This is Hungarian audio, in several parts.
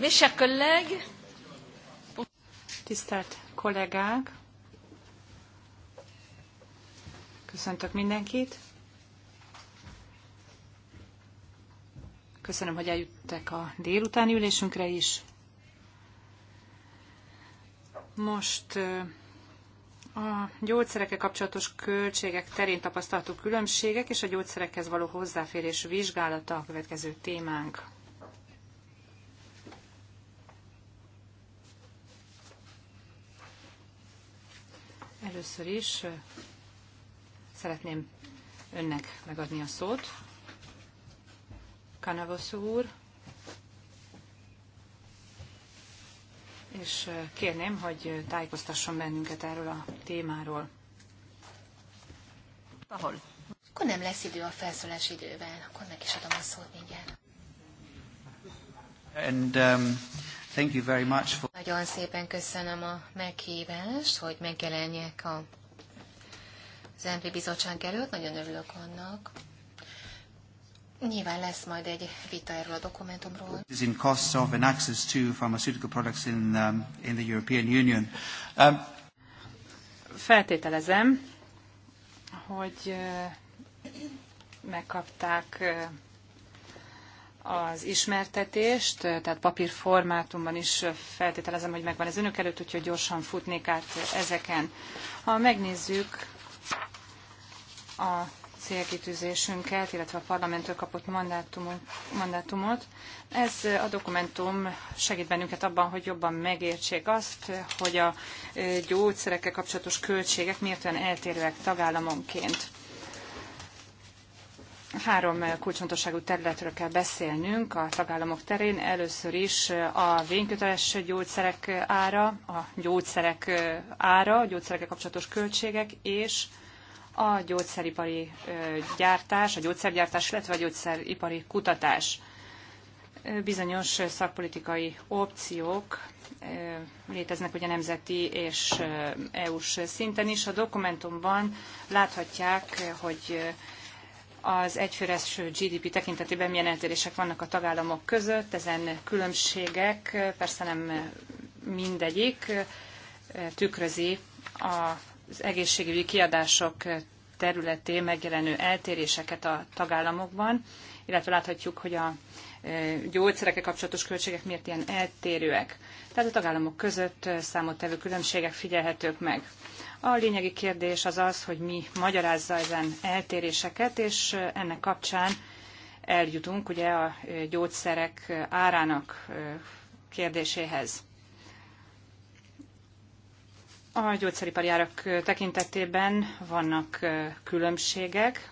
Mes chers collègues, tisztelt kollégák, köszöntök mindenkit. Köszönöm, hogy eljöttek a délutáni ülésünkre is. Most a gyógyszerekkel kapcsolatos költségek terén tapasztaltuk különbségek és a gyógyszerekhez való hozzáférés vizsgálata a következő témánk. Először is szeretném önnek megadni a szót. Kanavosz úr, és kérném, hogy tájékoztasson bennünket erről a témáról. Ahol. Akkor nem lesz idő a felszólás idővel, akkor meg is adom a szót mindjárt. And, um, Thank you very much for... Nagyon szépen köszönöm a meghívást, hogy megjelenjek a az EMPI bizottság előtt. Nagyon örülök annak. Nyilván lesz majd egy vita erről a dokumentumról. Is in costs of and access to pharmaceutical products in, um, in the European Union. Um, Feltételezem, hogy megkapták az ismertetést, tehát papírformátumban is feltételezem, hogy megvan ez önök előtt, úgyhogy gyorsan futnék át ezeken. Ha megnézzük a célkitűzésünket, illetve a parlamenttől kapott mandátumot. Ez a dokumentum segít bennünket abban, hogy jobban megértsék azt, hogy a gyógyszerekkel kapcsolatos költségek miért olyan eltérőek tagállamonként. Három eh, kulcsfontosságú területről kell beszélnünk a tagállamok terén. Először is eh, a vényköteles gyógyszerek eh, ára, a gyógyszerek ára, a gyógyszerekkel kapcsolatos költségek és a gyógyszeripari gyártás, a gyógyszergyártás, illetve a gyógyszeripari kutatás. Bizonyos szakpolitikai opciók léteznek ugye nemzeti és EU-s szinten is. A dokumentumban láthatják, hogy az egyfőres GDP tekintetében milyen eltérések vannak a tagállamok között, ezen különbségek persze nem mindegyik tükrözi az egészségügyi kiadások területén megjelenő eltéréseket a tagállamokban, illetve láthatjuk, hogy a e, gyógyszerekkel kapcsolatos költségek miért ilyen eltérőek. Tehát a tagállamok között számottevő különbségek figyelhetők meg. A lényegi kérdés az az, hogy mi magyarázza ezen eltéréseket, és ennek kapcsán eljutunk ugye a gyógyszerek árának kérdéséhez. A gyógyszeripari árak tekintetében vannak különbségek,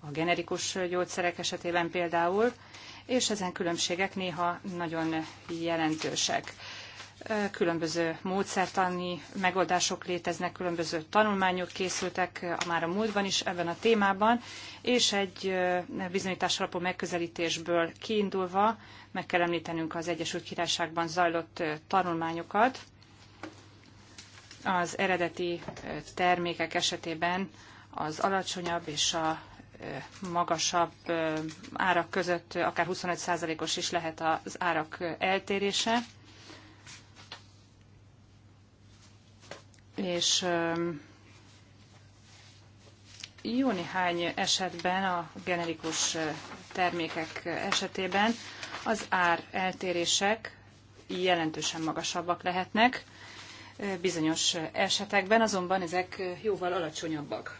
a generikus gyógyszerek esetében például, és ezen különbségek néha nagyon jelentősek különböző módszertani megoldások léteznek, különböző tanulmányok készültek eh, már a múltban is ebben a témában, és egy eh, bizonyítás alapú megközelítésből kiindulva meg kell említenünk az Egyesült Királyságban zajlott eh, tanulmányokat. Az eredeti termékek esetében az alacsonyabb és a magasabb árak között akár 25%-os is lehet az árak eltérése és jó néhány esetben a generikus termékek esetében az ár eltérések jelentősen magasabbak lehetnek, bizonyos esetekben azonban ezek jóval alacsonyabbak.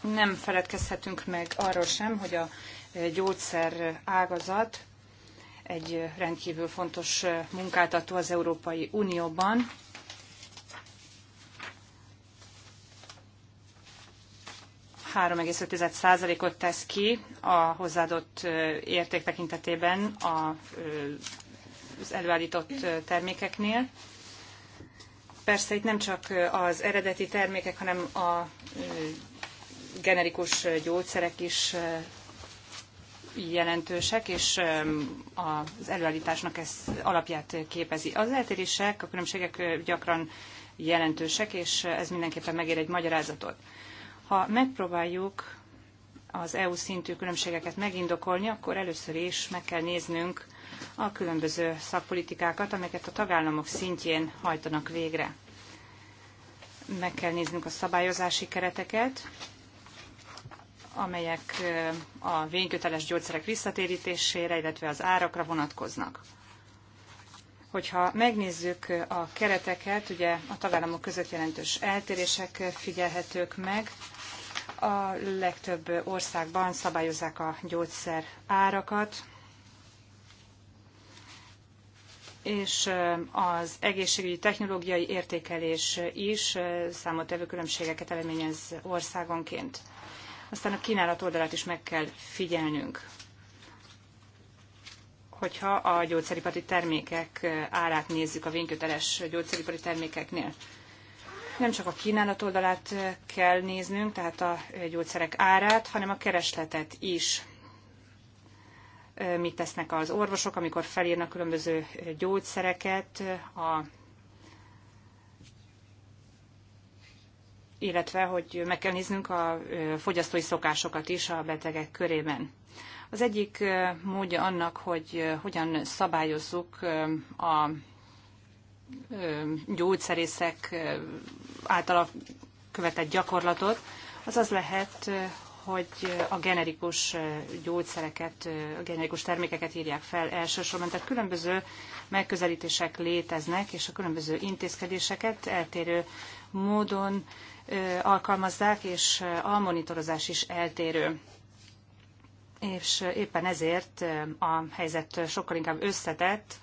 Nem feledkezhetünk meg arról sem, hogy a gyógyszer ágazat egy rendkívül fontos munkáltató az Európai Unióban, 3,5%-ot tesz ki a hozzáadott érték tekintetében az előállított termékeknél. Persze itt nem csak az eredeti termékek, hanem a generikus gyógyszerek is jelentősek, és az előállításnak ez alapját képezi. Az eltérések, a különbségek gyakran jelentősek, és ez mindenképpen megér egy magyarázatot. Ha megpróbáljuk az EU szintű különbségeket megindokolni, akkor először is meg kell néznünk a különböző szakpolitikákat, amelyeket a tagállamok szintjén hajtanak végre. Meg kell néznünk a szabályozási kereteket, amelyek a vényköteles gyógyszerek visszatérítésére, illetve az árakra vonatkoznak. Hogyha megnézzük a kereteket, ugye a tagállamok között jelentős eltérések figyelhetők meg. A legtöbb országban szabályozzák a gyógyszer árakat, és az egészségügyi technológiai értékelés is számottevő különbségeket eredményez országonként. Aztán a kínálat oldalát is meg kell figyelnünk hogyha a gyógyszeripari termékek árát nézzük a vényköteles gyógyszeripari termékeknél. Nem csak a kínálat oldalát kell néznünk, tehát a gyógyszerek árát, hanem a keresletet is. Mit tesznek az orvosok, amikor felírnak különböző gyógyszereket, a illetve hogy meg kell néznünk a fogyasztói szokásokat is a betegek körében. Az egyik módja annak, hogy hogyan szabályozzuk a gyógyszerészek által követett gyakorlatot, az az lehet, hogy a generikus gyógyszereket, a generikus termékeket írják fel elsősorban. Tehát különböző megközelítések léteznek, és a különböző intézkedéseket eltérő módon alkalmazzák, és a monitorozás is eltérő és éppen ezért a helyzet sokkal inkább összetett,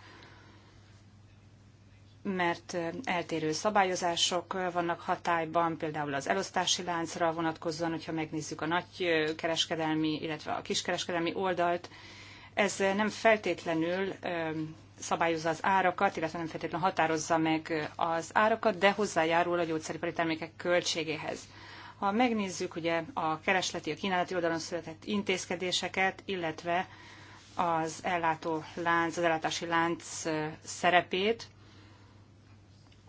mert eltérő szabályozások vannak hatályban, például az elosztási láncra vonatkozóan, hogyha megnézzük a nagy kereskedelmi, illetve a kiskereskedelmi oldalt, ez nem feltétlenül szabályozza az árakat, illetve nem feltétlenül határozza meg az árakat, de hozzájárul a gyógyszeripari termékek költségéhez. Ha megnézzük ugye a keresleti, a kínálati oldalon született intézkedéseket, illetve az ellátó lánc, az ellátási lánc szerepét,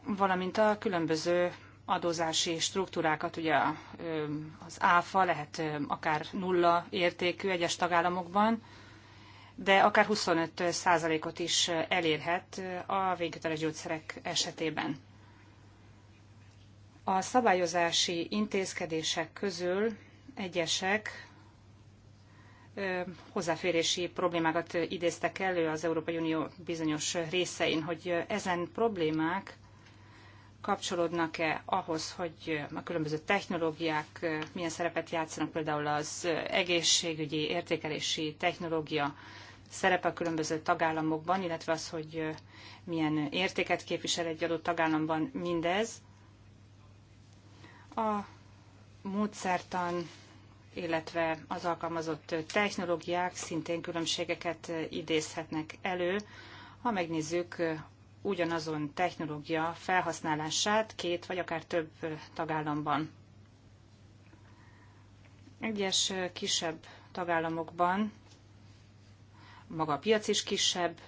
valamint a különböző adózási struktúrákat, ugye az áfa lehet akár nulla értékű egyes tagállamokban, de akár 25 százalékot is elérhet a végköteles gyógyszerek esetében. A szabályozási intézkedések közül egyesek hozzáférési problémákat idéztek elő az Európai Unió bizonyos részein, hogy ezen problémák kapcsolódnak-e ahhoz, hogy a különböző technológiák milyen szerepet játszanak, például az egészségügyi értékelési technológia szerepe a különböző tagállamokban, illetve az, hogy milyen értéket képvisel egy adott tagállamban mindez, a módszertan, illetve az alkalmazott technológiák szintén különbségeket idézhetnek elő, ha megnézzük ugyanazon technológia felhasználását két vagy akár több tagállamban. Egyes kisebb tagállamokban maga a piac is kisebb,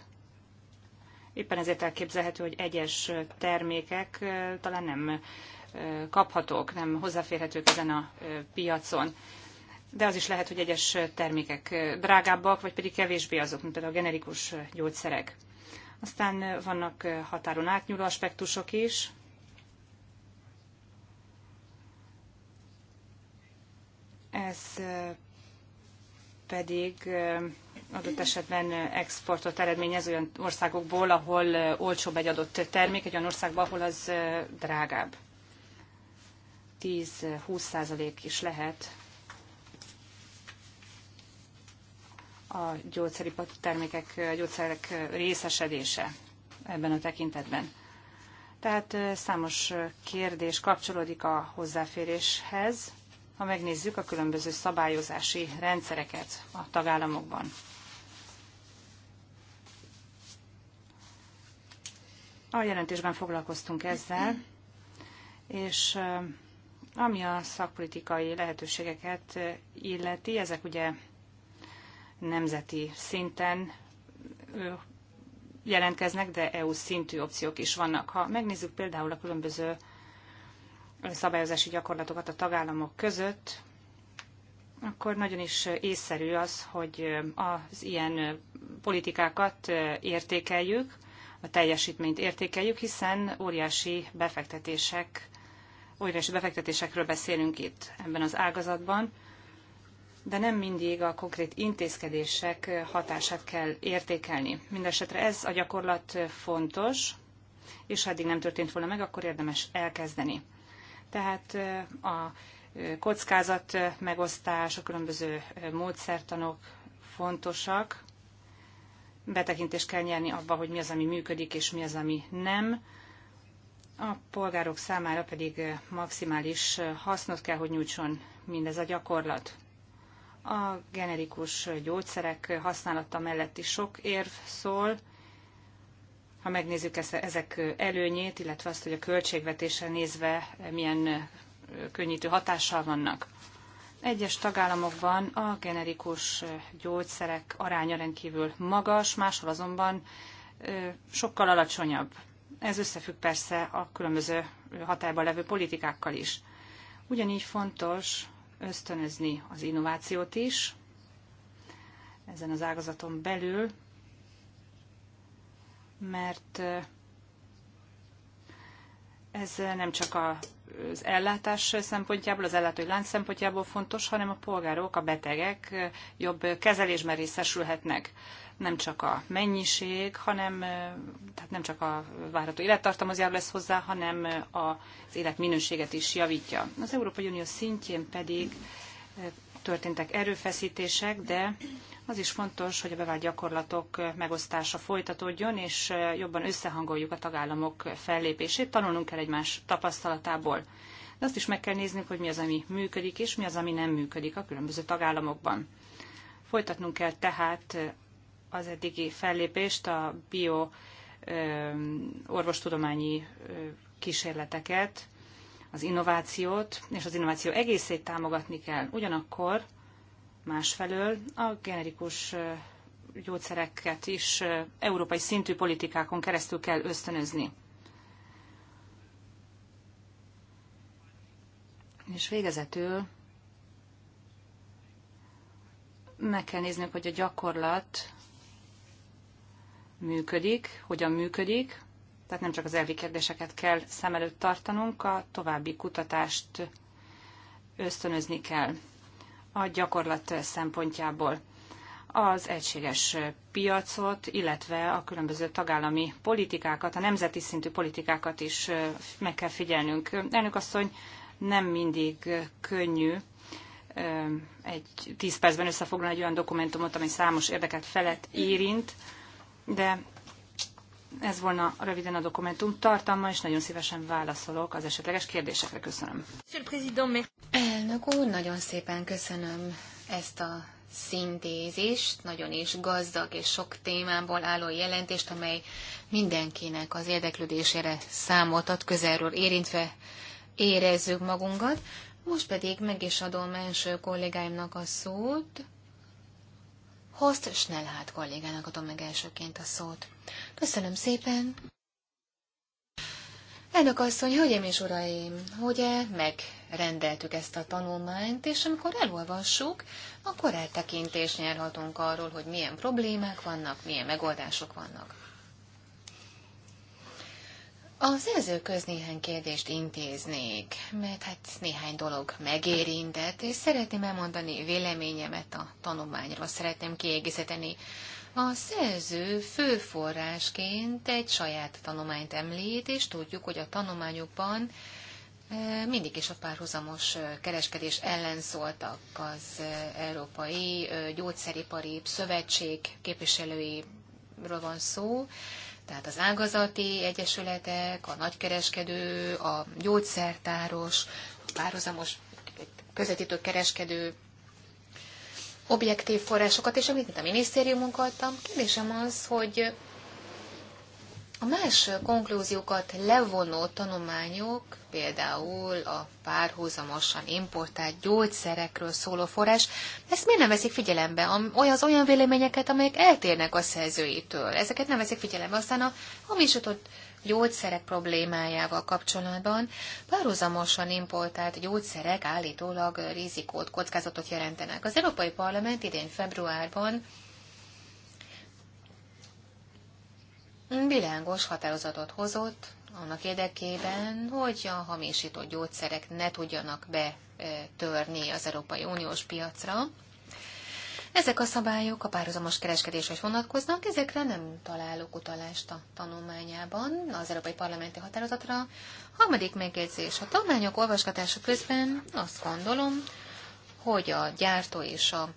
éppen ezért elképzelhető, hogy egyes termékek eh, talán nem kaphatók, nem hozzáférhetők ezen a piacon. De az is lehet, hogy egyes termékek drágábbak, vagy pedig kevésbé azok, mint például a generikus gyógyszerek. Aztán vannak határon átnyúló aspektusok is. Ez pedig adott esetben exportot eredményez olyan országokból, ahol olcsóbb egy adott termék, egy olyan országba, ahol az drágább. 10-20 százalék is lehet a gyógyszeri termékek, a gyógyszerek részesedése ebben a tekintetben. Tehát számos kérdés kapcsolódik a hozzáféréshez, ha megnézzük a különböző szabályozási rendszereket a tagállamokban. A jelentésben foglalkoztunk ezzel, és ami a szakpolitikai lehetőségeket illeti, ezek ugye nemzeti szinten jelentkeznek, de EU szintű opciók is vannak. Ha megnézzük például a különböző szabályozási gyakorlatokat a tagállamok között, akkor nagyon is észszerű az, hogy az ilyen politikákat értékeljük, a teljesítményt értékeljük, hiszen óriási befektetések óriási befektetésekről beszélünk itt ebben az ágazatban, de nem mindig a konkrét intézkedések hatását kell értékelni. Mindenesetre ez a gyakorlat fontos, és ha eddig nem történt volna meg, akkor érdemes elkezdeni. Tehát a kockázat megosztás, a különböző módszertanok fontosak, betekintést kell nyerni abba, hogy mi az, ami működik, és mi az, ami nem, a polgárok számára pedig maximális hasznot kell, hogy nyújtson mindez a gyakorlat. A generikus gyógyszerek használata mellett is sok érv szól. Ha megnézzük ezek előnyét, illetve azt, hogy a költségvetésre nézve milyen könnyítő hatással vannak. Egyes tagállamokban a generikus gyógyszerek aránya rendkívül magas, máshol azonban sokkal alacsonyabb. Ez összefügg persze a különböző hatályban levő politikákkal is. Ugyanígy fontos ösztönözni az innovációt is ezen az ágazaton belül, mert ez nem csak az ellátás szempontjából, az ellátói lánc szempontjából fontos, hanem a polgárok, a betegek jobb kezelésben részesülhetnek nem csak a mennyiség, hanem tehát nem csak a várható élettartamhoz jár lesz hozzá, hanem az életminőséget is javítja. Az Európai Unió szintjén pedig történtek erőfeszítések, de az is fontos, hogy a bevált gyakorlatok megosztása folytatódjon, és jobban összehangoljuk a tagállamok fellépését, tanulnunk kell egymás tapasztalatából. De azt is meg kell néznünk, hogy mi az, ami működik, és mi az, ami nem működik a különböző tagállamokban. Folytatnunk kell tehát az eddigi fellépést, a bio orvostudományi kísérleteket, az innovációt és az innováció egészét támogatni kell. Ugyanakkor másfelől a generikus gyógyszereket is európai szintű politikákon keresztül kell ösztönözni. És végezetül meg kell néznünk, hogy a gyakorlat működik, hogyan működik, tehát nem csak az elvi kérdéseket kell szem előtt tartanunk, a további kutatást ösztönözni kell a gyakorlat szempontjából az egységes piacot, illetve a különböző tagállami politikákat, a nemzeti szintű politikákat is meg kell figyelnünk. Elnök asszony, nem mindig könnyű egy tíz percben összefoglalni egy olyan dokumentumot, ami számos érdeket felett érint, de ez volna röviden a dokumentum tartalma, és nagyon szívesen válaszolok az esetleges kérdésekre. Köszönöm. Elnök úr, nagyon szépen köszönöm ezt a szintézist, nagyon is gazdag és sok témából álló jelentést, amely mindenkinek az érdeklődésére számot ad, közelről érintve érezzük magunkat. Most pedig meg is adom első kollégáimnak a szót, Horst Schnellhardt kollégának adom meg elsőként a szót. Köszönöm szépen! Elnök asszony, hölgyeim és uraim, ugye megrendeltük ezt a tanulmányt, és amikor elolvassuk, akkor eltekintést nyerhatunk arról, hogy milyen problémák vannak, milyen megoldások vannak. A szerzőköz néhány kérdést intéznék, mert hát néhány dolog megérintett, és szeretném elmondani véleményemet a tanulmányról, szeretném kiegészíteni. A szerző főforrásként egy saját tanulmányt említ, és tudjuk, hogy a tanulmányokban eh, mindig is a párhuzamos eh, kereskedés ellen szóltak az eh, Európai Gyógyszeripari Szövetség képviselőiről van szó, tehát az ágazati egyesületek, a nagykereskedő, a gyógyszertáros, a párhuzamos közvetítő kereskedő objektív forrásokat, és amit a minisztériumunk adtam. Kérdésem az, hogy a más konklúziókat levonó tanulmányok, például a párhuzamosan importált gyógyszerekről szóló forrás, ezt miért nem veszik figyelembe? Az olyan véleményeket, amelyek eltérnek a szerzőitől. Ezeket nem veszik figyelembe. Aztán a hamisított gyógyszerek problémájával kapcsolatban párhuzamosan importált gyógyszerek állítólag rizikót, kockázatot jelentenek. Az Európai Parlament idén februárban világos határozatot hozott annak érdekében, hogy a hamisított gyógyszerek ne tudjanak betörni az Európai Uniós piacra. Ezek a szabályok a párhuzamos kereskedéshez vonatkoznak, ezekre nem találok utalást a tanulmányában, az Európai Parlamenti Határozatra. Harmadik megjegyzés. A tanulmányok olvasgatása közben azt gondolom, hogy a gyártó és a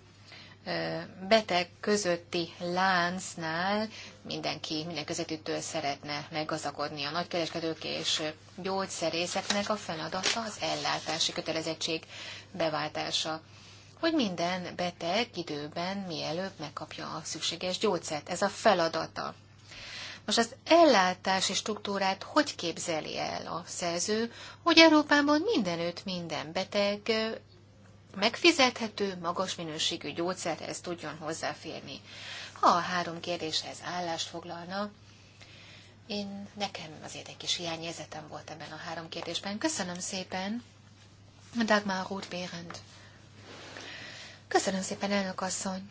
beteg közötti láncnál mindenki, minden közöttitől szeretne meggazakodni. A nagykereskedők és gyógyszerészeknek a feladata az ellátási kötelezettség beváltása, hogy minden beteg időben mielőbb megkapja a szükséges gyógyszert. Ez a feladata. Most az ellátási struktúrát hogy képzeli el a szerző, hogy Európában mindenütt minden beteg megfizethető, magas minőségű gyógyszerhez tudjon hozzáférni. Ha a három kérdéshez állást foglalna, én nekem azért egy kis hiányérzetem volt ebben a három kérdésben. Köszönöm szépen, Dagmar Ruth Bérend. Köszönöm szépen, elnök asszony.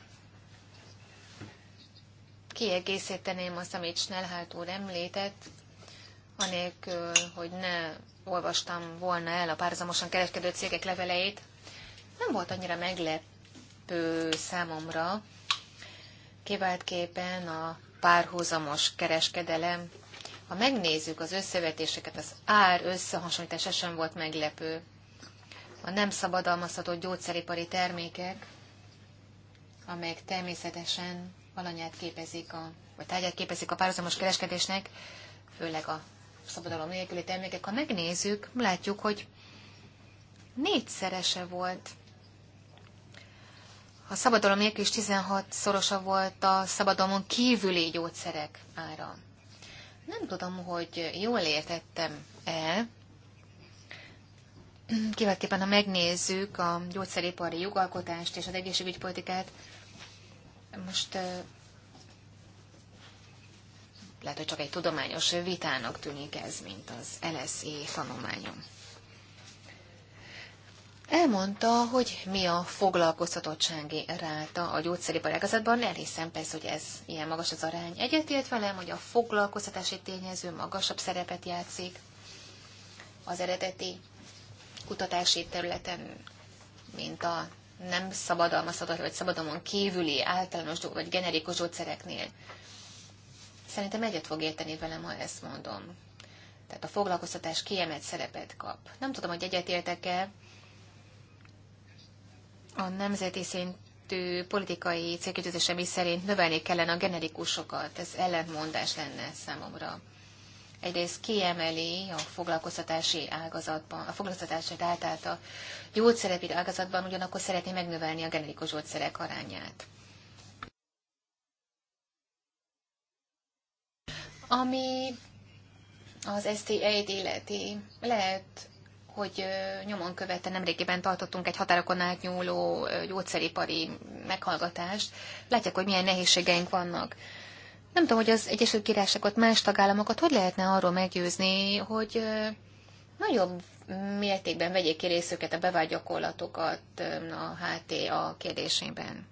Kiegészíteném azt, amit Snellhárt úr említett, anélkül, hogy ne olvastam volna el a párzamosan kereskedő cégek leveleit, nem volt annyira meglepő számomra, kiváltképpen a párhuzamos kereskedelem. Ha megnézzük az összevetéseket, az ár összehasonlítása sem volt meglepő. A nem szabadalmazhatott gyógyszeripari termékek, amelyek természetesen alanyát képezik, a, vagy tárgyát képezik a párhuzamos kereskedésnek, főleg a szabadalom nélküli termékek, ha megnézzük, látjuk, hogy négyszerese volt a szabadalom nélkül is 16 szorosa volt a szabadalmon kívüli gyógyszerek ára. Nem tudom, hogy jól értettem-e. Kiváltképpen, ha megnézzük a gyógyszeripari jogalkotást és az egészségügypolitikát, most lehet, hogy csak egy tudományos vitának tűnik ez, mint az LSE tanulmányom. Elmondta, hogy mi a foglalkoztatottsági ráta a gyógyszeripar ágazatban. Elhiszem persze, hogy ez ilyen magas az arány. Egyetért velem, hogy a foglalkoztatási tényező magasabb szerepet játszik az eredeti kutatási területen, mint a nem szabadalmazható, vagy szabadalmon kívüli általános vagy generikus gyógyszereknél. Szerintem egyet fog érteni velem, ha ezt mondom. Tehát a foglalkoztatás kiemelt szerepet kap. Nem tudom, hogy egyetértek-e, a nemzeti szintű politikai célkitűzésem is szerint növelni kellene a generikusokat. Ez ellentmondás lenne számomra. Egyrészt kiemeli a foglalkoztatási ágazatban, a foglalkoztatási által a gyógyszerepid ágazatban, ugyanakkor szeretné megnövelni a generikus gyógyszerek arányát. Ami az STA-t illeti, lehet hogy nyomon követte, nemrégiben tartottunk egy határokon átnyúló gyógyszeripari meghallgatást. Látják, hogy milyen nehézségeink vannak. Nem tudom, hogy az Egyesült Királyságot, más tagállamokat hogy lehetne arról meggyőzni, hogy nagyobb mértékben vegyék ki részüket a bevált gyakorlatokat a HTA kérdésében.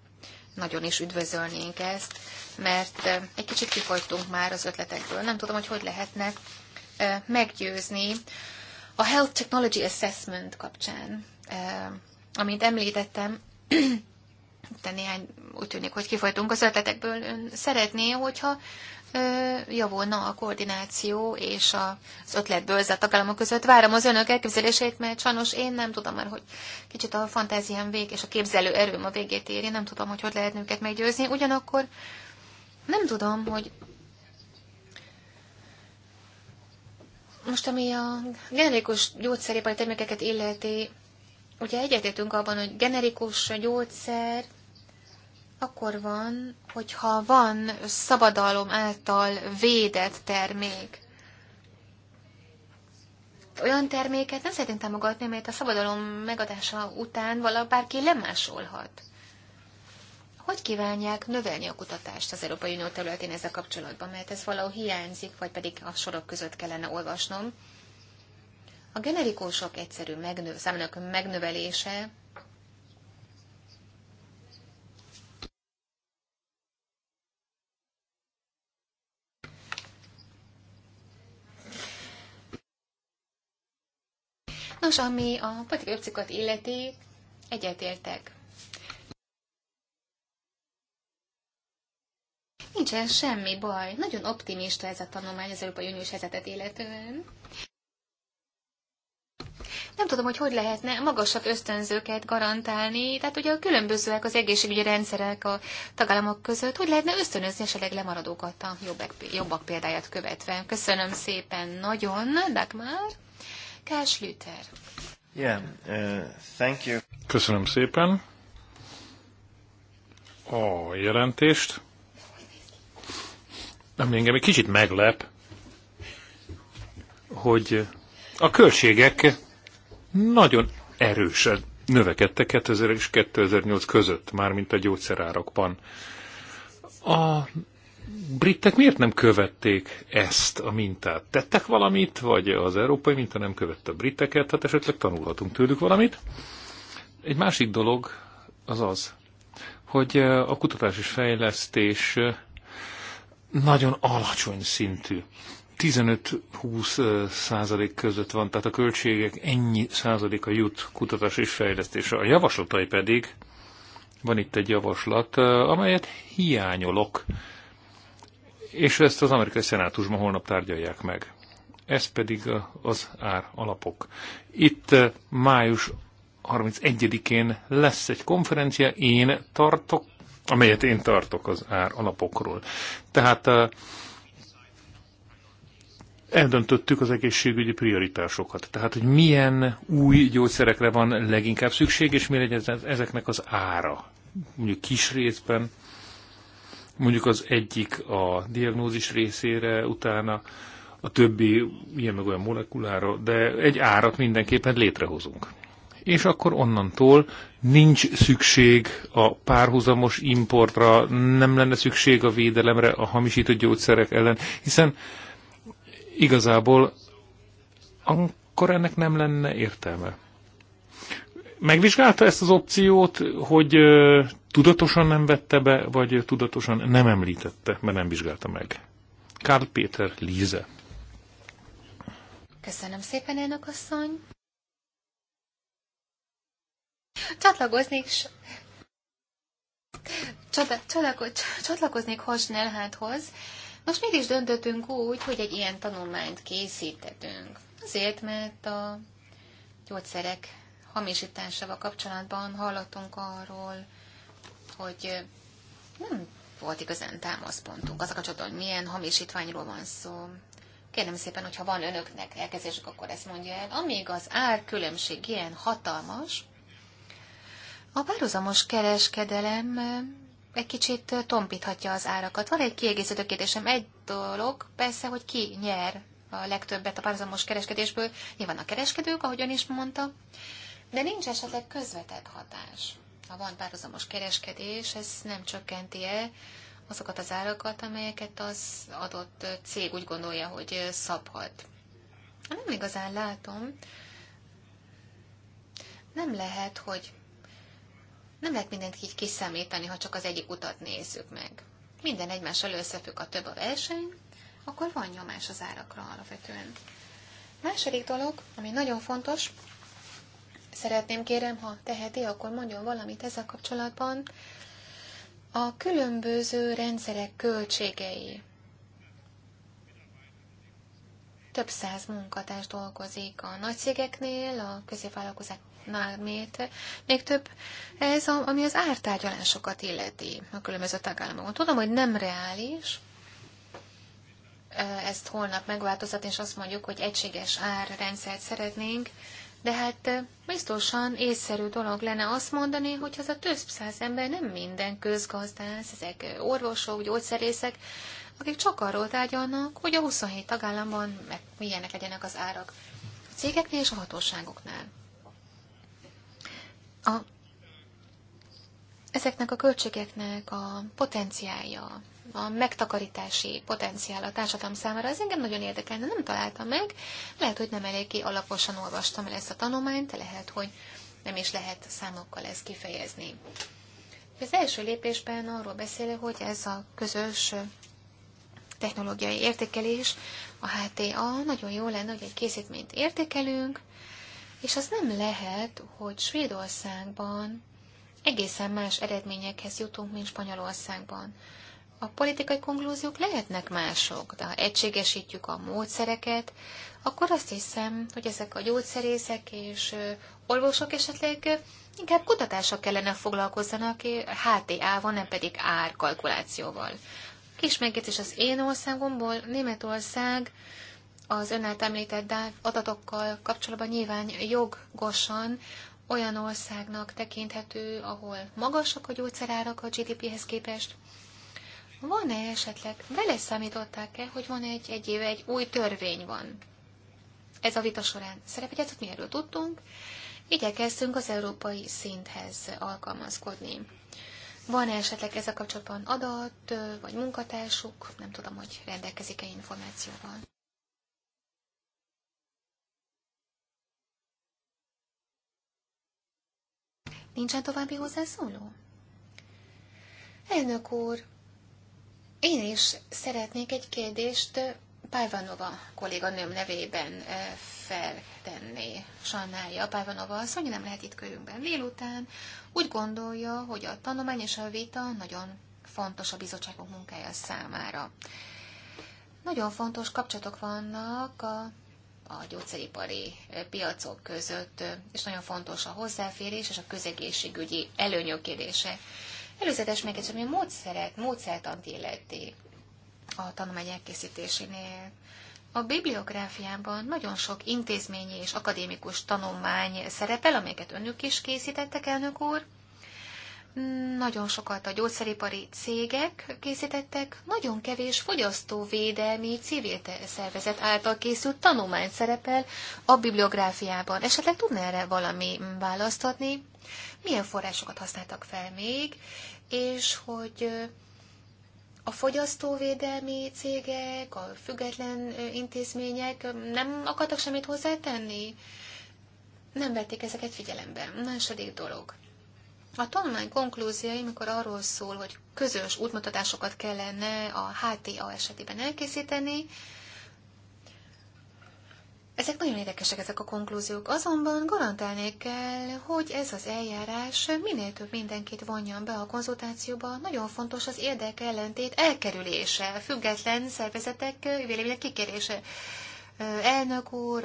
Nagyon is üdvözölnénk ezt, mert egy kicsit kifogytunk már az ötletekből. Nem tudom, hogy hogy lehetne meggyőzni a Health Technology Assessment kapcsán, eh, amint említettem, de néhány úgy tűnik, hogy kifolytunk az ötletekből, ön szeretné, hogyha javulna a koordináció és az ötletből a tagállamok között. Várom az önök elképzeléseit, mert sajnos én nem tudom már, hogy kicsit a fantáziám vég és a képzelő erőm a végét éri, nem tudom, hogy hogy lehet őket meggyőzni. Ugyanakkor nem tudom, hogy Most, ami a generikus gyógyszeripari termékeket illeti, ugye egyetértünk abban, hogy generikus gyógyszer akkor van, hogyha van szabadalom által védett termék. Olyan terméket nem szeretném támogatni, amelyet a szabadalom megadása után valaki bárki lemásolhat. Hogy kívánják növelni a kutatást az Európai Unió területén ezzel kapcsolatban? Mert ez valahol hiányzik, vagy pedig a sorok között kellene olvasnom. A generikusok egyszerű megnö- számának megnövelése Nos, ami a politikai illeti, egyetértek. Nincsen semmi baj. Nagyon optimista ez a tanulmány az Európai Uniós helyzetet illetően. Nem tudom, hogy hogy lehetne magasabb ösztönzőket garantálni, tehát ugye a különbözőek az egészségügyi rendszerek a tagállamok között, hogy lehetne ösztönözni esetleg lemaradókat a jobbak, jobbak példáját követve. Köszönöm szépen nagyon, Dagmar. Kás Lüter. Yeah, uh, thank you. Köszönöm szépen a jelentést. Ami engem egy kicsit meglep, hogy a költségek nagyon erősen növekedtek 2000 és 2008 között, mármint a gyógyszerárakban. A britek miért nem követték ezt a mintát? Tettek valamit, vagy az európai minta nem követte a briteket, tehát esetleg tanulhatunk tőlük valamit. Egy másik dolog az az, hogy a kutatás és fejlesztés nagyon alacsony szintű. 15-20 százalék között van, tehát a költségek ennyi százaléka jut kutatás és fejlesztésre. A javaslatai pedig, van itt egy javaslat, amelyet hiányolok, és ezt az amerikai szenátusban holnap tárgyalják meg. Ez pedig az ár alapok. Itt május 31-én lesz egy konferencia, én tartok amelyet én tartok az ár alapokról. Tehát eh, eldöntöttük az egészségügyi prioritásokat. Tehát, hogy milyen új gyógyszerekre van leginkább szükség, és mi legyen ezeknek az ára. Mondjuk kis részben, mondjuk az egyik a diagnózis részére, utána a többi ilyen meg olyan molekulára, de egy árat mindenképpen létrehozunk és akkor onnantól nincs szükség a párhuzamos importra, nem lenne szükség a védelemre a hamisított gyógyszerek ellen, hiszen igazából akkor ennek nem lenne értelme. Megvizsgálta ezt az opciót, hogy tudatosan nem vette be, vagy tudatosan nem említette, mert nem vizsgálta meg. Karl Péter Líze. Köszönöm szépen, elnök asszony! Csatlakozni, Csata, csalako, csatlakoznék hoz. Nos, mit is döntöttünk úgy, hogy egy ilyen tanulmányt készítettünk. Azért, mert a gyógyszerek hamisításával kapcsolatban hallottunk arról, hogy nem volt igazán támaszpontunk. Azok a csatlakozók, milyen hamisítványról van szó. Kérem szépen, hogyha van önöknek elkezdésük, akkor ezt mondja el. Amíg az árkülönbség ilyen hatalmas, a párhuzamos kereskedelem eh, egy kicsit tompíthatja az árakat. Van egy kiegészítő kérdésem. Egy dolog persze, hogy ki nyer a legtöbbet a párhuzamos kereskedésből. Nyilván a kereskedők, ahogyan is mondta. De nincs esetleg közvetett hatás. Ha van párhuzamos kereskedés, ez nem csökkenti-e azokat az árakat, amelyeket az adott cég úgy gondolja, hogy szabhat. Nem igazán látom. Nem lehet, hogy nem lehet mindent így kiszámítani, ha csak az egyik utat nézzük meg. Minden egymással összefügg a több a verseny, akkor van nyomás az árakra alapvetően. Második dolog, ami nagyon fontos, szeretném kérem, ha teheti, akkor mondjon valamit ezzel kapcsolatban, a különböző rendszerek költségei. Több száz munkatárs dolgozik a nagy cégeknél, a középvállalkozások nálmét, még több ez, ami az ártárgyalásokat illeti a különböző tagállamokon. Tudom, hogy nem reális, eh, ezt holnap megváltoztatni, és azt mondjuk, hogy egységes árrendszert szeretnénk, de hát eh, biztosan észszerű dolog lenne azt mondani, hogy az a több száz ember nem minden közgazdász, ezek orvosok, gyógyszerészek, akik csak arról tárgyalnak, hogy a 27 tagállamban meg milyenek legyenek az árak a cégeknél és a hatóságoknál. A, ezeknek a költségeknek a potenciálja, a megtakarítási potenciál a társadalom számára, ez engem nagyon érdekelne, nem találtam meg, lehet, hogy nem eléggé alaposan olvastam el ezt a tanulmányt, lehet, hogy nem is lehet számokkal ezt kifejezni. Az első lépésben arról beszél, hogy ez a közös technológiai értékelés, a HTA, nagyon jó lenne, hogy egy készítményt értékelünk, és az nem lehet, hogy Svédországban egészen más eredményekhez jutunk, mint Spanyolországban. A politikai konklúziók lehetnek mások, de ha egységesítjük a módszereket, akkor azt hiszem, hogy ezek a gyógyszerészek és orvosok esetleg inkább kutatással kellene foglalkozzanak HTA-val, nem pedig árkalkulációval. Kis megjegyzés az én országomból, Németország az önnel említett adatokkal kapcsolatban nyilván jogosan olyan országnak tekinthető, ahol magasak a gyógyszerárak a GDP-hez képest. Van-e esetleg, vele számították-e, hogy van egy, egy éve egy új törvény van? Ez a vita során szerepjátszott, mi erről tudtunk, igyekeztünk az európai szinthez alkalmazkodni. van -e esetleg ezzel kapcsolatban adat, vagy munkatársuk, nem tudom, hogy rendelkezik-e információval. Nincsen további hozzászóló? Elnök úr, én is szeretnék egy kérdést eh, Pálvanova kolléganőm nevében eh, feltenni. Sajnálja, Pálvanova asszony nem lehet itt körünkben délután. Úgy gondolja, hogy a tanulmány és a vita nagyon fontos a bizottságok munkája számára. Nagyon fontos kapcsolatok vannak a a gyógyszeripari piacok között, és nagyon fontos a hozzáférés és a közegészségügyi előnyök kérdése. Előzetes megjegyzés, módszeret, módszertant illeti a tanulmány elkészítésénél. A bibliográfiában nagyon sok intézményi és akadémikus tanulmány szerepel, amelyeket önök is készítettek, elnök úr. Nagyon sokat a gyógyszeripari cégek készítettek, nagyon kevés fogyasztóvédelmi civil szervezet által készült tanulmány szerepel a bibliográfiában. Esetleg tudna erre valami választ adni? Milyen forrásokat használtak fel még, és hogy a fogyasztóvédelmi cégek, a független intézmények nem akartak semmit hozzátenni? Nem vették ezeket figyelembe. Második dolog. A tanulmány konklúziai, mikor arról szól, hogy közös útmutatásokat kellene a HTA esetében elkészíteni, ezek nagyon érdekesek, ezek a konklúziók. Azonban garantálni kell, hogy ez az eljárás minél több mindenkit vonjon be a konzultációba. Nagyon fontos az érdek ellentét elkerülése, független szervezetek véleménye kikérése elnök úr,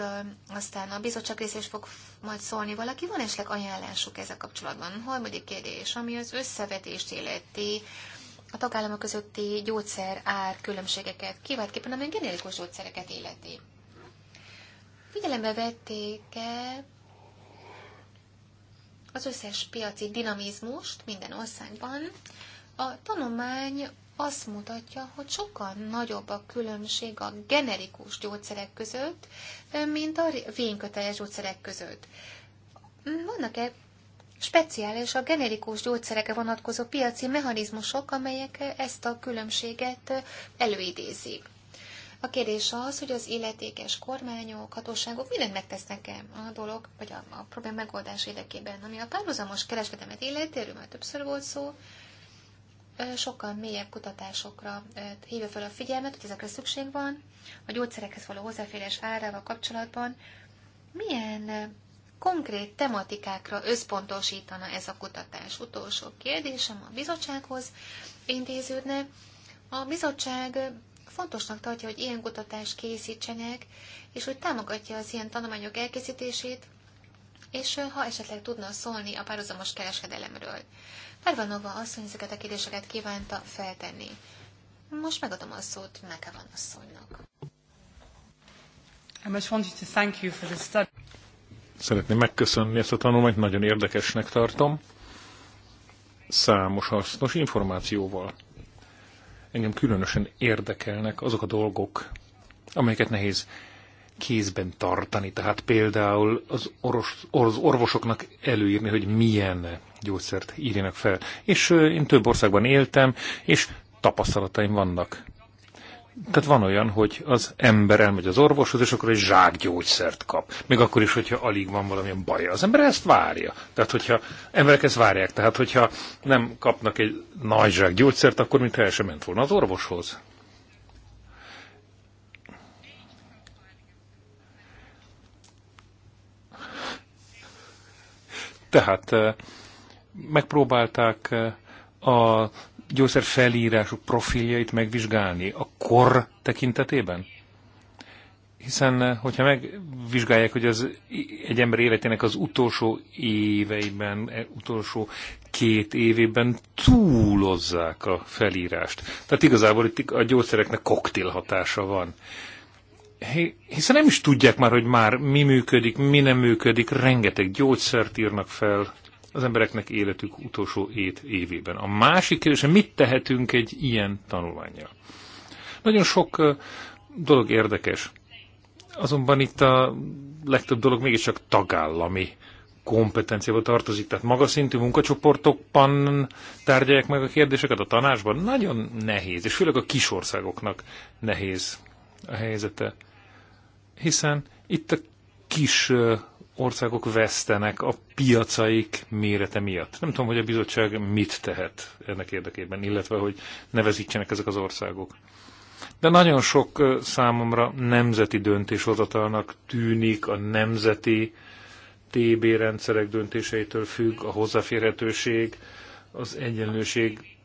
aztán a bizottság része is fog majd szólni valaki. Van esetleg ajánlásuk ezzel kapcsolatban? Harmadik kérdés, ami az összevetést illeti a tagállamok közötti gyógyszer ár különbségeket, kiváltképpen a generikus gyógyszereket illeti. Figyelembe vették-e az összes piaci dinamizmust minden országban. A tanulmány azt mutatja, hogy sokkal nagyobb a különbség a generikus gyógyszerek között, mint a vényköteles gyógyszerek között. Vannak-e speciális a generikus gyógyszerekre vonatkozó piaci mechanizmusok, amelyek ezt a különbséget előidézik? A kérdés az, hogy az illetékes kormányok, hatóságok mindent megtesznek-e a dolog, vagy a, a probléma megoldás érdekében. Ami a párhuzamos kereskedelmet illeti, erről már többször volt szó, sokkal mélyebb kutatásokra hívja fel a figyelmet, hogy ezekre szükség van, a gyógyszerekhez való hozzáférés árával kapcsolatban. Milyen konkrét tematikákra összpontosítana ez a kutatás? Utolsó kérdésem a bizottsághoz intéződne. A bizottság fontosnak tartja, hogy ilyen kutatást készítsenek, és hogy támogatja az ilyen tanulmányok elkészítését, és ha esetleg tudna szólni a párhuzamos kereskedelemről. Pervanova asszony ezeket a kérdéseket kívánta feltenni. Most megadom a szót Mekevan asszonynak. Szeretném megköszönni ezt a tanulmányt, nagyon érdekesnek tartom. Számos hasznos információval. Engem különösen érdekelnek azok a dolgok, amelyeket nehéz kézben tartani, tehát például az, oros, az orvosoknak előírni, hogy milyen gyógyszert írjanak fel. És én több országban éltem, és tapasztalataim vannak. Tehát van olyan, hogy az ember elmegy az orvoshoz, és akkor egy gyógyszert kap. Még akkor is, hogyha alig van valamilyen baj. Az ember ezt várja. Tehát, hogyha emberek ezt várják, tehát, hogyha nem kapnak egy nagy gyógyszert, akkor mintha el sem ment volna az orvoshoz. Tehát megpróbálták a gyógyszer felírású profiljait megvizsgálni a kor tekintetében? Hiszen, hogyha megvizsgálják, hogy az egy ember életének az utolsó éveiben, e, utolsó két évében túlozzák a felírást. Tehát igazából itt a gyógyszereknek koktél hatása van hiszen nem is tudják már, hogy már mi működik, mi nem működik, rengeteg gyógyszert írnak fel az embereknek életük utolsó ét évében. A másik kérdés, hogy mit tehetünk egy ilyen tanulmányjal? Nagyon sok dolog érdekes, azonban itt a legtöbb dolog mégiscsak tagállami kompetenciába tartozik, tehát magas szintű munkacsoportokban tárgyalják meg a kérdéseket a tanácsban, nagyon nehéz, és főleg a kisországoknak nehéz a helyzete, hiszen itt a kis országok vesztenek a piacaik mérete miatt. Nem tudom, hogy a bizottság mit tehet ennek érdekében, illetve hogy nevezítsenek ezek az országok. De nagyon sok számomra nemzeti döntéshozatalnak tűnik a nemzeti TB rendszerek döntéseitől függ a hozzáférhetőség, az egyenlőség.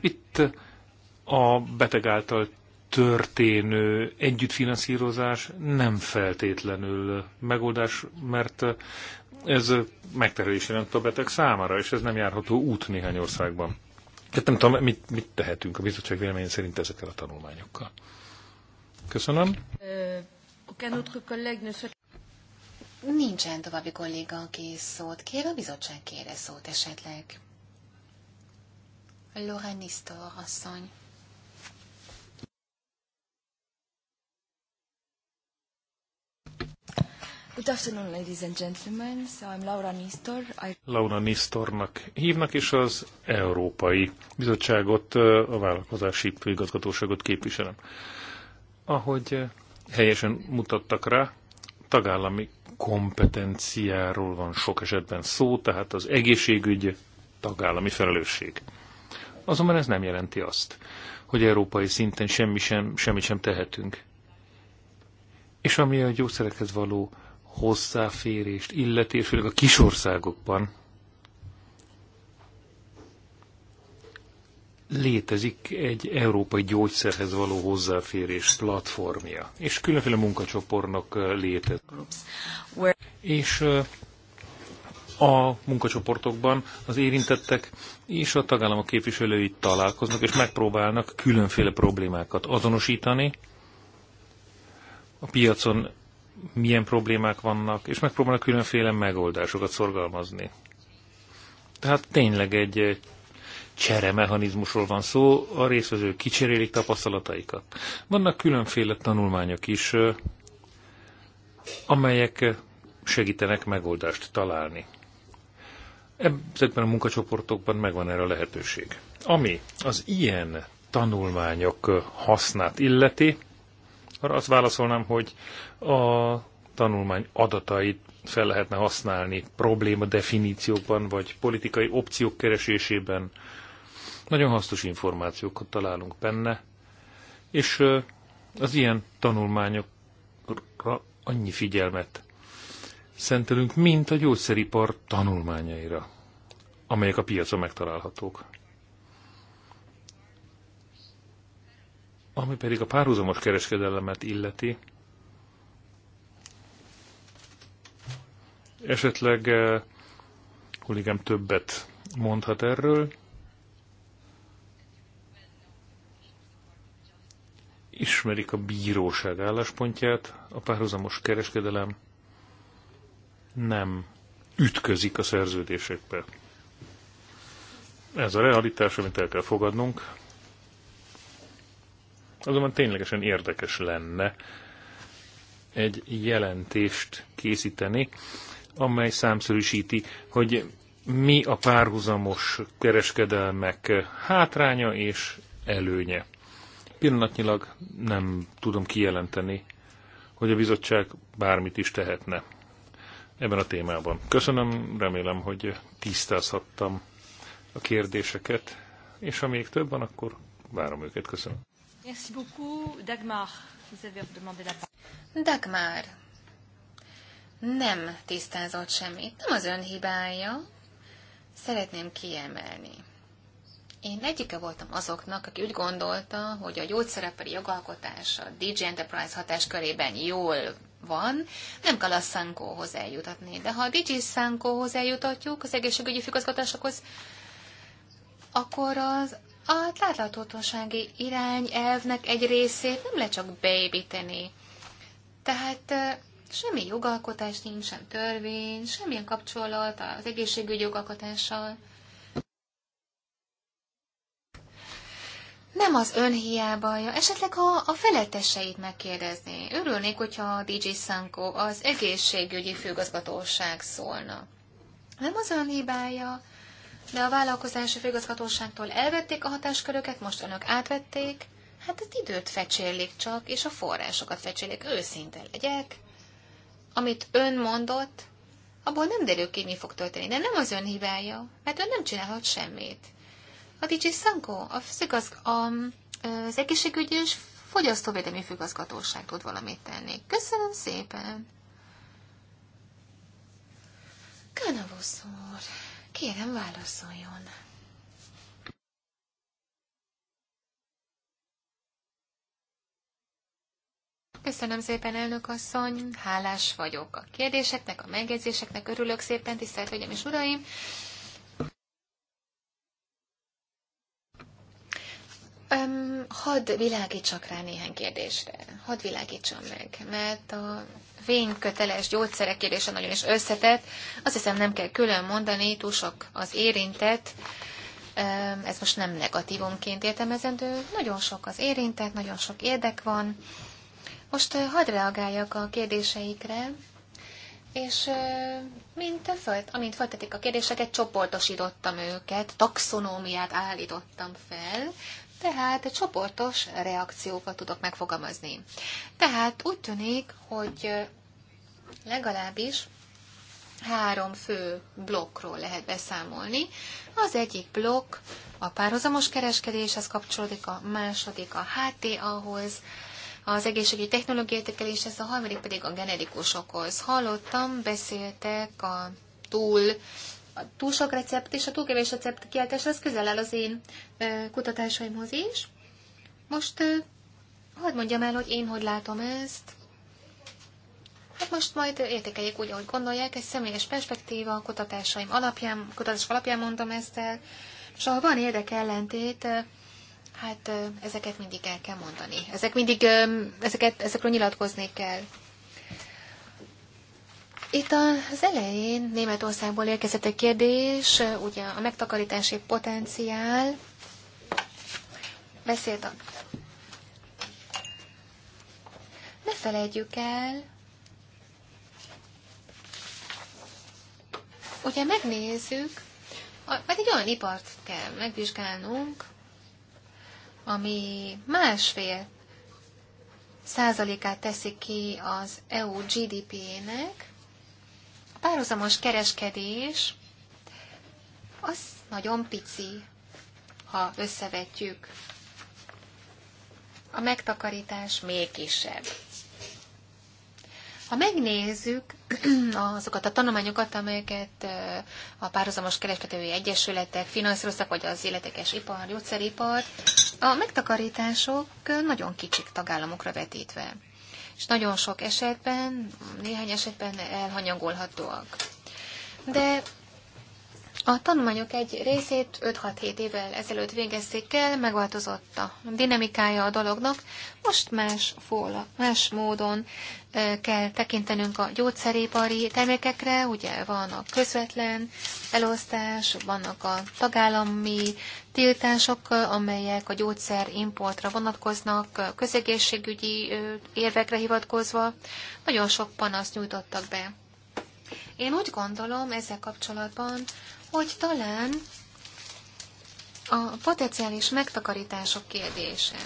Itt a beteg által történő együttfinanszírozás nem feltétlenül megoldás, mert ez megterhelés jelent a beteg számára, és ez nem járható út néhány országban. Tehát nem tudom, mit, mit tehetünk a bizottság véleménye szerint ezekkel a tanulmányokkal. Köszönöm. Nincsen további kolléga, aki szót kér, a bizottság kére szót esetleg. Laura Nisztor asszony. Good afternoon, ladies and gentlemen. So I'm Laura Nistor. I... Laura Nistornak hívnak, és az Európai Bizottságot, a vállalkozási főigazgatóságot képviselem. Ahogy helyesen mutattak rá, tagállami kompetenciáról van sok esetben szó, tehát az egészségügy tagállami felelősség. Azonban ez nem jelenti azt, hogy európai szinten semmi sem, semmit sem tehetünk. És ami a gyógyszerekhez való hozzáférést illeti, és főleg a kisországokban létezik egy európai gyógyszerhez való hozzáférés platformja, és különféle munkacsoportnak létezik. És a munkacsoportokban az érintettek és a tagállamok képviselői találkoznak, és megpróbálnak különféle problémákat azonosítani, a piacon milyen problémák vannak, és megpróbálnak különféle megoldásokat szorgalmazni. Tehát tényleg egy mechanizmusról van szó, a részvező kicserélik tapasztalataikat. Vannak különféle tanulmányok is, amelyek segítenek megoldást találni. Ezekben a munkacsoportokban megvan erre a lehetőség. Ami az ilyen tanulmányok hasznát illeti, arra azt válaszolnám, hogy a tanulmány adatait fel lehetne használni probléma definíciókban, vagy politikai opciók keresésében. Nagyon hasznos információkat találunk benne, és az ilyen tanulmányokra annyi figyelmet szentelünk, mint a gyógyszeripar tanulmányaira, amelyek a piacon megtalálhatók. Ami pedig a párhuzamos kereskedelmet illeti, esetleg eh, kollégám többet mondhat erről. Ismerik a bíróság álláspontját, a párhuzamos kereskedelem nem ütközik a szerződésekbe. Ez a realitás, amit el kell fogadnunk. Azonban ténylegesen érdekes lenne egy jelentést készíteni, amely számszerűsíti, hogy mi a párhuzamos kereskedelmek hátránya és előnye. Pillanatnyilag nem tudom kijelenteni, hogy a bizottság bármit is tehetne ebben a témában. Köszönöm, remélem, hogy tisztázhattam a kérdéseket, és ha még több van, akkor várom őket. Köszönöm. Merci beaucoup. Dagmar, vous avez demandé la parole. Dagmar, nem tisztázott semmit. Nem az ön hibája. Szeretném kiemelni. Én egyike voltam azoknak, aki úgy gondolta, hogy a gyógyszerepari jogalkotás a DJ Enterprise hatáskörében jól van, nem kell a Sankóhoz eljutatni. De ha a DJ Sankóhoz eljutatjuk, az egészségügyi függazgatásokhoz, akkor az a irány elvnek egy részét nem lehet csak beépíteni. Tehát semmi jogalkotás nincs, sem törvény, semmilyen kapcsolat az egészségügyi jogalkotással. Nem az önhiábaja, esetleg ha a feletteseit megkérdezni. Örülnék, hogyha a DJ Sanko az egészségügyi főgazgatóság szólna. Nem az hibája, de a vállalkozási főigazgatóságtól elvették a hatásköröket, most önök átvették. Hát az időt fecsérlik csak, és a forrásokat fecsérlik, őszinte legyek. Amit ön mondott, abból nem derül ki, mi fog történni, de nem az ön hibája, mert ön nem csinálhat semmit. A Szankó, a, az, a, az egészségügyi és fogyasztóvédelmi főigazgatóság tud valamit tenni. Köszönöm szépen! Kanavosz úr! Kérem, válaszoljon. Köszönöm szépen, elnök asszony, hálás vagyok a kérdéseknek, a megjegyzéseknek, örülök szépen, tisztelt Hölgyeim és Uraim! Öm, hadd világítsak rá néhány kérdésre, hadd világítsam meg, mert a vényköteles gyógyszerek kérdése nagyon is összetett. Azt hiszem nem kell külön mondani, túl sok az érintett. Ez most nem negatívumként értelmezendő. Nagyon sok az érintett, nagyon sok érdek van. Most eh, hadd reagáljak a kérdéseikre, és eh, mint fölt, amint föltetik a kérdéseket, csoportosítottam őket, taxonómiát állítottam fel, tehát csoportos reakciókat tudok megfogalmazni. Tehát úgy tűnik, hogy legalábbis három fő blokkról lehet beszámolni. Az egyik blokk a párhuzamos kereskedéshez kapcsolódik, a második a HTA-hoz, az egészségügyi technológiai értékeléshez, a harmadik pedig a generikusokhoz. Hallottam, beszéltek a túl a túl sok recept és a túl kevés recept kiáltás, az közel el az én kutatásaimhoz is. Most hadd mondjam el, hogy én hogy látom ezt. Hát most majd értékeljék úgy, ahogy gondolják, egy személyes perspektíva, a kutatásaim alapján, kutatás alapján mondtam ezt el, és ahol van ellentét, hát ezeket mindig el kell mondani. Ezek mindig, ezeket, ezekről nyilatkozni kell. Itt az elején Németországból érkezett egy kérdés, ugye a megtakarítási potenciál. a... Ne felejtjük el, ugye megnézzük, vagy hát egy olyan ipart kell megvizsgálnunk, ami másfél százalékát teszi ki az EU GDP-nek, párhuzamos kereskedés az nagyon pici, ha összevetjük. A megtakarítás még kisebb. Ha megnézzük azokat a tanulmányokat, amelyeket a párhuzamos kereskedői egyesületek finanszíroztak, vagy az életekes ipar, gyógyszeripar, a megtakarítások nagyon kicsik tagállamokra vetítve és nagyon sok esetben, néhány esetben elhanyagolhatóak. De a tanulmányok egy részét 5-6-7 évvel ezelőtt végezték el, megváltozott a dinamikája a dolognak, most más, fóla, más módon kell tekintenünk a gyógyszeripari termékekre, ugye van a közvetlen elosztás, vannak a tagállami tiltások, amelyek a gyógyszer importra vonatkoznak, közegészségügyi érvekre hivatkozva, nagyon sok panaszt nyújtottak be. Én úgy gondolom ezzel kapcsolatban, hogy talán a potenciális megtakarítások kérdése.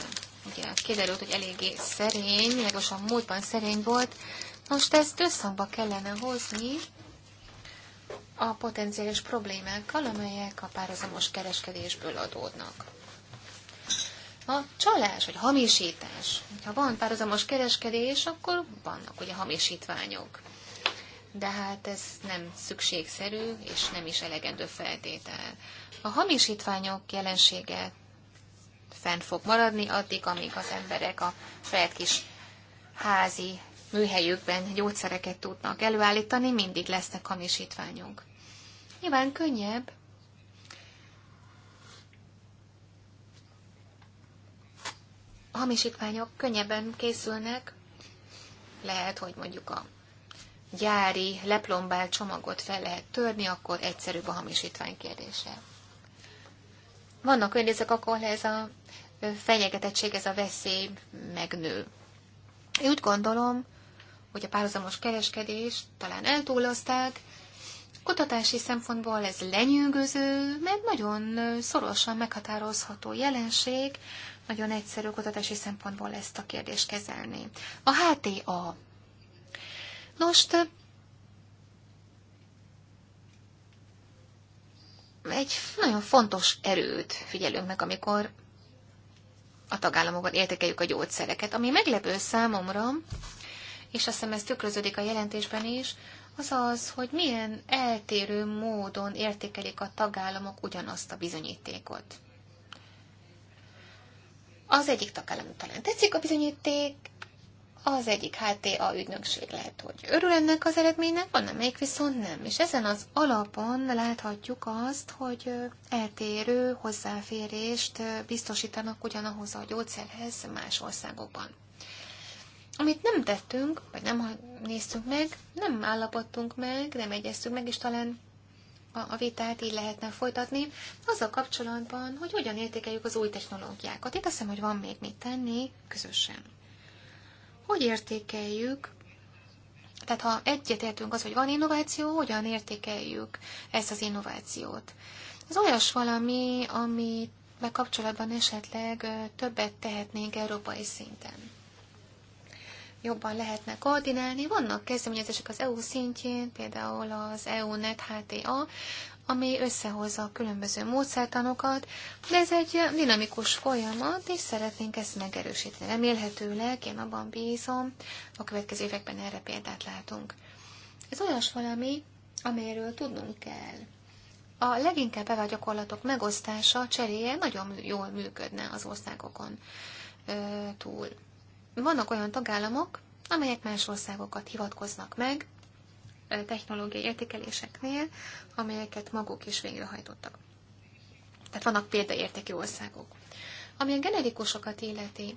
Ugye kiderült, hogy eléggé szerény, legalábbis a múltban szerény volt. Most ezt összhangba kellene hozni a potenciális problémákkal, amelyek a párhuzamos kereskedésből adódnak. A csalás vagy hamisítás. Ha van párhuzamos kereskedés, akkor vannak ugye hamisítványok. De hát ez nem szükségszerű és nem is elegendő feltétel. A hamisítványok jelensége fenn fog maradni addig, amíg az emberek a saját kis házi műhelyükben gyógyszereket tudnak előállítani, mindig lesznek hamisítványok. Nyilván könnyebb a hamisítványok könnyebben készülnek, lehet, hogy mondjuk a gyári leplombált csomagot fel lehet törni, akkor egyszerűbb a hamisítvány kérdése. Vannak olyan akkor ez a fenyegetettség, ez a veszély megnő. Én úgy gondolom, hogy a párhuzamos kereskedést talán eltúlozták. Kutatási szempontból ez lenyűgöző, mert nagyon szorosan meghatározható jelenség, nagyon egyszerű kutatási szempontból ezt a kérdést kezelni. A HTA. Nos, egy nagyon fontos erőt figyelünk meg, amikor a tagállamokban értékeljük a gyógyszereket. Ami meglepő számomra, és azt hiszem ez tükröződik a jelentésben is, az az, hogy milyen eltérő módon értékelik a tagállamok ugyanazt a bizonyítékot. Az egyik tagállam talán tetszik a bizonyíték, az egyik HTA ügynökség lehet, hogy örül ennek az eredménynek, van még viszont nem. És ezen az alapon láthatjuk azt, hogy eltérő hozzáférést biztosítanak ugyanahoz a gyógyszerhez más országokban. Amit nem tettünk, vagy nem néztünk meg, nem állapodtunk meg, nem egyeztünk meg, és talán a, a vitát így lehetne folytatni, azzal kapcsolatban, hogy hogyan értékeljük az új technológiákat. Itt azt hiszem, hogy van még mit tenni közösen. Hogy értékeljük tehát ha egyetértünk az, hogy van innováció, hogyan értékeljük ezt az innovációt? Ez olyas valami, ami kapcsolatban esetleg többet tehetnénk európai szinten jobban lehetne koordinálni. Vannak kezdeményezések az EU szintjén, például az EU-net HTA, ami összehozza a különböző módszertanokat, de ez egy dinamikus folyamat, és szeretnénk ezt megerősíteni. Remélhetőleg, én abban bízom, a következő években erre példát látunk. Ez olyas valami, amelyről tudnunk kell. A leginkább bevált gyakorlatok megosztása, cseréje nagyon jól működne az országokon túl. Vannak olyan tagállamok, amelyek más országokat hivatkoznak meg technológiai értékeléseknél, amelyeket maguk is végrehajtottak. Tehát vannak példaértékű országok. Ami a generikusokat illeti,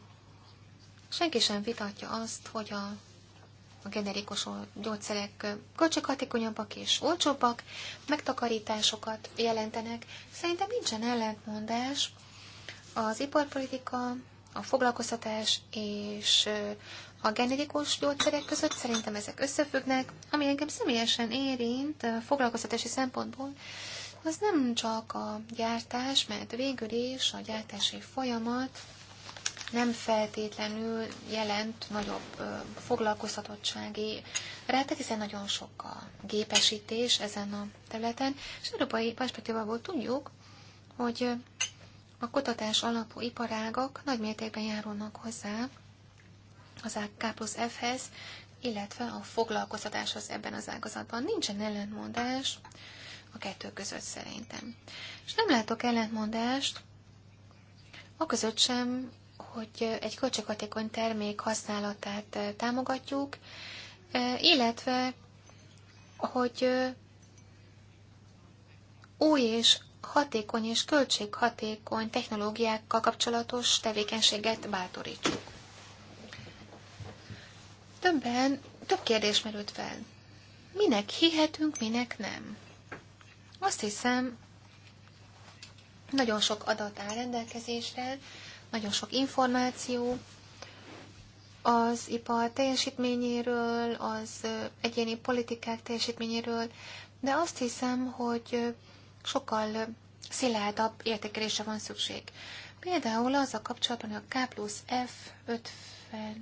senki sem vitatja azt, hogy a, a generikus gyógyszerek költséghatékonyabbak és olcsóbbak, megtakarításokat jelentenek. Szerintem nincsen ellentmondás az iparpolitika a foglalkoztatás és a generikus gyógyszerek között szerintem ezek összefüggnek. Ami engem személyesen érint a foglalkoztatási szempontból, az nem csak a gyártás, mert végül is a gyártási folyamat nem feltétlenül jelent nagyobb foglalkoztatottsági rátek, hiszen nagyon sok a gépesítés ezen a területen, és európai perspektívából tudjuk, hogy a kutatás alapú iparágak nagy mértékben járulnak hozzá az K plusz F-hez, illetve a foglalkoztatáshoz ebben az ágazatban. Nincsen ellentmondás a kettő között szerintem. És nem látok ellentmondást a között sem, hogy egy költséghatékony termék használatát eh, támogatjuk, eh, illetve hogy eh, új és hatékony és költséghatékony technológiákkal kapcsolatos tevékenységet bátorítsuk. Többen több kérdés merült fel. Minek hihetünk, minek nem? Azt hiszem, nagyon sok adat áll rendelkezésre, nagyon sok információ az ipar teljesítményéről, az egyéni politikák teljesítményéről, de azt hiszem, hogy sokkal szilárdabb értékelése van szükség. Például az a kapcsolatban, hogy a K plusz F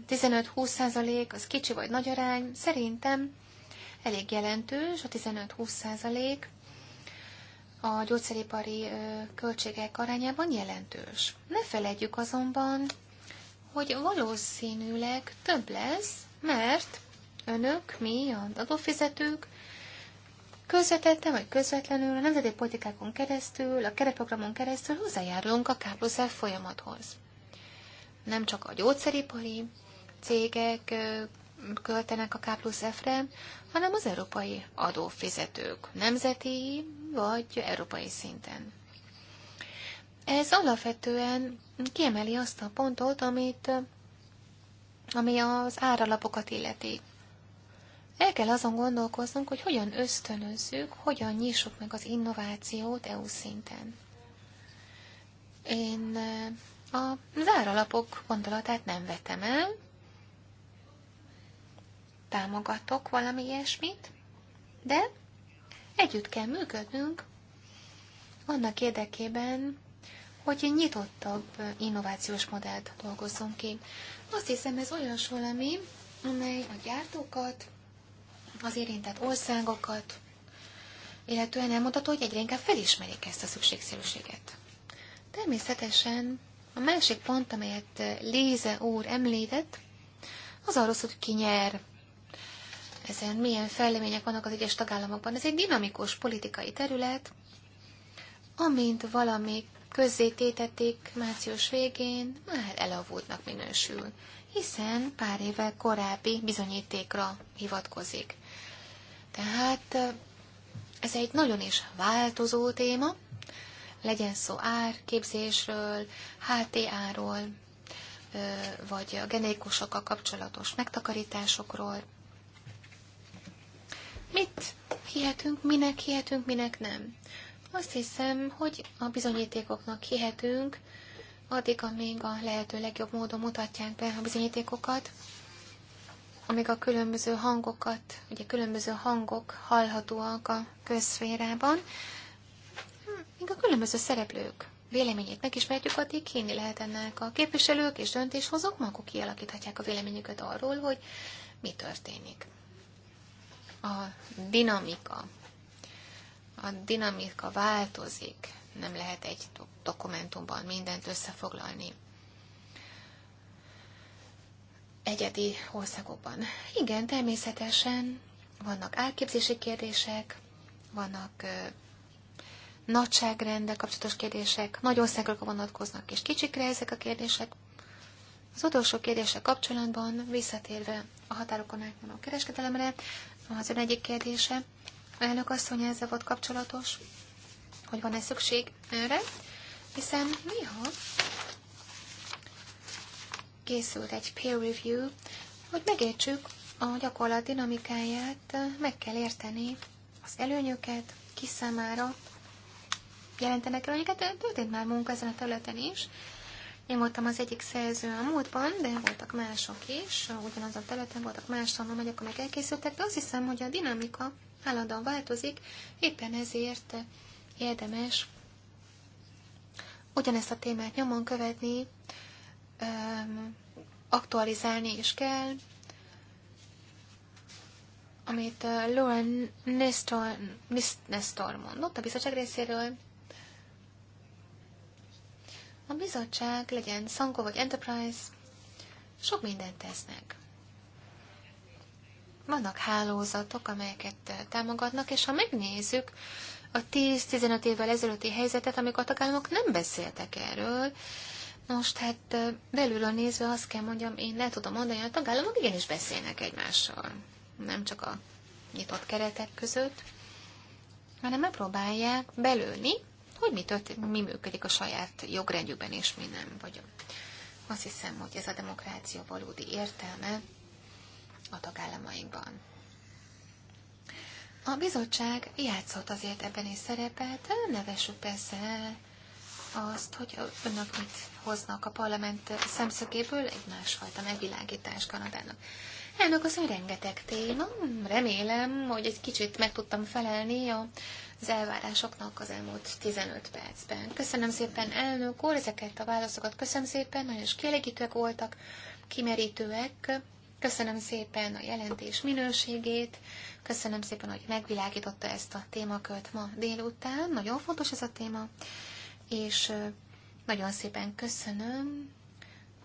15-20 százalék, az kicsi vagy nagy arány, szerintem elég jelentős, a 15-20 százalék a gyógyszeripari költségek arányában jelentős. Ne felejtjük azonban, hogy valószínűleg több lesz, mert önök, mi, a adófizetők Közvetetten vagy közvetlenül a nemzeti politikákon keresztül, a keretprogramon keresztül hozzájárulunk a K plusz F folyamathoz. Nem csak a gyógyszeripari cégek költenek a K plusz F-re, hanem az európai adófizetők, nemzeti vagy európai szinten. Ez alapvetően kiemeli azt a pontot, amit, ami az áralapokat illeti. El kell azon gondolkoznunk, hogy hogyan ösztönözzük, hogyan nyissuk meg az innovációt EU szinten. Én eh, a záralapok gondolatát nem vetem el, támogatok valami ilyesmit, de együtt kell működnünk annak érdekében, hogy egy nyitottabb eh, innovációs modellt dolgozzunk ki. Azt hiszem, ez olyan valami, amely a gyártókat, az érintett országokat, illetően elmondható, hogy egyre inkább felismerik ezt a szükségszerűséget. Természetesen a másik pont, amelyet Léze úr említett, az arról szól, hogy ki nyer. Ezen milyen fejlemények vannak az egyes tagállamokban. Ez egy dinamikus politikai terület, amint valami közzététették március végén, már elavultnak minősül, hiszen pár évvel korábbi bizonyítékra hivatkozik. Tehát ez egy nagyon is változó téma, legyen szó árképzésről, HTA-ról, vagy a genetikusokkal kapcsolatos megtakarításokról. Mit hihetünk, minek hihetünk, minek nem? Azt hiszem, hogy a bizonyítékoknak hihetünk, addig, amíg a lehető legjobb módon mutatják be a bizonyítékokat, amíg a különböző hangokat, ugye különböző hangok hallhatóak a közszférában, míg a különböző szereplők véleményét megismerjük, addig hinni lehet ennek a képviselők és döntéshozók maguk kialakíthatják a véleményüket arról, hogy mi történik. A dinamika. A dinamika változik. Nem lehet egy dokumentumban mindent összefoglalni egyedi országokban. Igen, természetesen vannak árképzési kérdések, vannak ö, nagyságrendel kapcsolatos kérdések, nagy országokra vonatkoznak és kicsikre ezek a kérdések. Az utolsó kérdése kapcsolatban visszatérve a határokon átmenő kereskedelemre, az ön egyik kérdése, elnök asszony ezzel volt kapcsolatos, hogy van-e szükség erre, hiszen néha készült egy peer review, hogy megértsük a gyakorlat dinamikáját, meg kell érteni az előnyöket, ki számára jelentenek előnyöket, történt már munka ezen a területen is. Én voltam az egyik szerző a múltban, de voltak mások is, ugyanaz a területen voltak más tanulmányok, amik elkészültek, de azt hiszem, hogy a dinamika állandóan változik, éppen ezért érdemes ugyanezt a témát nyomon követni, aktualizálni is kell, amit Lauren Nestor, Nestor mondott a bizottság részéről. A bizottság legyen Sanko vagy Enterprise, sok mindent tesznek. Vannak hálózatok, amelyeket támogatnak, és ha megnézzük a 10-15 évvel ezelőtti helyzetet, amikor a tagállamok nem beszéltek erről, most hát belülről nézve azt kell mondjam, én le tudom mondani, hogy a tagállamok igenis beszélnek egymással. Nem csak a nyitott keretek között, hanem megpróbálják belőni, hogy mi történik, mi működik a saját jogrendjükben, és mi nem vagyok. Azt hiszem, hogy ez a demokrácia valódi értelme a tagállamainkban. A bizottság játszott azért ebben is szerepet, nevesük persze azt, hogy önök mit hoznak a parlament szemszögéből egy másfajta megvilágítás Kanadának. Elnök az, hogy rengeteg téma, remélem, hogy egy kicsit meg tudtam felelni az elvárásoknak az elmúlt 15 percben. Köszönöm szépen, elnök úr, ezeket a válaszokat köszönöm szépen, nagyon is kielégítőek voltak, kimerítőek. Köszönöm szépen a jelentés minőségét, köszönöm szépen, hogy megvilágította ezt a témakört ma délután, nagyon fontos ez a téma és nagyon szépen köszönöm.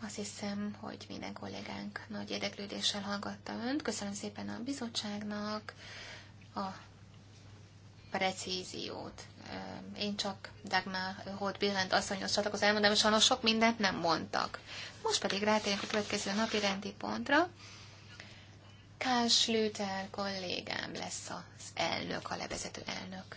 Azt hiszem, hogy minden kollégánk nagy érdeklődéssel hallgatta önt. Köszönöm szépen a bizottságnak a precíziót. Én csak Dagmar Holt Billent asszonyhoz csatlakozom, elmondom, hogy sajnos sok mindent nem mondtak. Most pedig rátérünk a következő napi rendi pontra. Kás Lüter kollégám lesz az elnök, a levezető elnök.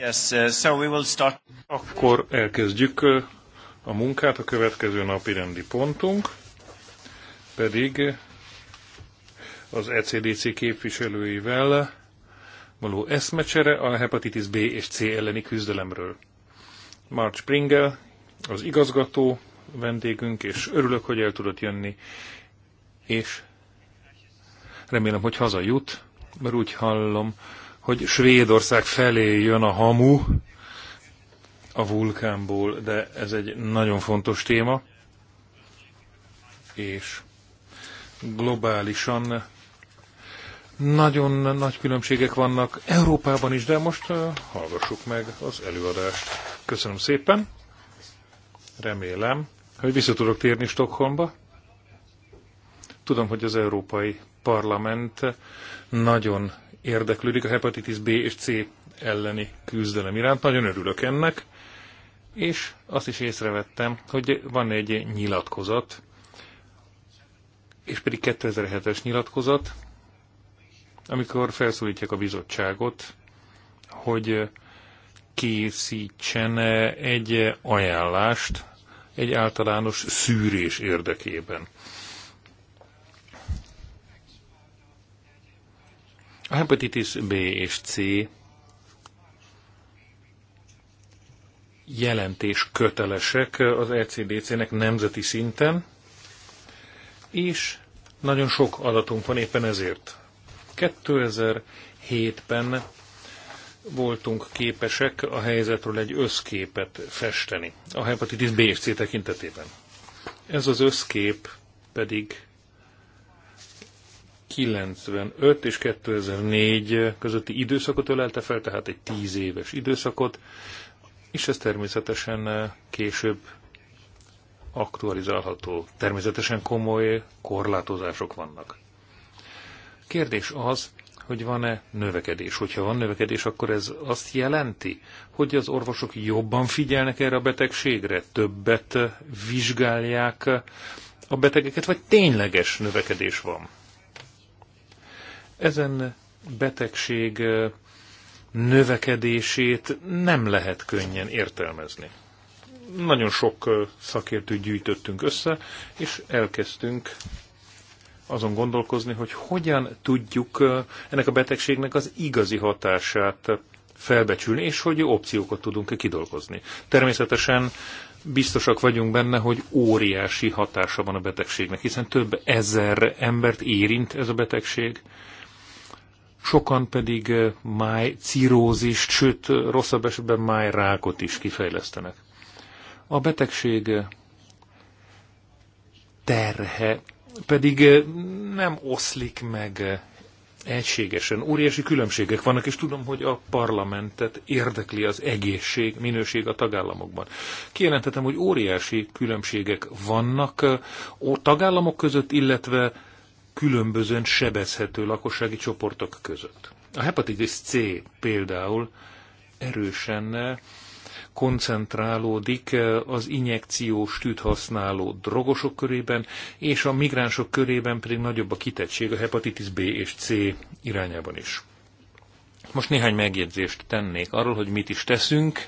Yes, uh, so we will start. Akkor elkezdjük uh, a munkát, a következő napi rendi pontunk pedig uh, az ECDC képviselőivel való eszmecsere a hepatitis B és C elleni küzdelemről. Mark Springer, az igazgató vendégünk, és örülök, hogy el tudott jönni, és remélem, hogy haza jut, mert úgy hallom, hogy Svédország felé jön a hamu a vulkánból, de ez egy nagyon fontos téma, és globálisan nagyon nagy különbségek vannak Európában is, de most hallgassuk meg az előadást. Köszönöm szépen, remélem, hogy vissza tudok térni Stockholmba. Tudom, hogy az Európai Parlament nagyon érdeklődik a hepatitis B és C elleni küzdelem iránt. Nagyon örülök ennek, és azt is észrevettem, hogy van egy nyilatkozat, és pedig 2007-es nyilatkozat, amikor felszólítják a bizottságot, hogy készítsen egy ajánlást egy általános szűrés érdekében. A hepatitis B és C jelentés kötelesek az ECDC-nek nemzeti szinten, és nagyon sok adatunk van éppen ezért. 2007-ben voltunk képesek a helyzetről egy összképet festeni, a hepatitis B és C tekintetében. Ez az összkép pedig 95 és 2004 közötti időszakot ölelte fel, tehát egy tíz éves időszakot, és ez természetesen később aktualizálható. Természetesen komoly korlátozások vannak. Kérdés az, hogy van-e növekedés. Hogyha van növekedés, akkor ez azt jelenti, hogy az orvosok jobban figyelnek erre a betegségre, többet vizsgálják a betegeket, vagy tényleges növekedés van. Ezen betegség növekedését nem lehet könnyen értelmezni. Nagyon sok szakértőt gyűjtöttünk össze, és elkezdtünk azon gondolkozni, hogy hogyan tudjuk ennek a betegségnek az igazi hatását felbecsülni, és hogy opciókat tudunk-e kidolgozni. Természetesen biztosak vagyunk benne, hogy óriási hatása van a betegségnek, hiszen több ezer embert érint ez a betegség, sokan pedig máj cirózist, sőt rosszabb esetben máj rákot is kifejlesztenek. A betegség terhe pedig nem oszlik meg egységesen. Óriási különbségek vannak, és tudom, hogy a parlamentet érdekli az egészség, minőség a tagállamokban. Kijelentetem, hogy óriási különbségek vannak a tagállamok között, illetve különbözően sebezhető lakossági csoportok között. A hepatitis C például erősen koncentrálódik az injekciós tűt használó drogosok körében, és a migránsok körében pedig nagyobb a kitettség a hepatitis B és C irányában is. Most néhány megjegyzést tennék arról, hogy mit is teszünk,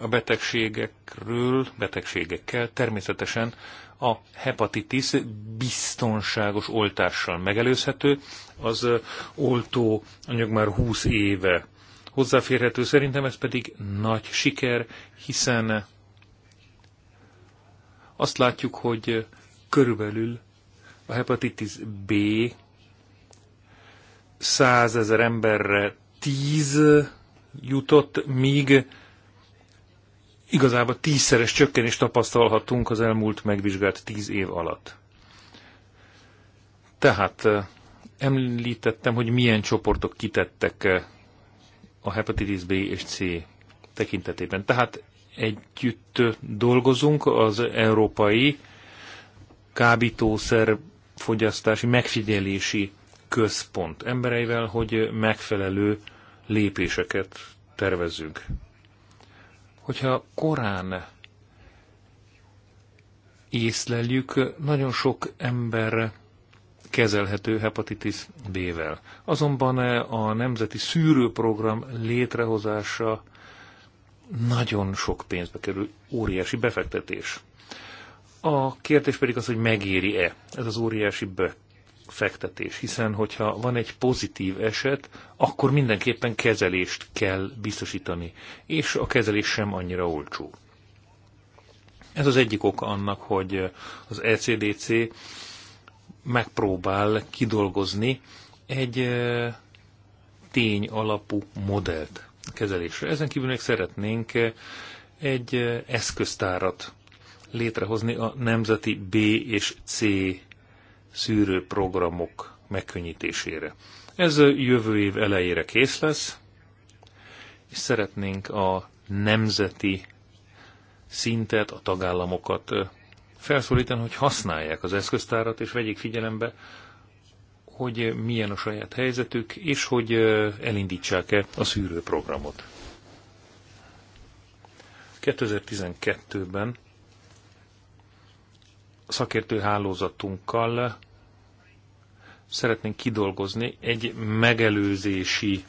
a betegségekről, betegségekkel természetesen a hepatitis biztonságos oltással megelőzhető, az oltó anyag már 20 éve hozzáférhető, szerintem ez pedig nagy siker, hiszen azt látjuk, hogy körülbelül a hepatitis B 100 ezer emberre 10 jutott, míg igazából tízszeres csökkenést tapasztalhatunk az elmúlt megvizsgált tíz év alatt. Tehát eh, említettem, hogy milyen csoportok kitettek eh, a hepatitis B és C tekintetében. Tehát együtt dolgozunk az európai kábítószer fogyasztási megfigyelési központ embereivel, hogy megfelelő lépéseket tervezzünk hogyha korán észleljük, nagyon sok ember kezelhető hepatitis B-vel. Azonban a nemzeti szűrőprogram létrehozása nagyon sok pénzbe kerül, óriási befektetés. A kérdés pedig az, hogy megéri-e ez az óriási fektetés, hiszen hogyha van egy pozitív eset, akkor mindenképpen kezelést kell biztosítani, és a kezelés sem annyira olcsó. Ez az egyik oka annak, hogy az ECDC megpróbál kidolgozni egy tény alapú modellt a kezelésre. Ezen kívül még szeretnénk egy eszköztárat létrehozni a nemzeti B és C szűrőprogramok megkönnyítésére. Ez jövő év elejére kész lesz, és szeretnénk a nemzeti szintet, a tagállamokat felszólítani, hogy használják az eszköztárat, és vegyék figyelembe, hogy milyen a saját helyzetük, és hogy elindítsák-e a szűrőprogramot. 2012-ben szakértőhálózatunkkal hálózatunkkal szeretnénk kidolgozni egy megelőzési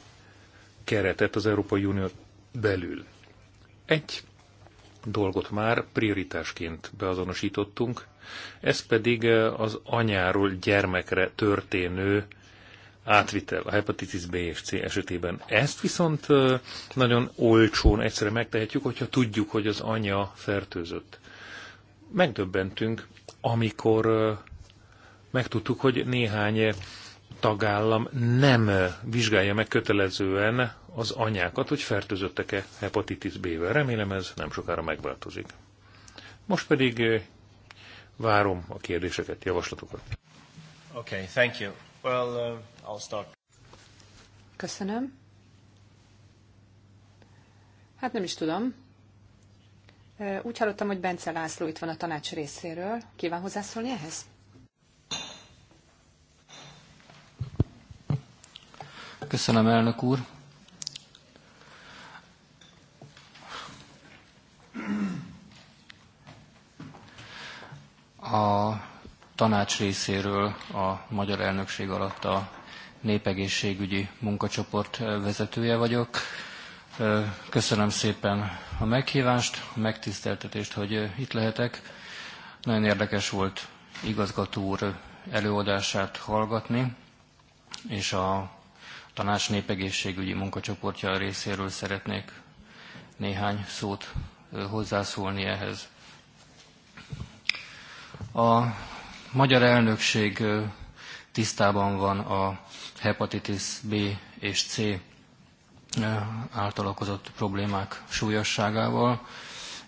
keretet az Európai Unió belül. Egy dolgot már prioritásként beazonosítottunk, ez pedig az anyáról gyermekre történő átvitel a hepatitis B és C esetében. Ezt viszont nagyon olcsón egyszerre megtehetjük, hogyha tudjuk, hogy az anya fertőzött. Megdöbbentünk, amikor megtudtuk, hogy néhány tagállam nem vizsgálja meg kötelezően az anyákat, hogy fertőzöttek-e hepatitis B-vel. Remélem ez nem sokára megváltozik. Most pedig várom a kérdéseket, javaslatokat. Okay, thank you. Well, uh, I'll start. Köszönöm. Hát nem is tudom. Úgy hallottam, hogy Bence László itt van a tanács részéről. Kíván hozzászólni ehhez? Köszönöm, elnök úr. A tanács részéről a magyar elnökség alatt a népegészségügyi munkacsoport vezetője vagyok. Köszönöm szépen a meghívást, a megtiszteltetést, hogy itt lehetek. Nagyon érdekes volt igazgató úr előadását hallgatni, és a tanács népegészségügyi munkacsoportja részéről szeretnék néhány szót hozzászólni ehhez. A magyar elnökség tisztában van a hepatitis B és C által okozott problémák súlyosságával,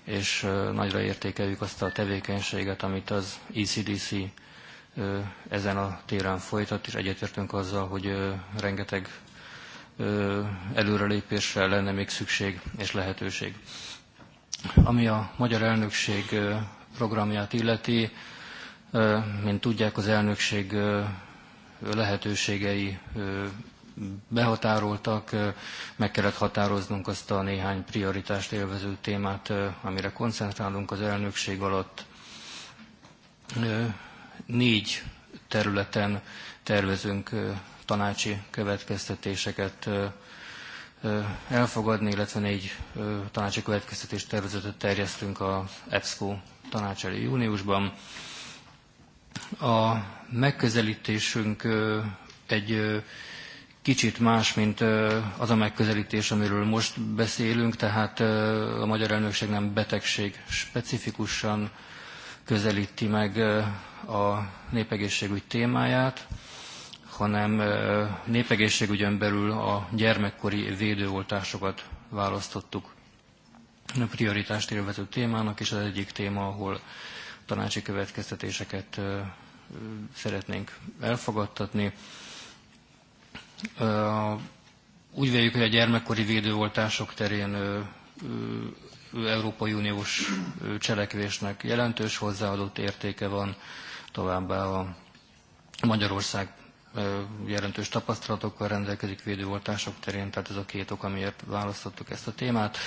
és nagyra értékeljük azt a tevékenységet, amit az ECDC ezen a téren folytat, és egyetértünk azzal, hogy rengeteg előrelépésre lenne még szükség és lehetőség. Ami a magyar elnökség programját illeti, mint tudják, az elnökség lehetőségei behatároltak, meg kellett határoznunk azt a néhány prioritást élvező témát, amire koncentrálunk az elnökség alatt. Négy területen tervezünk tanácsi következtetéseket elfogadni, illetve négy tanácsi következtetés tervezetet terjesztünk a EBSCO tanács elé júniusban. A megközelítésünk egy kicsit más, mint az a megközelítés, amiről most beszélünk, tehát a magyar elnökség nem betegség specifikusan közelíti meg a népegészségügy témáját, hanem népegészségügyön belül a gyermekkori védőoltásokat választottuk a prioritást élvező témának, és az egyik téma, ahol tanácsi következtetéseket szeretnénk elfogadtatni. Úgy véljük, hogy a gyermekkori védőoltások terén Európai Uniós cselekvésnek jelentős hozzáadott értéke van, továbbá a Magyarország jelentős tapasztalatokkal rendelkezik védőoltások terén, tehát ez a két ok, amiért választottuk ezt a témát.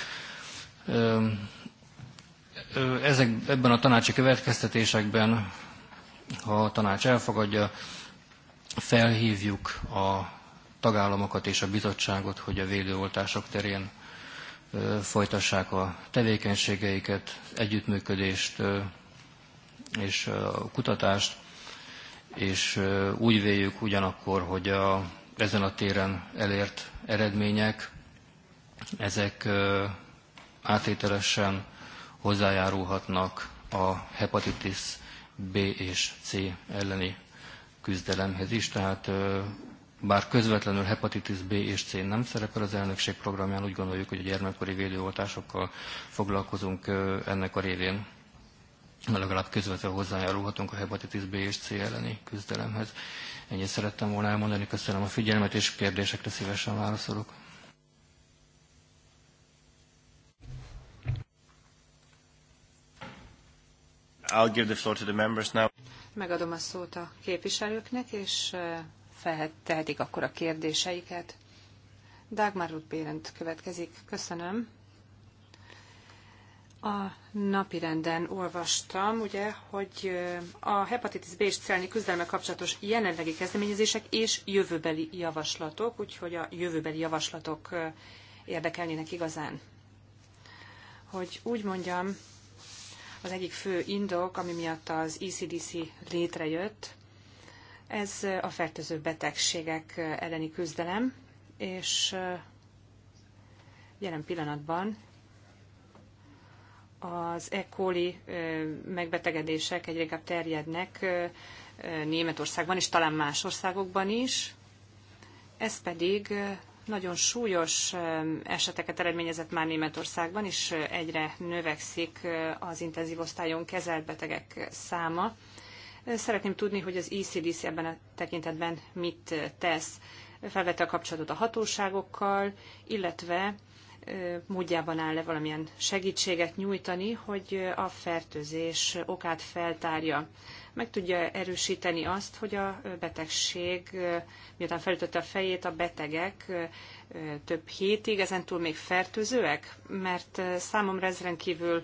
Ezek, ebben a tanácsi következtetésekben, ha a tanács elfogadja, felhívjuk a tagállamokat és a bizottságot, hogy a védőoltások terén folytassák a tevékenységeiket, együttműködést és a kutatást, és úgy véljük ugyanakkor, hogy a, ezen a téren elért eredmények, ezek átételesen hozzájárulhatnak a hepatitis B és C elleni küzdelemhez is, tehát bár közvetlenül hepatitis B és C nem szerepel az elnökség programján, úgy gondoljuk, hogy a gyermekkori védőoltásokkal foglalkozunk ennek a révén legalább közvetve hozzájárulhatunk a hepatitis B és C elleni küzdelemhez. Ennyit szerettem volna elmondani, köszönöm a figyelmet, és kérdésekre szívesen válaszolok. I'll give the floor to the members now. Megadom a szót a képviselőknek, és feltehetik akkor a kérdéseiket. Dagmar Ruth Bérend következik. Köszönöm. A napirenden olvastam, ugye, hogy a hepatitis B és celni küzdelme kapcsolatos jelenlegi kezdeményezések és jövőbeli javaslatok, úgyhogy a jövőbeli javaslatok érdekelnének igazán. Hogy úgy mondjam, az egyik fő indok, ami miatt az ECDC létrejött, ez a fertőző betegségek elleni küzdelem, és jelen pillanatban az E. coli megbetegedések egyre inkább terjednek Németországban és talán más országokban is. Ez pedig nagyon súlyos eseteket eredményezett már Németországban, és egyre növekszik az intenzív osztályon kezelt betegek száma. Szeretném tudni, hogy az ECDC ebben a tekintetben mit tesz. Felvette a kapcsolatot a hatóságokkal, illetve módjában áll-e valamilyen segítséget nyújtani, hogy a fertőzés okát feltárja. Meg tudja erősíteni azt, hogy a betegség, miután felütötte a fejét, a betegek több hétig ezentúl még fertőzőek? Mert számomra ez rendkívül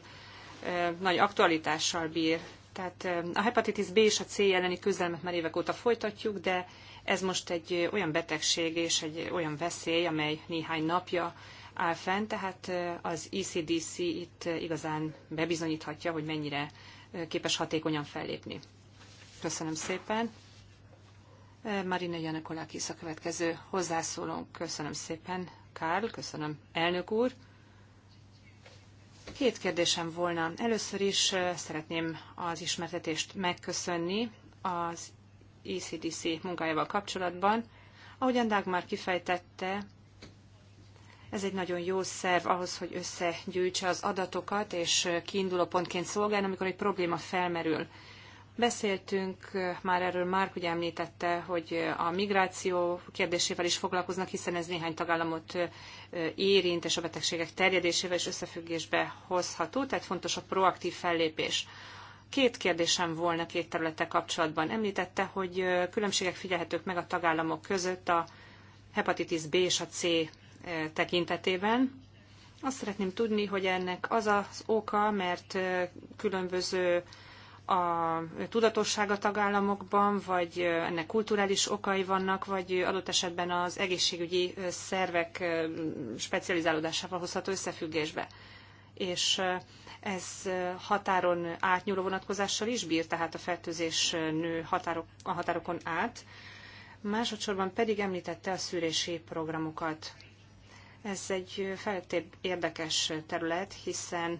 nagy aktualitással bír tehát eh, a hepatitis B és a C elleni küzdelmet már évek óta folytatjuk, de ez most egy olyan betegség és egy olyan veszély, amely néhány napja áll fenn, tehát eh, az ECDC itt igazán bebizonyíthatja, hogy mennyire eh, képes hatékonyan fellépni. Köszönöm szépen. Marina Janekolákis a következő hozzászólónk. Köszönöm szépen, Kárl, köszönöm elnök úr. Két kérdésem volna. Először is szeretném az ismertetést megköszönni az ECDC munkájával kapcsolatban. Ahogyan Dagmar kifejtette, ez egy nagyon jó szerv ahhoz, hogy összegyűjtse az adatokat, és kiinduló pontként szolgáljon, amikor egy probléma felmerül. Beszéltünk eh, már erről, már hogy említette, hogy eh, a migráció kérdésével is foglalkoznak, hiszen ez néhány tagállamot eh, érint, és a betegségek terjedésével is összefüggésbe hozható, tehát fontos a proaktív fellépés. Két kérdésem volna két területe kapcsolatban. Említette, hogy különbségek figyelhetők meg a tagállamok között a hepatitis B és a C tekintetében. Azt szeretném tudni, hogy ennek az az oka, mert különböző a tudatosság a tagállamokban, vagy ennek kulturális okai vannak, vagy adott esetben az egészségügyi szervek specializálódásával hozható összefüggésbe. És ez határon átnyúló vonatkozással is bír, tehát a fertőzés nő határok, a határokon át. Másodszorban pedig említette a szűrési programokat. Ez egy feltép érdekes terület, hiszen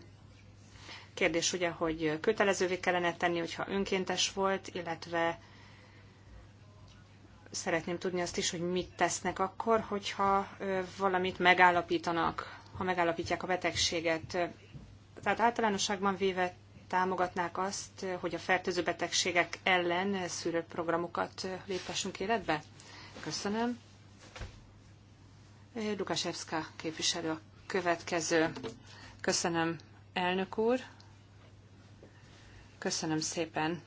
Kérdés ugye, hogy kötelezővé kellene tenni, hogyha önkéntes volt, illetve szeretném tudni azt is, hogy mit tesznek akkor, hogyha valamit megállapítanak, ha megállapítják a betegséget. Tehát általánosságban véve támogatnák azt, hogy a fertőző betegségek ellen szűrőprogramokat lépessünk életbe? Köszönöm. Lukasevska képviselő a következő. Köszönöm, elnök úr. Köszönöm szépen.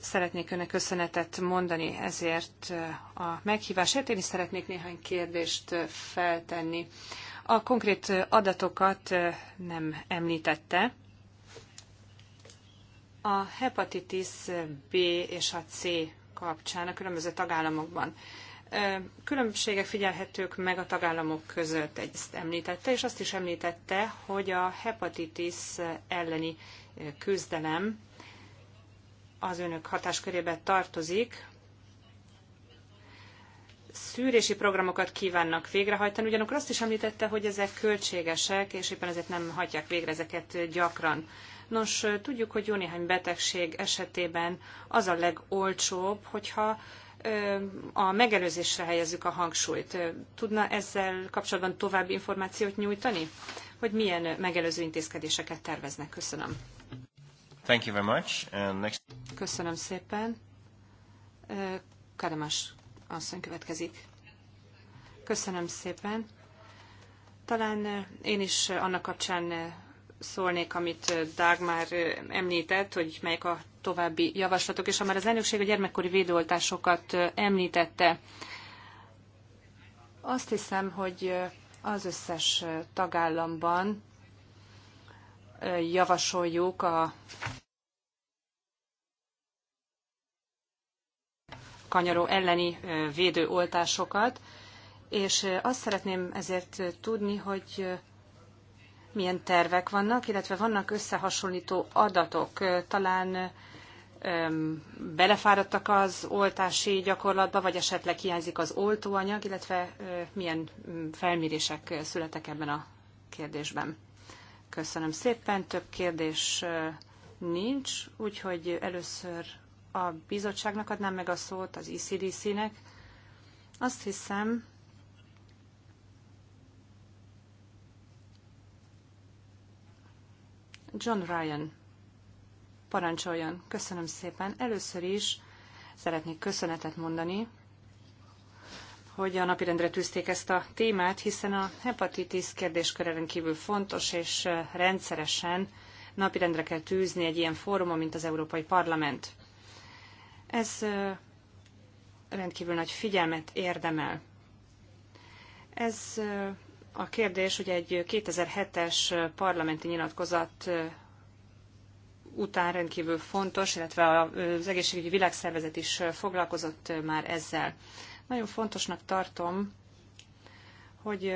Szeretnék önnek köszönetet mondani ezért a meghívásért. Én is szeretnék néhány kérdést feltenni. A konkrét adatokat nem említette. A hepatitis B és a C kapcsán a különböző tagállamokban. Különbségek figyelhetők meg a tagállamok között, ezt említette, és azt is említette, hogy a hepatitis elleni küzdelem az önök hatáskörébe tartozik, szűrési programokat kívánnak végrehajtani, ugyanakkor azt is említette, hogy ezek költségesek, és éppen ezért nem hagyják végre ezeket gyakran. Nos, tudjuk, hogy jó néhány betegség esetében az a legolcsóbb, hogyha a megelőzésre helyezzük a hangsúlyt. Tudna ezzel kapcsolatban további információt nyújtani? Hogy milyen megelőző intézkedéseket terveznek? Köszönöm. Thank you very much. And next... Köszönöm szépen. Kademas asszony következik. Köszönöm szépen. Talán én is annak kapcsán szólnék, amit Dagmar már említett, hogy melyek a további javaslatok, és már az elnökség a gyermekkori védőoltásokat említette. Azt hiszem, hogy az összes tagállamban javasoljuk a kanyaró elleni védőoltásokat, és azt szeretném ezért tudni, hogy milyen tervek vannak, illetve vannak összehasonlító adatok. Talán belefáradtak az oltási gyakorlatba, vagy esetleg hiányzik az oltóanyag, illetve milyen felmérések születek ebben a kérdésben. Köszönöm szépen, több kérdés nincs, úgyhogy először a bizottságnak adnám meg a szót, az icdc e nek Azt hiszem, John Ryan Parancsoljon. Köszönöm szépen. Először is szeretnék köszönetet mondani, hogy a napirendre tűzték ezt a témát, hiszen a hepatitis kérdésköre kívül fontos, és rendszeresen napirendre kell tűzni egy ilyen fórumon, mint az Európai Parlament. Ez rendkívül nagy figyelmet érdemel. Ez a kérdés ugye egy 2007-es parlamenti nyilatkozat után rendkívül fontos, illetve az egészségügyi világszervezet is foglalkozott már ezzel. Nagyon fontosnak tartom, hogy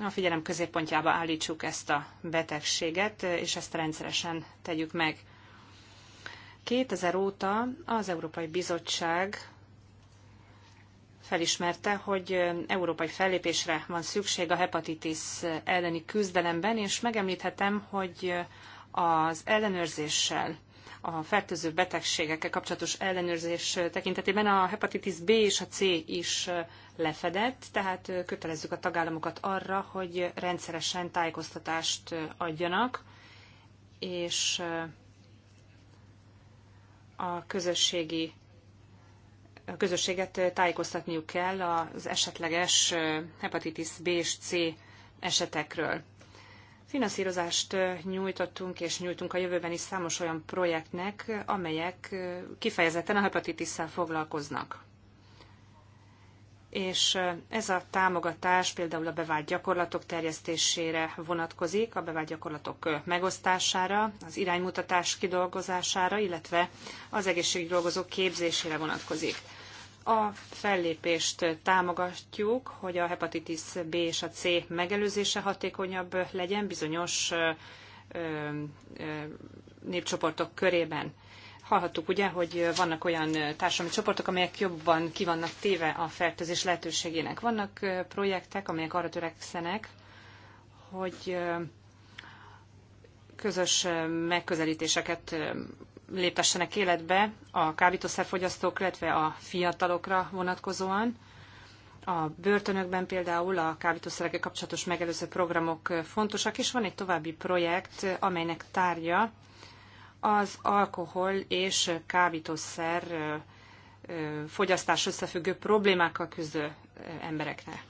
a figyelem középpontjába állítsuk ezt a betegséget, és ezt rendszeresen tegyük meg. 2000 óta az Európai Bizottság felismerte, hogy európai fellépésre van szükség a hepatitis elleni küzdelemben, és megemlíthetem, hogy az ellenőrzéssel, a fertőző betegségekkel kapcsolatos ellenőrzés tekintetében a hepatitis B és a C is lefedett, tehát kötelezzük a tagállamokat arra, hogy rendszeresen tájékoztatást adjanak, és a közösségi a közösséget tájékoztatniuk kell az esetleges hepatitis B és C esetekről. Finanszírozást nyújtottunk és nyújtunk a jövőben is számos olyan projektnek, amelyek kifejezetten a hepatitisszel foglalkoznak. És ez a támogatás például a bevált gyakorlatok terjesztésére vonatkozik, a bevált gyakorlatok megosztására, az iránymutatás kidolgozására, illetve az egészségügyi dolgozók képzésére vonatkozik a fellépést támogatjuk, hogy a hepatitis B és a C megelőzése hatékonyabb legyen bizonyos népcsoportok körében. Hallhattuk ugye, hogy vannak olyan társadalmi csoportok, amelyek jobban kivannak téve a fertőzés lehetőségének. Vannak projektek, amelyek arra törekszenek, hogy közös megközelítéseket léptessenek életbe a kábítószerfogyasztók, illetve a fiatalokra vonatkozóan. A börtönökben például a kábítószerekkel kapcsolatos megelőző programok fontosak, és van egy további projekt, amelynek tárgya az alkohol és kábítószer fogyasztás összefüggő problémákkal küzdő embereknek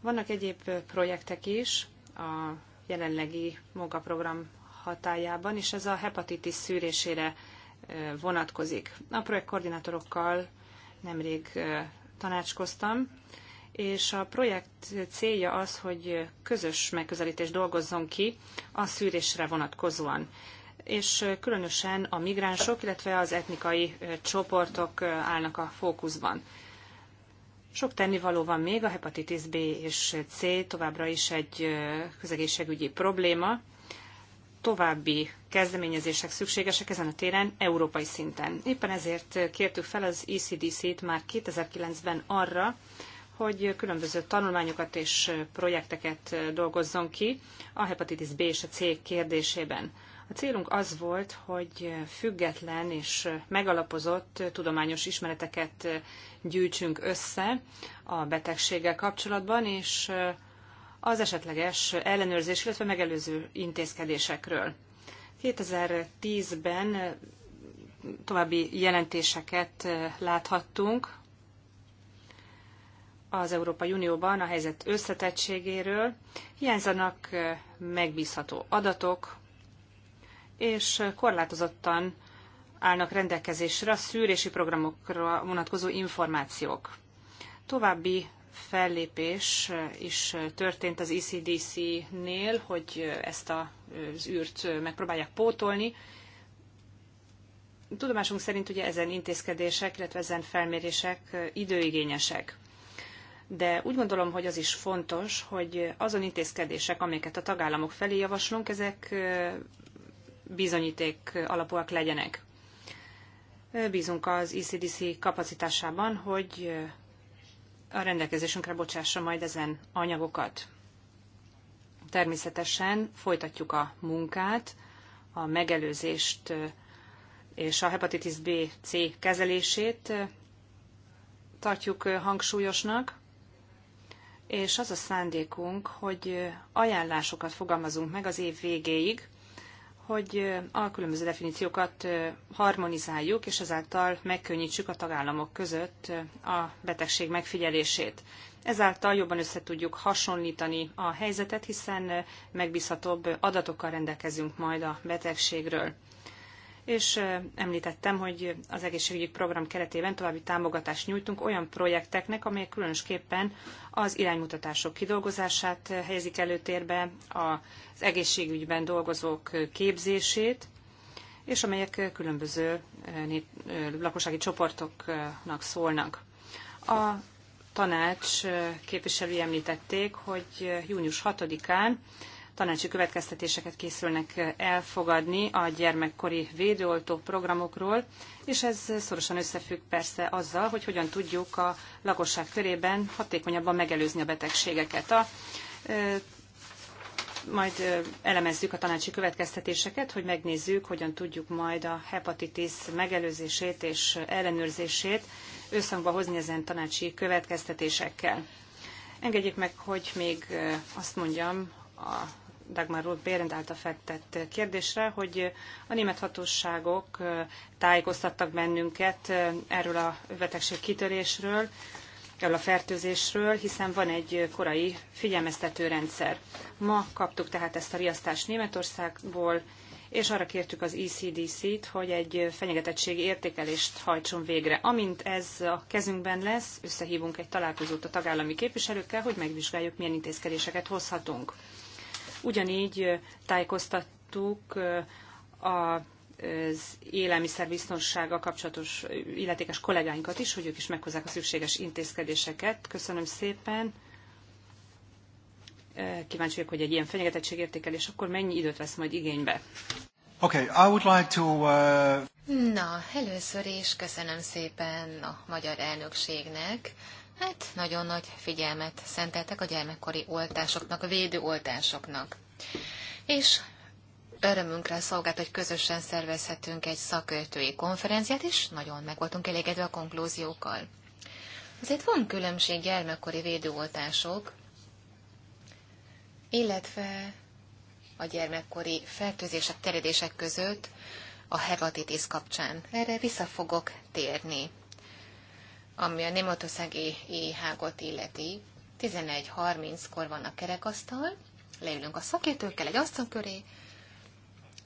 Vannak egyéb projektek is a jelenlegi munkaprogram hatájában, és ez a hepatitis szűrésére vonatkozik. A projektkoordinátorokkal nemrég tanácskoztam, és a projekt célja az, hogy közös megközelítés dolgozzon ki a szűrésre vonatkozóan és különösen a migránsok, illetve az etnikai csoportok állnak a fókuszban. Sok tennivaló van még, a hepatitis B és C továbbra is egy közegészségügyi probléma, további kezdeményezések szükségesek ezen a téren európai szinten. Éppen ezért kértük fel az ECDC-t már 2009-ben arra, hogy különböző tanulmányokat és projekteket dolgozzon ki a hepatitis B és a C kérdésében. A célunk az volt, hogy független és megalapozott tudományos ismereteket gyűjtsünk össze a betegséggel kapcsolatban, és az esetleges ellenőrzés, illetve megelőző intézkedésekről. 2010-ben eh, további jelentéseket eh, láthattunk az Európai Unióban a helyzet összetettségéről. Hiányzanak eh, megbízható adatok, és korlátozottan állnak rendelkezésre a szűrési programokra vonatkozó információk. További fellépés is történt az ECDC-nél, hogy ezt az űrt megpróbálják pótolni. Tudomásunk szerint ugye ezen intézkedések, illetve ezen felmérések időigényesek. De úgy gondolom, hogy az is fontos, hogy azon intézkedések, amiket a tagállamok felé javaslunk, ezek bizonyíték alapúak legyenek. Bízunk az ECDC kapacitásában, hogy a rendelkezésünkre bocsássa majd ezen anyagokat. Természetesen folytatjuk a munkát, a megelőzést és a hepatitis B, C kezelését tartjuk hangsúlyosnak, és az a szándékunk, hogy ajánlásokat fogalmazunk meg az év végéig, hogy a különböző definíciókat harmonizáljuk, és ezáltal megkönnyítsük a tagállamok között a betegség megfigyelését. Ezáltal jobban össze tudjuk hasonlítani a helyzetet, hiszen megbízhatóbb adatokkal rendelkezünk majd a betegségről és említettem, hogy az egészségügyi program keretében további támogatást nyújtunk olyan projekteknek, amelyek különösképpen az iránymutatások kidolgozását helyezik előtérbe, az egészségügyben dolgozók képzését, és amelyek különböző lakossági csoportoknak szólnak. A tanács képviselői említették, hogy június 6-án tanácsi következtetéseket készülnek elfogadni a gyermekkori védőoltó programokról, és ez szorosan összefügg persze azzal, hogy hogyan tudjuk a lakosság körében hatékonyabban megelőzni a betegségeket. A, majd elemezzük a tanácsi következtetéseket, hogy megnézzük, hogyan tudjuk majd a hepatitis megelőzését és ellenőrzését összhangba hozni ezen tanácsi következtetésekkel. Engedjék meg, hogy még azt mondjam a Dagmar Ruth Bérend által fektett kérdésre, hogy a német hatóságok tájékoztattak bennünket erről a betegség kitörésről, erről a fertőzésről, hiszen van egy korai figyelmeztető rendszer. Ma kaptuk tehát ezt a riasztást Németországból, és arra kértük az ECDC-t, hogy egy fenyegetettségi értékelést hajtson végre. Amint ez a kezünkben lesz, összehívunk egy találkozót a tagállami képviselőkkel, hogy megvizsgáljuk, milyen intézkedéseket hozhatunk. Ugyanígy tájékoztattuk az élelmiszerbiztonsággal kapcsolatos illetékes kollégáinkat is, hogy ők is meghozzák a szükséges intézkedéseket. Köszönöm szépen. Kíváncsi vagyok, hogy egy ilyen fenyegetettségértékelés akkor mennyi időt vesz majd igénybe. Okay, I would like to, uh... Na, először is köszönöm szépen a magyar elnökségnek, hát nagyon nagy figyelmet szenteltek a gyermekkori oltásoknak, a védőoltásoknak. És örömünkre szolgált, hogy közösen szervezhetünk egy szakértői konferenciát, és nagyon meg voltunk elégedve a konklúziókkal. Azért van különbség gyermekkori védőoltások, illetve a gyermekkori fertőzések, terjedések között a hepatitis kapcsán. Erre vissza fogok térni ami a németországi éhágot illeti. 11.30-kor van a kerekasztal, leülünk a szakértőkkel egy asztal köré,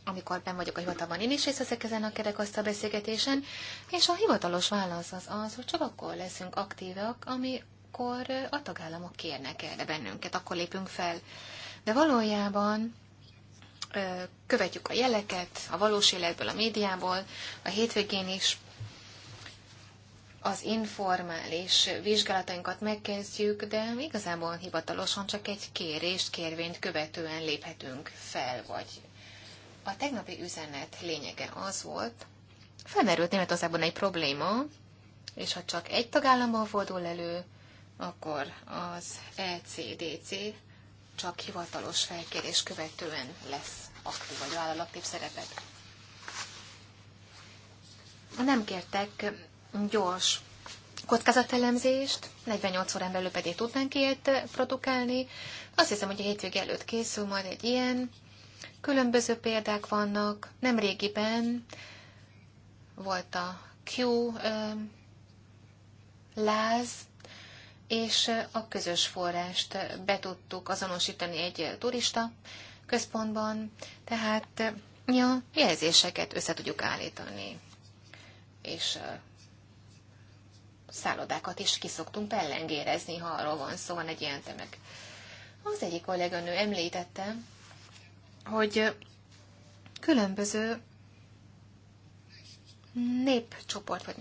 amikor ben vagyok a hivatalban, én is részt veszek ezen a kerekasztal beszélgetésen, és a hivatalos válasz az az, hogy csak akkor leszünk aktívak, amikor a tagállamok kérnek erre bennünket, akkor lépünk fel. De valójában követjük a jeleket a valós életből, a médiából, a hétvégén is az informális vizsgálatainkat megkezdjük, de igazából hivatalosan csak egy kérést, kérvényt követően léphetünk fel, vagy a tegnapi üzenet lényege az volt, felmerült Németországban egy probléma, és ha csak egy tagállamban fordul elő, akkor az ECDC csak hivatalos felkérés követően lesz aktív vagy vállalattív szerepet. Nem kértek gyors kockázatelemzést, 48 órán belül pedig tudnánk ilyet produkálni. Azt hiszem, hogy a hétvége előtt készül majd egy ilyen. Különböző példák vannak. Nem régiben volt a Q láz, és a közös forrást be tudtuk azonosítani egy turista központban, tehát ja, jelzéseket össze tudjuk állítani, és szállodákat is kiszoktunk pellengérezni, ha arról van szó, van egy ilyen temek. Az egyik kolléganő említette, hogy különböző népcsoport, vagy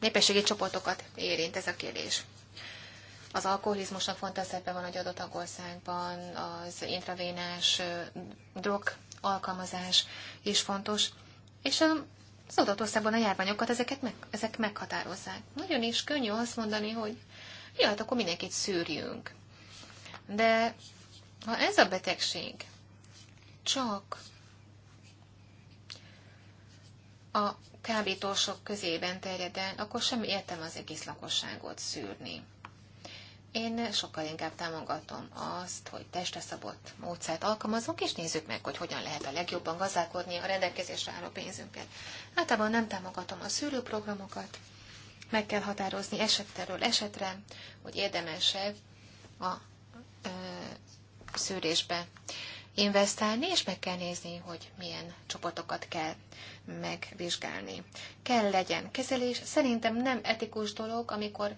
népességi csoportokat érint ez a kérdés. Az alkoholizmusnak fontos szerepe van, egy adott országban az intravénás drog alkalmazás is fontos, és a az adott országban a járványokat, ezeket meg, ezek meghatározzák. Nagyon is könnyű azt mondani, hogy jaj, hát akkor mindenkit szűrjünk. De ha ez a betegség csak a kábítósok közében terjed el, akkor semmi értem az egész lakosságot szűrni. Én sokkal inkább támogatom azt, hogy testre szabott módszert alkalmazunk, és nézzük meg, hogy hogyan lehet a legjobban gazdálkodni a rendelkezésre álló pénzünket. Általában nem támogatom a szűrőprogramokat, meg kell határozni esetről esetre, hogy érdemesebb a ö, szűrésbe investálni, és meg kell nézni, hogy milyen csoportokat kell megvizsgálni. Kell legyen kezelés. Szerintem nem etikus dolog, amikor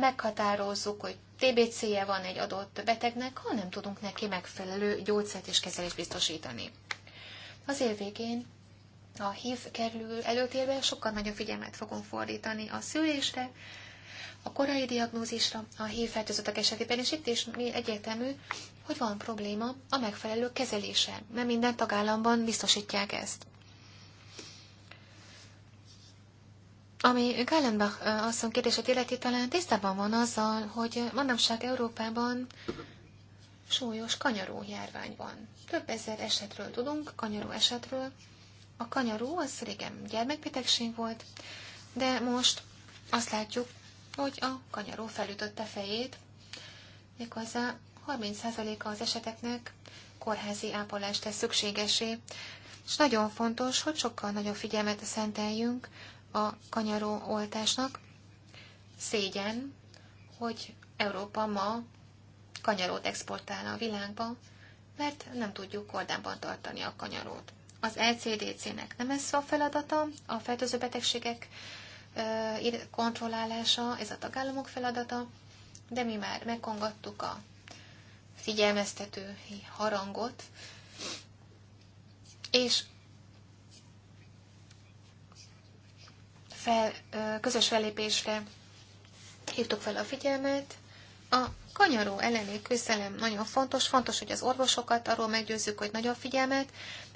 meghatározzuk, hogy TBC-je van egy adott betegnek, ha nem tudunk neki megfelelő gyógyszert és kezelést biztosítani. Az év végén a HIV kerül előtérbe, sokkal nagyobb figyelmet fogunk fordítani a szülésre, a korai diagnózisra, a HIV fertőzöttek esetében, és itt is mi egyértelmű, hogy van probléma a megfelelő kezeléssel, mert minden tagállamban biztosítják ezt. Ami Gallenbach asszon kérdését illeti, talán tisztában van azzal, hogy manapság Európában súlyos kanyaró járvány van. Több ezer esetről tudunk, kanyaró esetről. A kanyaró az régen gyermekbetegség volt, de most azt látjuk, hogy a kanyaró felütötte fejét, méghozzá 30%-a az eseteknek kórházi ápolást tesz szükségesé, és nagyon fontos, hogy sokkal nagyobb figyelmet szenteljünk a kanyaró oltásnak. Szégyen, hogy Európa ma kanyarót exportálna a világba, mert nem tudjuk kordában tartani a kanyarót. Az LCDC-nek nem ez a feladata, a fertőző betegségek kontrollálása, ez a tagállamok feladata, de mi már megkongattuk a figyelmeztető harangot, és fel, közös fellépésre hívtuk fel a figyelmet. A kanyaró elleni küzdelem nagyon fontos, fontos, hogy az orvosokat arról meggyőzzük, hogy nagyobb figyelmet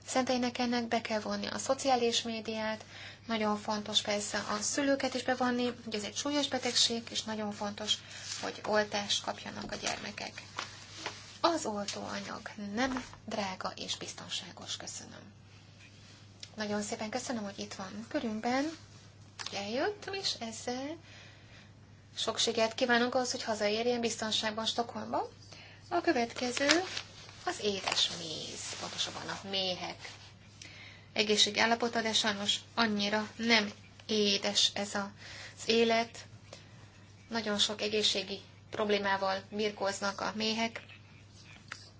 szenteljenek ennek, be kell vonni a szociális médiát, nagyon fontos persze a szülőket is bevonni, hogy ez egy súlyos betegség, és nagyon fontos, hogy oltást kapjanak a gyermekek. Az oltóanyag nem drága és biztonságos. Köszönöm. Nagyon szépen köszönöm, hogy itt van körünkben eljött, és ezzel sok sikert kívánunk ahhoz, hogy hazaérjen biztonságban Stokholmba. A következő az édes méz, pontosabban a méhek. Egészség állapota, de sajnos annyira nem édes ez a, az élet. Nagyon sok egészségi problémával birkóznak a méhek.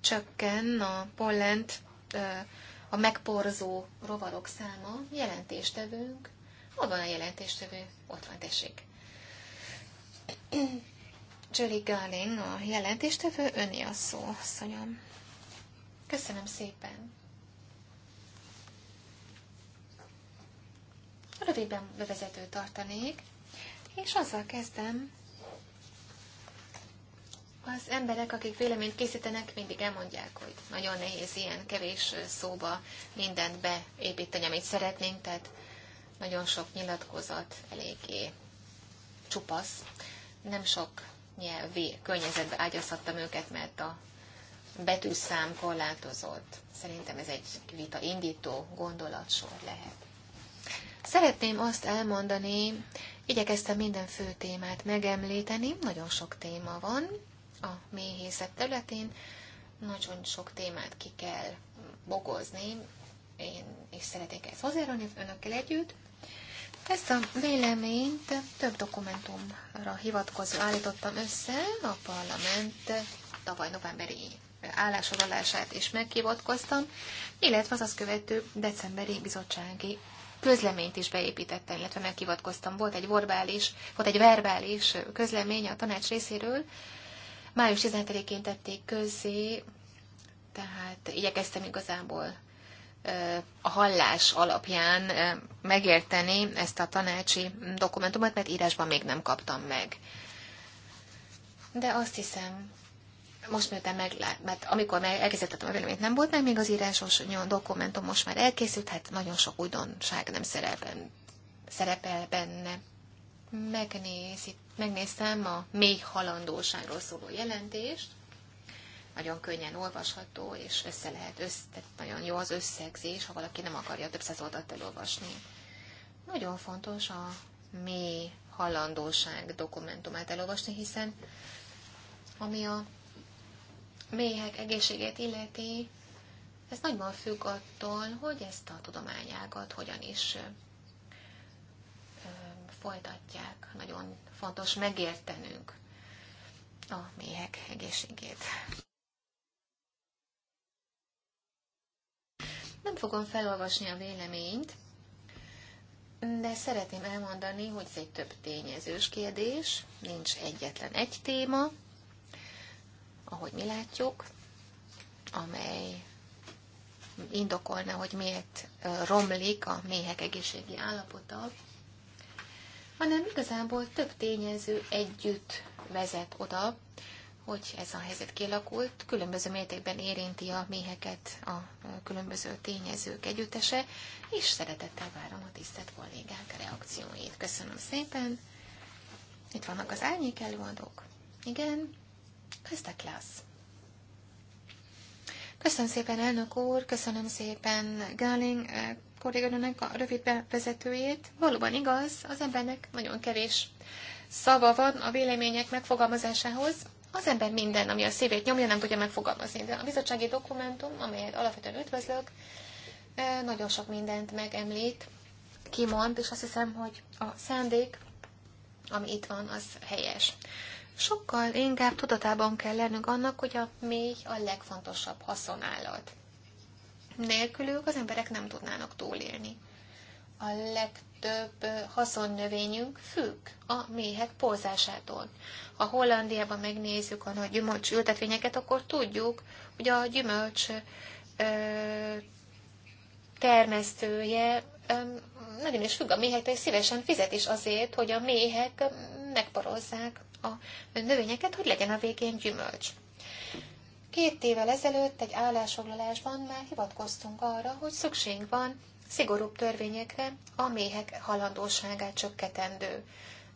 Csökken a pollent, a megporzó rovarok száma. tevünk, Hol van a jelentéstevő? Ott van, tessék. Julie Garling, a jelentéstevő, öné a szó, asszonyom. Köszönöm szépen. Röviden bevezető tartanék, és azzal kezdem, az emberek, akik véleményt készítenek, mindig elmondják, hogy nagyon nehéz ilyen kevés szóba mindent beépíteni, amit szeretnénk, tehát nagyon sok nyilatkozat eléggé csupasz. Nem sok nyelvi környezetbe ágyazhattam őket, mert a betűszám korlátozott. Szerintem ez egy vita indító gondolatsor lehet. Szeretném azt elmondani, igyekeztem minden fő témát megemlíteni, nagyon sok téma van a méhészet területén, nagyon sok témát ki kell bogozni, én is szeretnék ezt hozzájárulni önökkel együtt. Ezt a véleményt több dokumentumra hivatkozva állítottam össze, a parlament tavaly novemberi állásodalását is meghivatkoztam, illetve az azt követő decemberi bizottsági közleményt is beépítettem, illetve meghivatkoztam. Volt egy verbális, volt egy verbális közlemény a tanács részéről. Május 17-én tették közzé, tehát igyekeztem igazából a hallás alapján megérteni ezt a tanácsi dokumentumot, mert írásban még nem kaptam meg. De azt hiszem, most miután meglát, mert amikor meg elkészítettem a véleményt, nem volt meg még az írásos dokumentum, most már elkészült, hát nagyon sok újdonság nem szerepel, szerepel benne. Megnéz, itt, megnéztem a mély halandóságról szóló jelentést, nagyon könnyen olvasható, és össze lehet, össz, tehát nagyon jó az összegzés, ha valaki nem akarja több száz oldalt elolvasni. Nagyon fontos a mély hallandóság dokumentumát elolvasni, hiszen ami a méhek egészségét illeti, ez nagyban függ attól, hogy ezt a tudományágat hogyan is folytatják. Nagyon fontos megértenünk a méhek egészségét. Nem fogom felolvasni a véleményt, de szeretném elmondani, hogy ez egy több tényezős kérdés, nincs egyetlen egy téma, ahogy mi látjuk, amely indokolna, hogy miért romlik a méhek egészségi állapota, hanem igazából több tényező együtt vezet oda, hogy ez a helyzet kialakult, különböző mértékben érinti a méheket a különböző tényezők együttese, és szeretettel várom a tisztelt kollégák reakcióit. Köszönöm szépen! Itt vannak az árnyék előadók. Igen, köztek lesz. Köszönöm szépen, elnök úr, köszönöm szépen Gáling eh, kolléganőnek a rövid bevezetőjét. Valóban igaz, az embernek nagyon kevés szava van a vélemények megfogalmazásához, az ember minden, ami a szívét nyomja, nem tudja megfogalmazni. De a bizottsági dokumentum, amelyet alapvetően üdvözlök, nagyon sok mindent megemlít, kimond, és azt hiszem, hogy a szándék, ami itt van, az helyes. Sokkal inkább tudatában kell lennünk annak, hogy a mély a legfontosabb haszonállat. Nélkülük az emberek nem tudnának túlélni. A leg legtöbb haszonnövényünk függ a méhek pózásától. Ha Hollandiában megnézzük a nagy gyümölcs ültetvényeket, akkor tudjuk, hogy a gyümölcs ö, termesztője ö, nagyon is függ a méhektől, és szívesen fizet is azért, hogy a méhek megporozzák a növényeket, hogy legyen a végén gyümölcs. Két évvel ezelőtt egy állásfoglalásban már hivatkoztunk arra, hogy szükség van szigorúbb törvényekre a méhek halandóságát csökkentendő.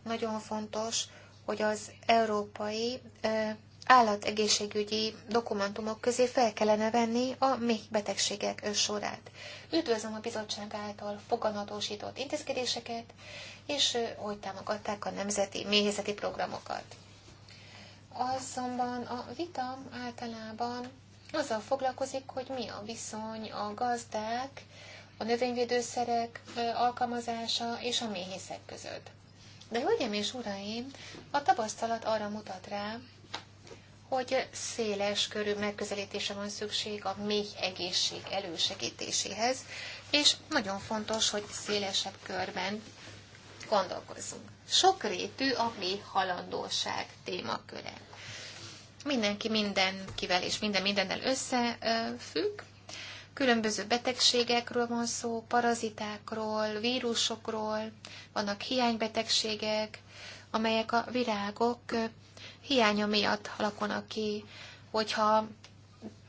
Nagyon fontos, hogy az európai állategészségügyi dokumentumok közé fel kellene venni a méh betegségek sorát. Üdvözlöm a bizottság által foganatosított intézkedéseket, és hogy támogatták a nemzeti méhészeti programokat. Azonban a vitam általában azzal foglalkozik, hogy mi a viszony a gazdák a növényvédőszerek alkalmazása és a méhészek között. De hölgyeim és uraim, a tapasztalat arra mutat rá, hogy széles körű megközelítése van szükség a méh egészség elősegítéséhez, és nagyon fontos, hogy szélesebb körben gondolkozzunk. Sokrétű a méh halandóság témaköre. Mindenki mindenkivel és minden mindennel összefügg, Különböző betegségekről van szó, parazitákról, vírusokról, vannak hiánybetegségek, amelyek a virágok hiánya miatt alakulnak ki, hogyha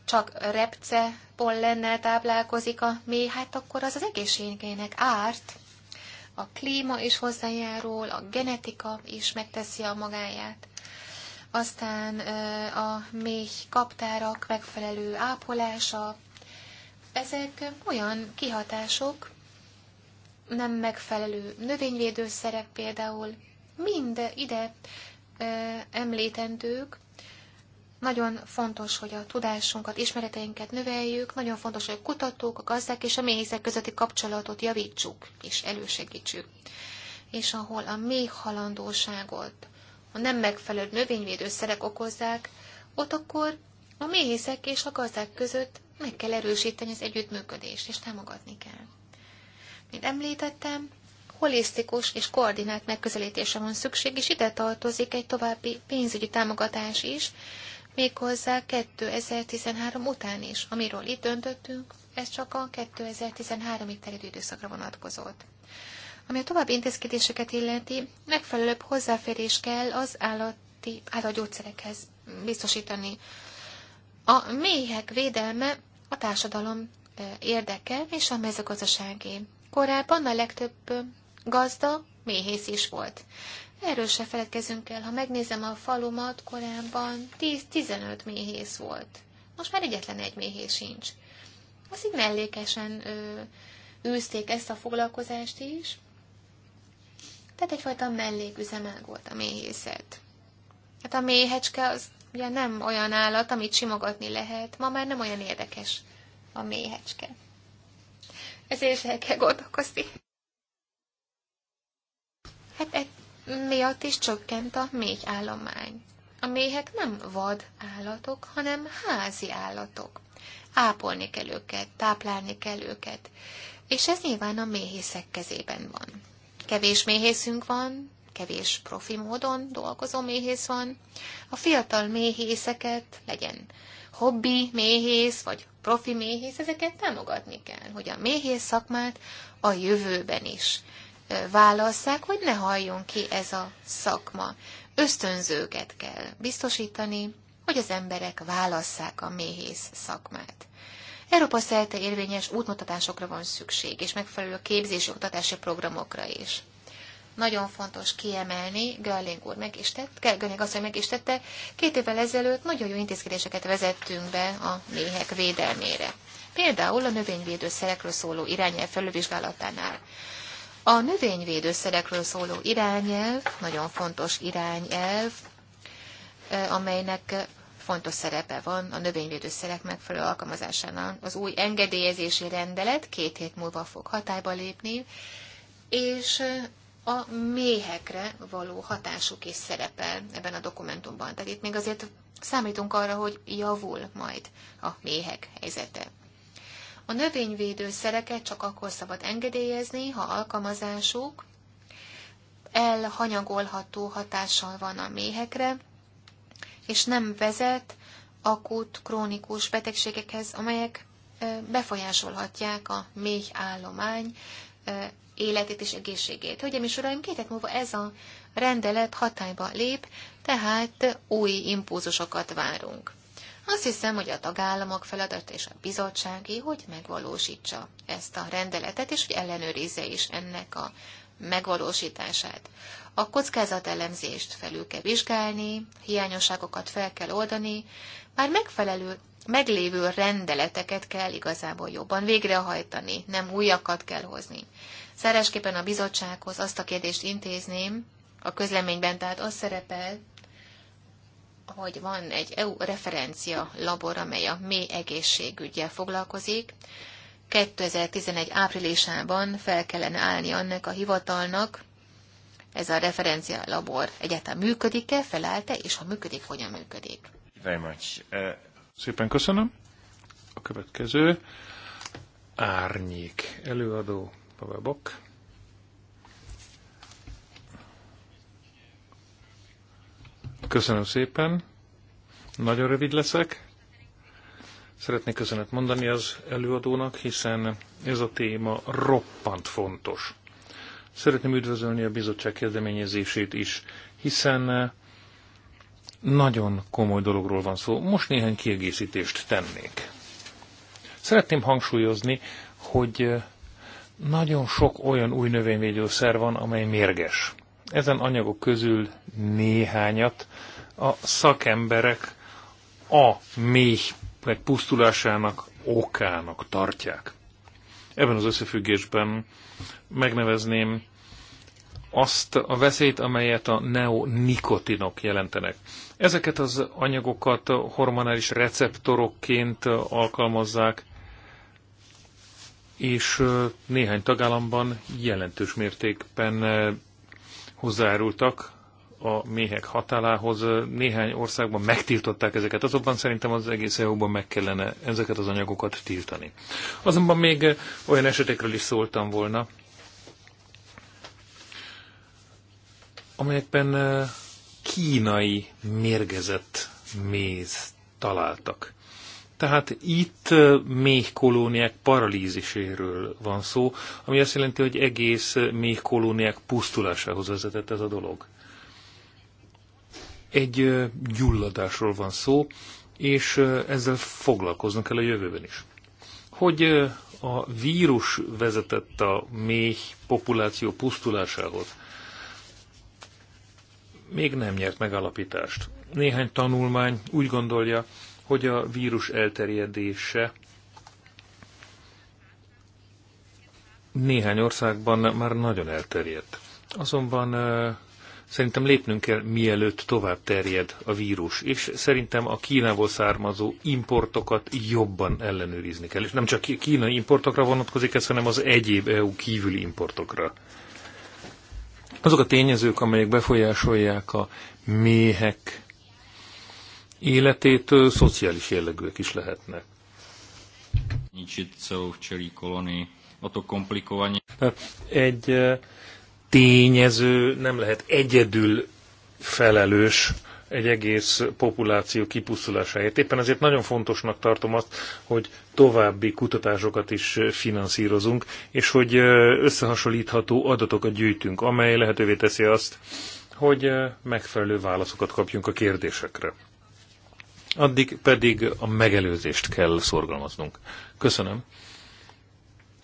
csak repce pollennel táplálkozik a méh, hát akkor az az egészségének árt. A klíma is hozzájárul, a genetika is megteszi a magáját. Aztán a méh kaptárak megfelelő ápolása, ezek olyan kihatások, nem megfelelő növényvédőszerek például, mind ide ö, említendők. Nagyon fontos, hogy a tudásunkat, ismereteinket növeljük, nagyon fontos, hogy a kutatók, a gazdák és a méhészek közötti kapcsolatot javítsuk és elősegítsük. És ahol a méh halandóságot a nem megfelelő növényvédőszerek okozzák, ott akkor a méhészek és a gazdák között meg kell erősíteni az együttműködést, és támogatni kell. Mint említettem, holisztikus és koordinált megközelítésre van szükség, és ide tartozik egy további pénzügyi támogatás is, méghozzá 2013 után is, amiről itt döntöttünk, ez csak a 2013-ig terjedő időszakra vonatkozott. Ami a további intézkedéseket illeti, megfelelőbb hozzáférés kell az állati állatgyógyszerekhez biztosítani. A méhek védelme a társadalom érdeke és a mezőgazdaságé. Korábban a legtöbb gazda méhész is volt. Erről se feledkezünk el, ha megnézem a falumat, korábban 10-15 méhész volt. Most már egyetlen egy méhész sincs. Az így mellékesen ö, űzték ezt a foglalkozást is, tehát egyfajta melléküzemel volt a méhészet. Hát a méhecske az Ugye nem olyan állat, amit simogatni lehet. Ma már nem olyan érdekes a méhecske. Ezért is el kell gondolkozni. Hát e miatt is csökkent a méh állomány. A méhek nem vad állatok, hanem házi állatok. Ápolni kell őket, táplálni kell őket. És ez nyilván a méhészek kezében van. Kevés méhészünk van, kevés profi módon dolgozó méhész van. A fiatal méhészeket, legyen hobbi méhész, vagy profi méhész, ezeket támogatni kell, hogy a méhész szakmát a jövőben is válasszák, hogy ne halljon ki ez a szakma. Ösztönzőket kell biztosítani, hogy az emberek válasszák a méhész szakmát. Európa szerte érvényes útmutatásokra van szükség, és megfelelő képzési oktatási programokra is nagyon fontos kiemelni, Görling úr meg is tett, Görling hogy meg is tette, két évvel ezelőtt nagyon jó intézkedéseket vezettünk be a méhek védelmére. Például a növényvédőszerekről szóló irányelv felülvizsgálatánál. A növényvédőszerekről szóló irányelv nagyon fontos irányelv, amelynek fontos szerepe van a növényvédőszerek megfelelő alkalmazásánál. Az új engedélyezési rendelet két hét múlva fog hatályba lépni, és a méhekre való hatásuk is szerepel ebben a dokumentumban. Tehát itt még azért számítunk arra, hogy javul majd a méhek helyzete. A szereket csak akkor szabad engedélyezni, ha alkalmazásuk elhanyagolható hatással van a méhekre, és nem vezet akut, krónikus betegségekhez, amelyek befolyásolhatják a méh állomány életét és egészségét. Hölgyeim és uraim, két hét múlva ez a rendelet hatályba lép, tehát új impulzusokat várunk. Azt hiszem, hogy a tagállamok feladat és a bizottsági, hogy megvalósítsa ezt a rendeletet, és hogy ellenőrizze is ennek a megvalósítását. A kockázatelemzést felül kell vizsgálni, hiányosságokat fel kell oldani, már megfelelő, meglévő rendeleteket kell igazából jobban végrehajtani, nem újakat kell hozni. Szeresképpen a bizottsághoz azt a kérdést intézném, a közleményben tehát az szerepel, hogy van egy EU referencia labor, amely a mély egészségügyel foglalkozik. 2011 áprilisában fel kellene állni annak a hivatalnak, ez a referencia labor egyáltalán működik-e, felállt-e, és ha működik, hogyan működik. Very much. Uh... Szépen köszönöm. A következő árnyék előadó Pavel Bok. Köszönöm szépen. Nagyon rövid leszek. Szeretnék köszönet mondani az előadónak, hiszen ez a téma roppant fontos. Szeretném üdvözölni a bizottság kezdeményezését is, hiszen nagyon komoly dologról van szó. Most néhány kiegészítést tennék. Szeretném hangsúlyozni, hogy nagyon sok olyan új növényvédőszer van, amely mérges. Ezen anyagok közül néhányat a szakemberek a méh pusztulásának okának tartják. Ebben az összefüggésben megnevezném azt a veszélyt, amelyet a neonikotinok jelentenek. Ezeket az anyagokat hormonális receptorokként alkalmazzák, és néhány tagállamban jelentős mértékben hozzájárultak a méhek hatálához. Néhány országban megtiltották ezeket, azonban szerintem az egész EU-ban meg kellene ezeket az anyagokat tiltani. Azonban még olyan esetekről is szóltam volna, amelyekben kínai mérgezett méz találtak. Tehát itt méhkolóniák paralíziséről van szó, ami azt jelenti, hogy egész méhkolóniák pusztulásához vezetett ez a dolog. Egy gyulladásról van szó, és ezzel foglalkoznak el a jövőben is. Hogy a vírus vezetett a méh populáció pusztulásához, még nem nyert megalapítást. Néhány tanulmány úgy gondolja, hogy a vírus elterjedése néhány országban már nagyon elterjedt. Azonban szerintem lépnünk kell, mielőtt tovább terjed a vírus, és szerintem a Kínából származó importokat jobban ellenőrizni kell. És nem csak kínai importokra vonatkozik ez, hanem az egyéb EU kívüli importokra. Azok a tényezők, amelyek befolyásolják a méhek életét, szociális jellegűek is lehetnek. Egy tényező nem lehet egyedül felelős egy egész populáció kipusztulásáért. Éppen ezért nagyon fontosnak tartom azt, hogy további kutatásokat is finanszírozunk, és hogy összehasonlítható adatokat gyűjtünk, amely lehetővé teszi azt, hogy megfelelő válaszokat kapjunk a kérdésekre. Addig pedig a megelőzést kell szorgalmaznunk. Köszönöm.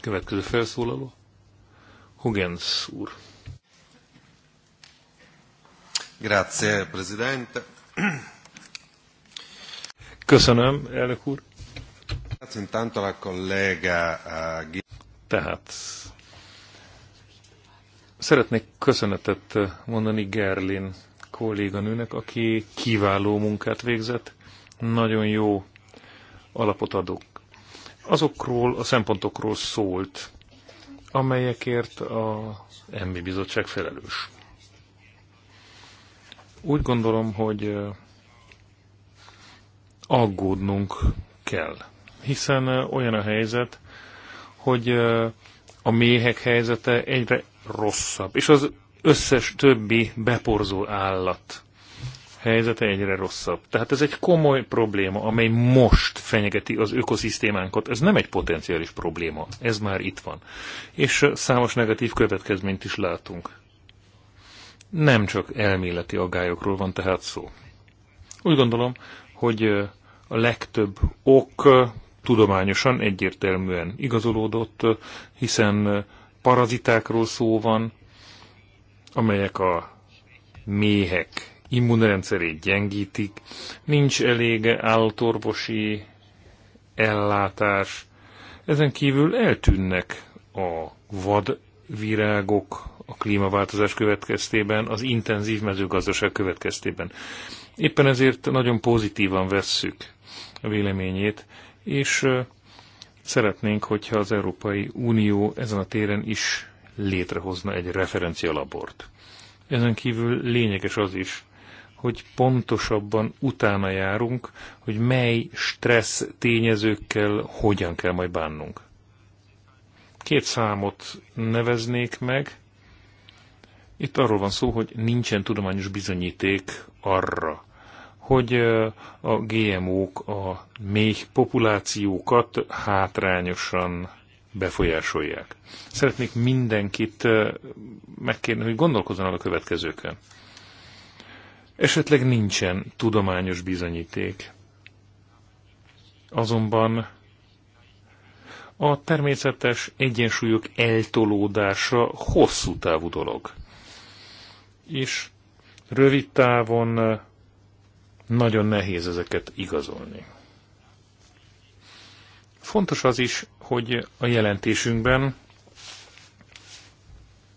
Következő felszólaló. Hugens úr. Grazie, Presidente. Köszönöm, elnök úr. Intanto la collega, eh, Tehát szeretnék köszönetet mondani Gerlin kolléganőnek, aki kiváló munkát végzett, nagyon jó alapot adok. Azokról a szempontokról szólt, amelyekért a MB bizottság felelős. Úgy gondolom, hogy aggódnunk kell, hiszen olyan a helyzet, hogy a méhek helyzete egyre rosszabb, és az összes többi beporzó állat helyzete egyre rosszabb. Tehát ez egy komoly probléma, amely most fenyegeti az ökoszisztémánkat. Ez nem egy potenciális probléma, ez már itt van. És számos negatív következményt is látunk. Nem csak elméleti agályokról van tehát szó. Úgy gondolom, hogy a legtöbb ok tudományosan egyértelműen igazolódott, hiszen parazitákról szó van, amelyek a méhek immunrendszerét gyengítik, nincs elég állatorvosi ellátás, ezen kívül eltűnnek a vadvirágok, a klímaváltozás következtében, az intenzív mezőgazdaság következtében. Éppen ezért nagyon pozitívan vesszük a véleményét, és szeretnénk, hogyha az Európai Unió ezen a téren is létrehozna egy referencialabort. Ezen kívül lényeges az is, hogy pontosabban utána járunk, hogy mely stressz tényezőkkel hogyan kell majd bánnunk. Két számot neveznék meg, itt arról van szó, hogy nincsen tudományos bizonyíték arra, hogy a GMO-k a méh populációkat hátrányosan befolyásolják. Szeretnék mindenkit megkérni, hogy gondolkozzanak a következőkön. Esetleg nincsen tudományos bizonyíték. Azonban a természetes egyensúlyok eltolódása hosszú távú dolog és rövid távon nagyon nehéz ezeket igazolni. Fontos az is, hogy a jelentésünkben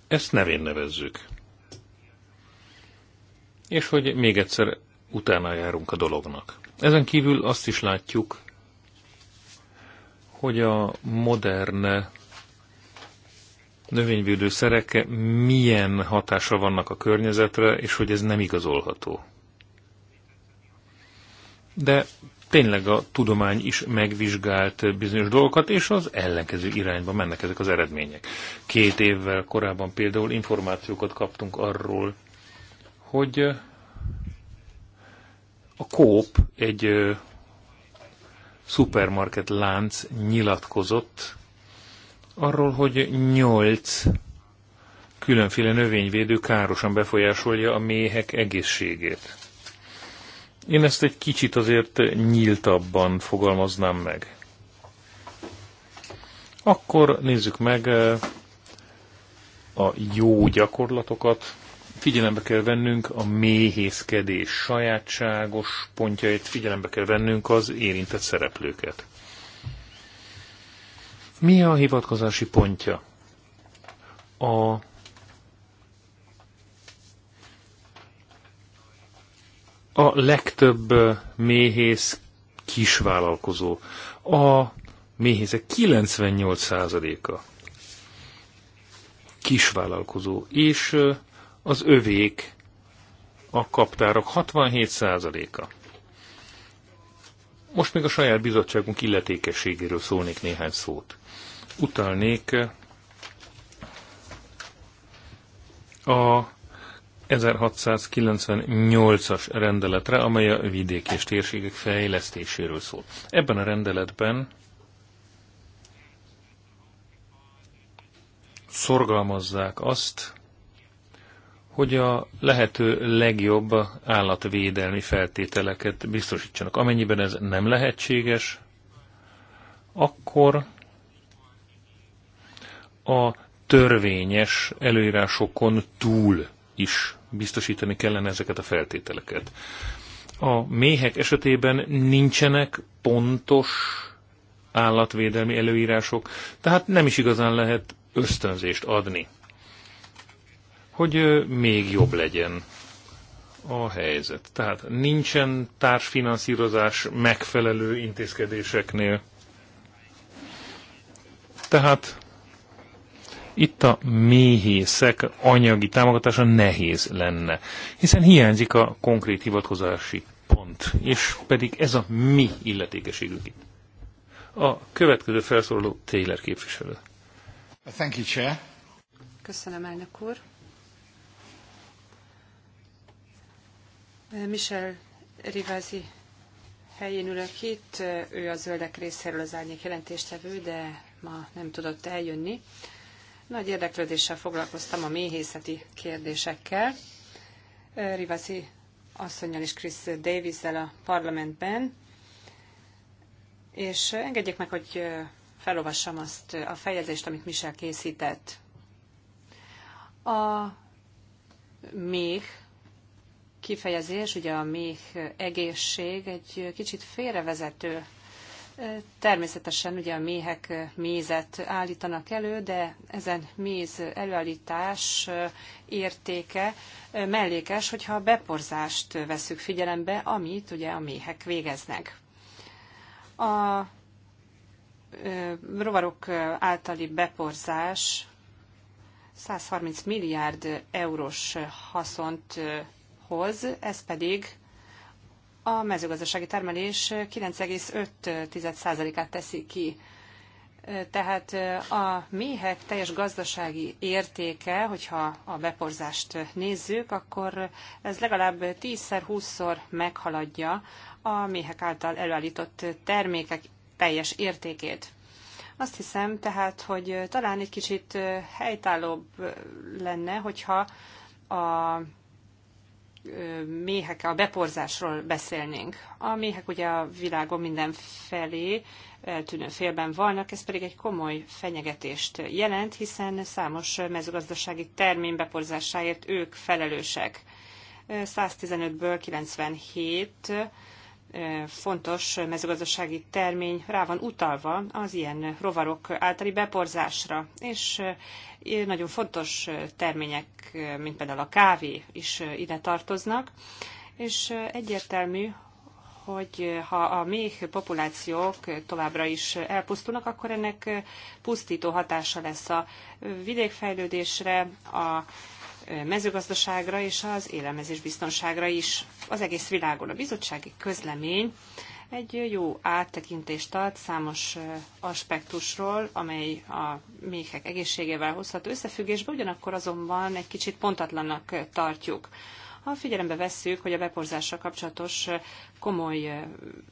ezt nevén nevezzük. És hogy még egyszer utána járunk a dolognak. Ezen kívül azt is látjuk, hogy a modern növényvédőszerek milyen hatása vannak a környezetre, és hogy ez nem igazolható. De tényleg a tudomány is megvizsgált bizonyos dolgokat, és az ellenkező irányba mennek ezek az eredmények. Két évvel korábban például információkat kaptunk arról, hogy a Coop egy szupermarket lánc nyilatkozott arról, hogy nyolc különféle növényvédő károsan befolyásolja a méhek egészségét. Én ezt egy kicsit azért nyíltabban fogalmaznám meg. Akkor nézzük meg eh, a jó gyakorlatokat. Figyelembe kell vennünk a méhészkedés sajátságos pontjait, figyelembe kell vennünk az érintett szereplőket. Mi a hivatkozási pontja? A a legtöbb méhész kisvállalkozó. A méhészek 98%-a kisvállalkozó, és az övék a kaptárok 67%-a. Most még a saját bizottságunk illetékességéről szólnék néhány szót utalnék a 1698-as rendeletre, amely a vidék és térségek fejlesztéséről szól. Ebben a rendeletben szorgalmazzák azt, hogy a lehető legjobb állatvédelmi feltételeket biztosítsanak. Amennyiben ez nem lehetséges, akkor a törvényes előírásokon túl is biztosítani kellene ezeket a feltételeket. A méhek esetében nincsenek pontos állatvédelmi előírások, tehát nem is igazán lehet ösztönzést adni, hogy még jobb legyen a helyzet. Tehát nincsen társfinanszírozás megfelelő intézkedéseknél. Tehát itt a méhészek anyagi támogatása nehéz lenne, hiszen hiányzik a konkrét hivatkozási pont, és pedig ez a mi illetékeségük itt. A következő felszólaló Taylor képviselő. Thank you, Chair. Köszönöm, elnök úr. Michel Rivázi helyén ülök itt, ő a zöldek részéről az árnyék jelentéstevő, de ma nem tudott eljönni. Nagy érdeklődéssel foglalkoztam a méhészeti kérdésekkel. Rivasi asszonynal és Chris davis a parlamentben, és engedjék meg, hogy felolvassam azt a fejezést, amit Michel készített. A még kifejezés, ugye a még egészség egy kicsit félrevezető Természetesen ugye a méhek mézet állítanak elő, de ezen méz előállítás értéke mellékes, hogyha a beporzást veszük figyelembe, amit ugye a méhek végeznek. A rovarok általi beporzás 130 milliárd eurós haszont hoz, ez pedig a mezőgazdasági termelés 9,5%-át teszi ki. Tehát a méhek teljes gazdasági értéke, hogyha a beporzást nézzük, akkor ez legalább 10-szer, 20-szor meghaladja a méhek által előállított termékek teljes értékét. Azt hiszem tehát, hogy talán egy kicsit helytállóbb lenne, hogyha a méhek, a beporzásról beszélnénk. A méhek ugye a világon mindenfelé eltűnő eh, félben vannak, ez pedig egy komoly fenyegetést jelent, hiszen számos mezőgazdasági termény beporzásáért ők felelősek. 115-ből eh, 97 fontos mezőgazdasági termény rá van utalva az ilyen rovarok általi beporzásra, és nagyon fontos termények, mint például a kávé is ide tartoznak, és egyértelmű, hogy ha a méh populációk továbbra is elpusztulnak, akkor ennek pusztító hatása lesz a vidékfejlődésre, a mezőgazdaságra és az élelmezésbiztonságra is az egész világon. A bizottsági közlemény egy jó áttekintést ad számos aspektusról, amely a méhek egészségével hozhat összefüggésbe, ugyanakkor azonban egy kicsit pontatlannak tartjuk. Ha figyelembe vesszük, hogy a beporzással kapcsolatos komoly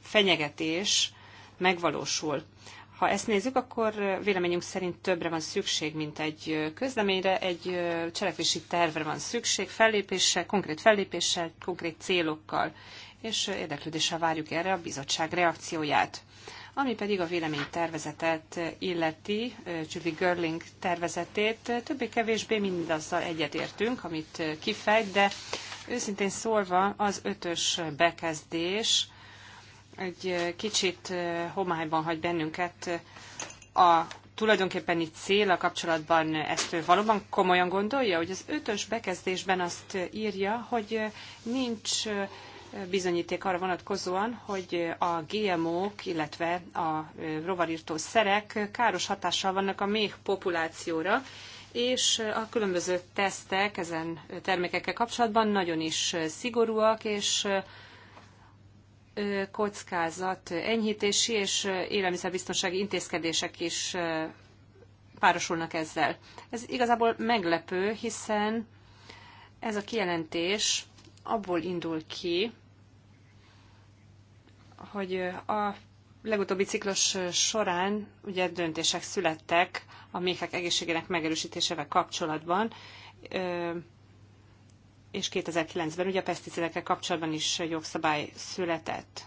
fenyegetés megvalósul. Ha ezt nézzük, akkor véleményünk szerint többre van szükség, mint egy közleményre, egy cselekvési tervre van szükség, fellépéssel, konkrét fellépéssel, konkrét célokkal, és érdeklődéssel várjuk erre a bizottság reakcióját. Ami pedig a véleménytervezetet illeti, Julie Görling tervezetét, többé-kevésbé mindazzal egyetértünk, amit kifejt, de őszintén szólva az ötös bekezdés, egy kicsit homályban hagy bennünket a tulajdonképpeni cél a kapcsolatban ezt ő valóban komolyan gondolja, hogy az ötös bekezdésben azt írja, hogy nincs bizonyíték arra vonatkozóan, hogy a GMO-k, illetve a rovarírtó szerek káros hatással vannak a méh populációra, és a különböző tesztek ezen termékekkel kapcsolatban nagyon is szigorúak, és kockázat enyhítési és élelmiszerbiztonsági intézkedések is párosulnak ezzel. Ez igazából meglepő, hiszen ez a kijelentés abból indul ki, hogy a legutóbbi ciklus során ugye döntések születtek a méhek egészségének megerősítésével kapcsolatban, és 2009-ben ugye a peszticidekkel kapcsolatban is jogszabály született.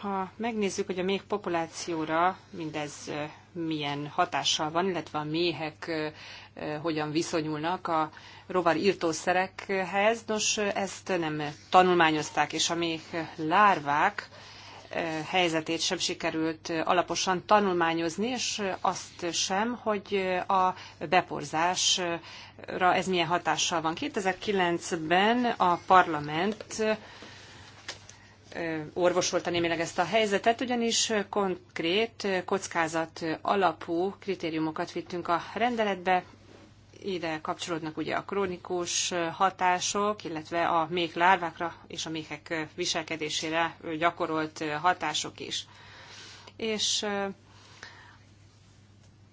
Ha megnézzük, hogy a méh populációra mindez milyen hatással van, illetve a méhek hogyan viszonyulnak a rovar írtószerekhez, nos, ezt nem tanulmányozták, és a méh lárvák helyzetét sem sikerült alaposan tanulmányozni, és azt sem, hogy a beporzásra ez milyen hatással van. 2009-ben a parlament orvosolta némileg ezt a helyzetet, ugyanis konkrét kockázat alapú kritériumokat vittünk a rendeletbe, ide kapcsolódnak ugye a krónikus hatások, illetve a még lárvákra és a méhek viselkedésére gyakorolt hatások is. És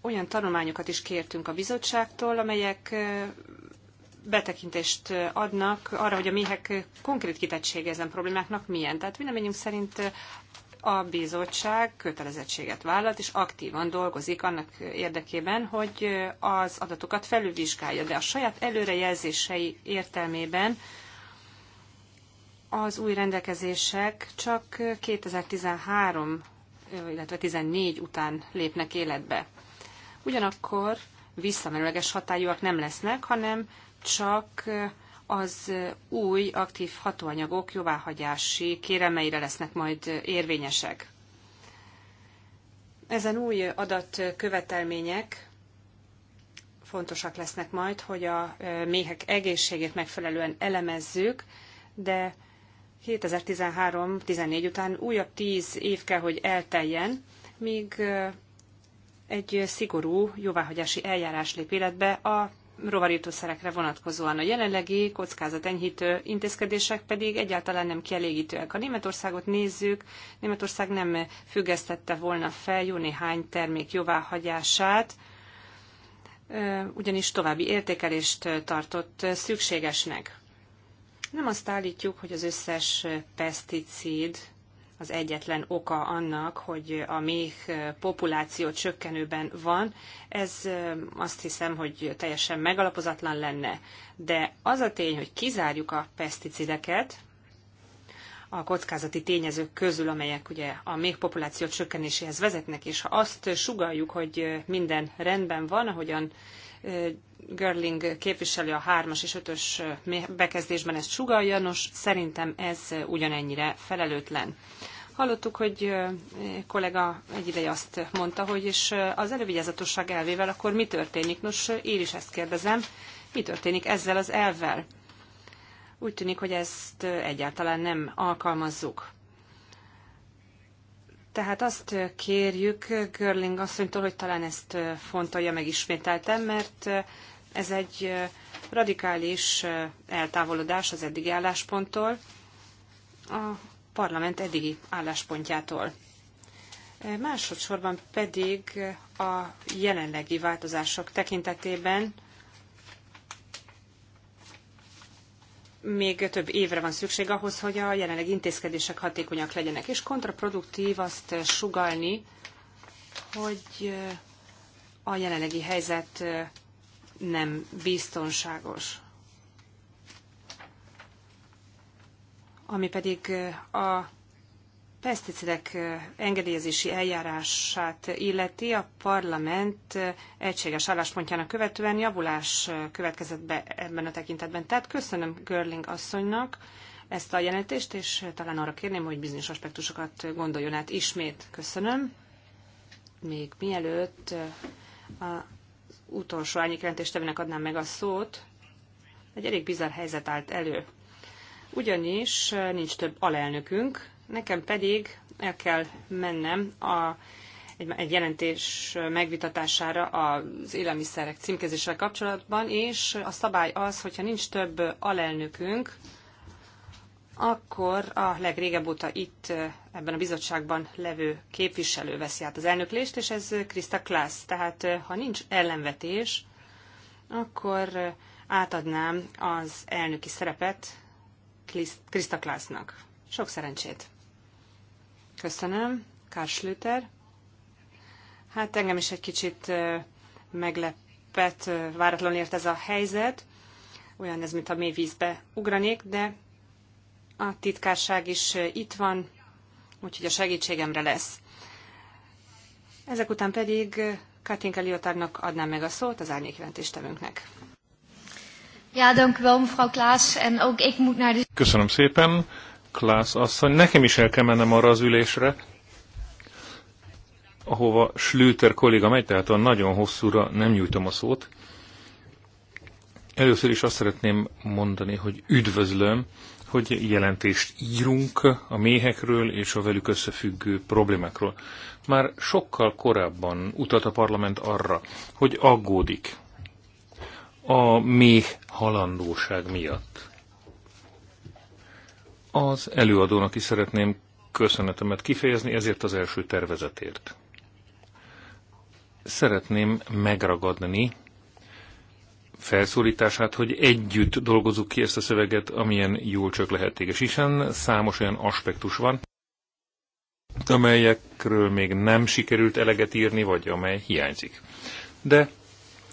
olyan tanulmányokat is kértünk a bizottságtól, amelyek betekintést adnak arra, hogy a méhek konkrét kitettsége ezen problémáknak milyen. Tehát véleményünk szerint a bizottság kötelezettséget vállalt, és aktívan dolgozik annak érdekében, hogy az adatokat felülvizsgálja, de a saját előrejelzései értelmében az új rendelkezések csak 2013, illetve 2014 után lépnek életbe. Ugyanakkor visszamenőleges hatályúak nem lesznek, hanem csak az új aktív hatóanyagok jóváhagyási kéremeire lesznek majd érvényesek. Ezen új adatkövetelmények fontosak lesznek majd, hogy a e, méhek egészségét megfelelően elemezzük, de 2013-14 után újabb 10 év kell, hogy elteljen, míg e, egy szigorú jóváhagyási eljárás lép életbe a rovarítószerekre vonatkozóan. A jelenlegi kockázatenyhítő intézkedések pedig egyáltalán nem kielégítőek. A Németországot nézzük, Németország nem függesztette volna fel jó néhány termék jóváhagyását, ugyanis további értékelést tartott szükségesnek. Nem azt állítjuk, hogy az összes peszticid az egyetlen oka annak, hogy a méh populáció csökkenőben van. Ez azt hiszem, hogy teljesen megalapozatlan lenne. De az a tény, hogy kizárjuk a peszticideket, a kockázati tényezők közül, amelyek ugye a még populáció csökkenéséhez vezetnek, és ha azt sugaljuk, hogy minden rendben van, ahogyan Görling képviselő a hármas és ötös bekezdésben ezt sugalja, nos szerintem ez ugyanennyire felelőtlen. Hallottuk, hogy kollega egy ideje azt mondta, hogy és az elővigyázatosság elvével akkor mi történik? Nos, én is ezt kérdezem, mi történik ezzel az elvvel? Úgy tűnik, hogy ezt egyáltalán nem alkalmazzuk. Tehát azt kérjük Görling asszonytól, hogy talán ezt fontolja meg ismételten, mert ez egy radikális eltávolodás az eddigi állásponttól, a parlament eddigi álláspontjától. Másodszorban pedig a jelenlegi változások tekintetében még több évre van szükség ahhoz, hogy a jelenleg intézkedések hatékonyak legyenek. És kontraproduktív azt sugalni, hogy eh, a jelenlegi helyzet eh, nem biztonságos. Ami pedig eh, a peszticidek engedélyezési eljárását illeti, a parlament egységes álláspontjának követően javulás következett be ebben a tekintetben. Tehát köszönöm Görling asszonynak ezt a jelentést, és talán arra kérném, hogy bizonyos aspektusokat gondoljon át ismét. Köszönöm. Még mielőtt a utolsó árnyék jelentéstevőnek adnám meg a szót, egy elég bizarr helyzet állt elő. Ugyanis nincs több alelnökünk, Nekem pedig el kell mennem a, egy, egy jelentés megvitatására az élelmiszerek címkezéssel kapcsolatban, és a szabály az, hogyha nincs több alelnökünk, akkor a legrégebb óta itt eh, ebben a bizottságban levő képviselő veszi át az elnöklést, és ez Krista Klász. Tehát eh, ha nincs ellenvetés, akkor eh, átadnám az elnöki szerepet Krista Klásznak. Sok szerencsét! Köszönöm. Karl Schlüter. Hát engem is egy kicsit meglepett, váratlan ért ez a helyzet. Olyan ez, mint a mély vízbe ugranék, de a titkárság is itt van, úgyhogy a segítségemre lesz. Ezek után pedig Katinka Liotárnak adnám meg a szót az árnyékjelentéstevőnknek. Ja, dank u wel, mevrouw Klaas. En ook ik moet naar de... Köszönöm szépen. Klász asszony. Nekem is el kell mennem arra az ülésre, ahova Schlüter kolléga megy, tehát a nagyon hosszúra nem nyújtom a szót. Először is azt szeretném mondani, hogy üdvözlöm, hogy jelentést írunk a méhekről és a velük összefüggő problémákról. Már sokkal korábban utalt a parlament arra, hogy aggódik a méh halandóság miatt. Az előadónak is szeretném köszönetemet kifejezni ezért az első tervezetért. Szeretném megragadni felszólítását, hogy együtt dolgozzuk ki ezt a szöveget, amilyen jól csak lehetséges, hiszen számos olyan aspektus van, amelyekről még nem sikerült eleget írni, vagy amely hiányzik. De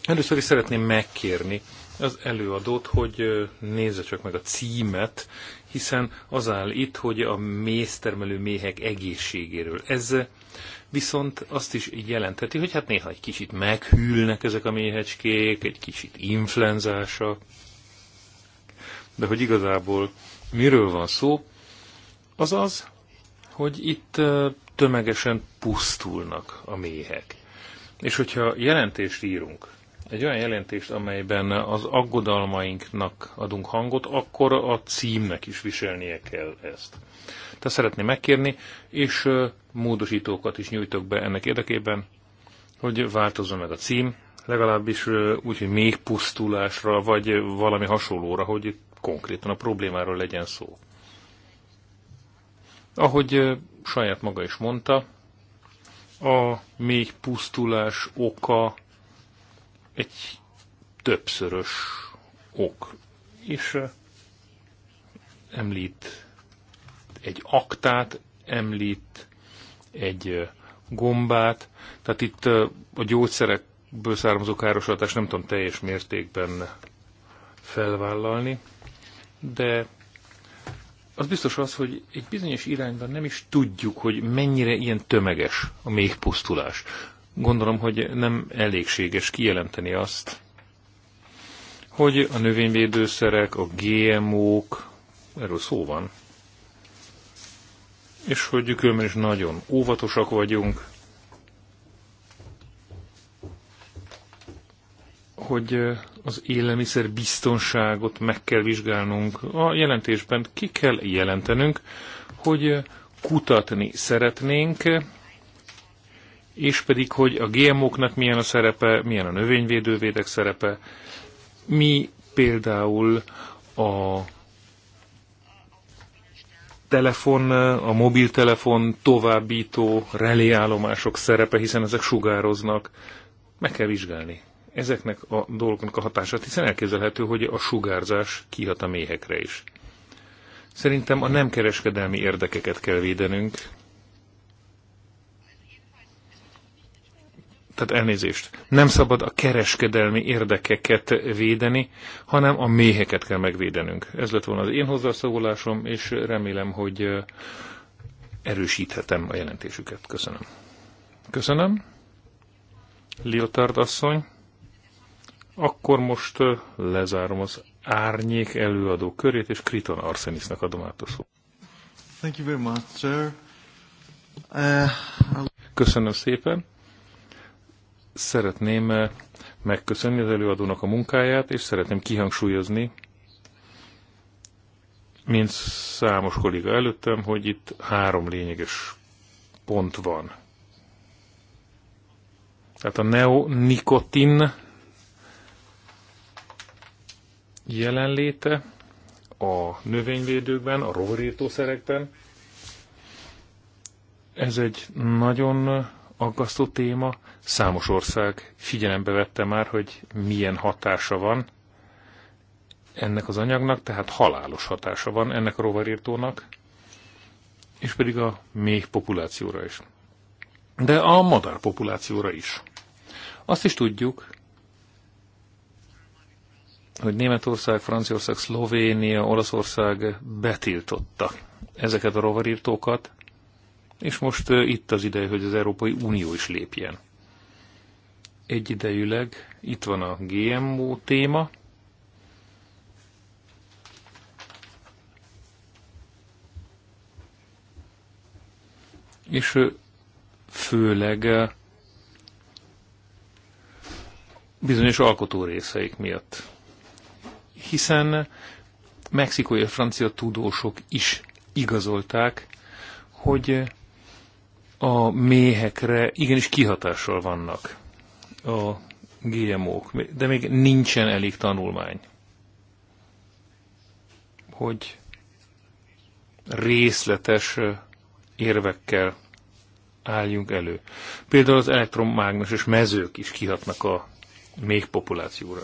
először is szeretném megkérni az előadót, hogy nézze csak meg a címet, hiszen az áll itt, hogy a méztermelő méhek egészségéről. Ez viszont azt is jelenteti, hogy hát néha egy kicsit meghűlnek ezek a méhecskék, egy kicsit influenzása. De hogy igazából miről van szó, az az, hogy itt tömegesen pusztulnak a méhek. És hogyha jelentést írunk egy olyan jelentést, amelyben az aggodalmainknak adunk hangot, akkor a címnek is viselnie kell ezt. Tehát szeretném megkérni, és módosítókat is nyújtok be ennek érdekében, hogy változzon meg a cím, legalábbis úgy, hogy még pusztulásra, vagy valami hasonlóra, hogy konkrétan a problémáról legyen szó. Ahogy saját maga is mondta, a még pusztulás oka egy többszörös ok. És említ egy aktát, említ egy gombát, tehát itt a gyógyszerekből származó káros nem tudom teljes mértékben felvállalni, de az biztos az, hogy egy bizonyos irányban nem is tudjuk, hogy mennyire ilyen tömeges a méhpusztulás. Gondolom, hogy nem elégséges kijelenteni azt, hogy a növényvédőszerek, a GMO-k, erről szó van, és hogy különben is nagyon óvatosak vagyunk, hogy az élelmiszer biztonságot meg kell vizsgálnunk. A jelentésben ki kell jelentenünk, hogy kutatni szeretnénk és pedig, hogy a GMO-knak milyen a szerepe, milyen a növényvédővédek szerepe. Mi például a telefon, a mobiltelefon továbbító reléállomások szerepe, hiszen ezek sugároznak. Meg kell vizsgálni ezeknek a dolgoknak a hatását, hiszen elképzelhető, hogy a sugárzás kihat a méhekre is. Szerintem a nem kereskedelmi érdekeket kell védenünk, tehát elnézést, nem szabad a kereskedelmi érdekeket védeni, hanem a méheket kell megvédenünk. Ez lett volna az én hozzászólásom, és remélem, hogy erősíthetem a jelentésüket. Köszönöm. Köszönöm. Liotard asszony. Akkor most lezárom az árnyék előadó körét, és Kriton Arsenisnak adom át a szót. Thank you very much, sir. Uh, Köszönöm szépen szeretném eh, megköszönni az előadónak a munkáját, és szeretném kihangsúlyozni, mint számos kolléga előttem, hogy itt három lényeges pont van. Tehát a neonikotin jelenléte a növényvédőkben, a rovarírtószerekben. Ez egy nagyon aggasztó téma. Számos ország figyelembe vette már, hogy milyen hatása van ennek az anyagnak, tehát halálos hatása van ennek a rovarírtónak, és pedig a méh populációra is. De a madár populációra is. Azt is tudjuk, hogy Németország, Franciaország, Szlovénia, Olaszország betiltotta ezeket a rovarírtókat, és most itt az ideje, hogy az Európai Unió is lépjen. Egyidejűleg itt van a GMO téma, és főleg bizonyos alkotó részeik miatt. Hiszen Mexikói és francia tudósok is igazolták, hogy a méhekre igenis kihatással vannak a GMO-k, de még nincsen elég tanulmány, hogy részletes érvekkel álljunk elő. Például az elektromágnes és mezők is kihatnak a még populációra.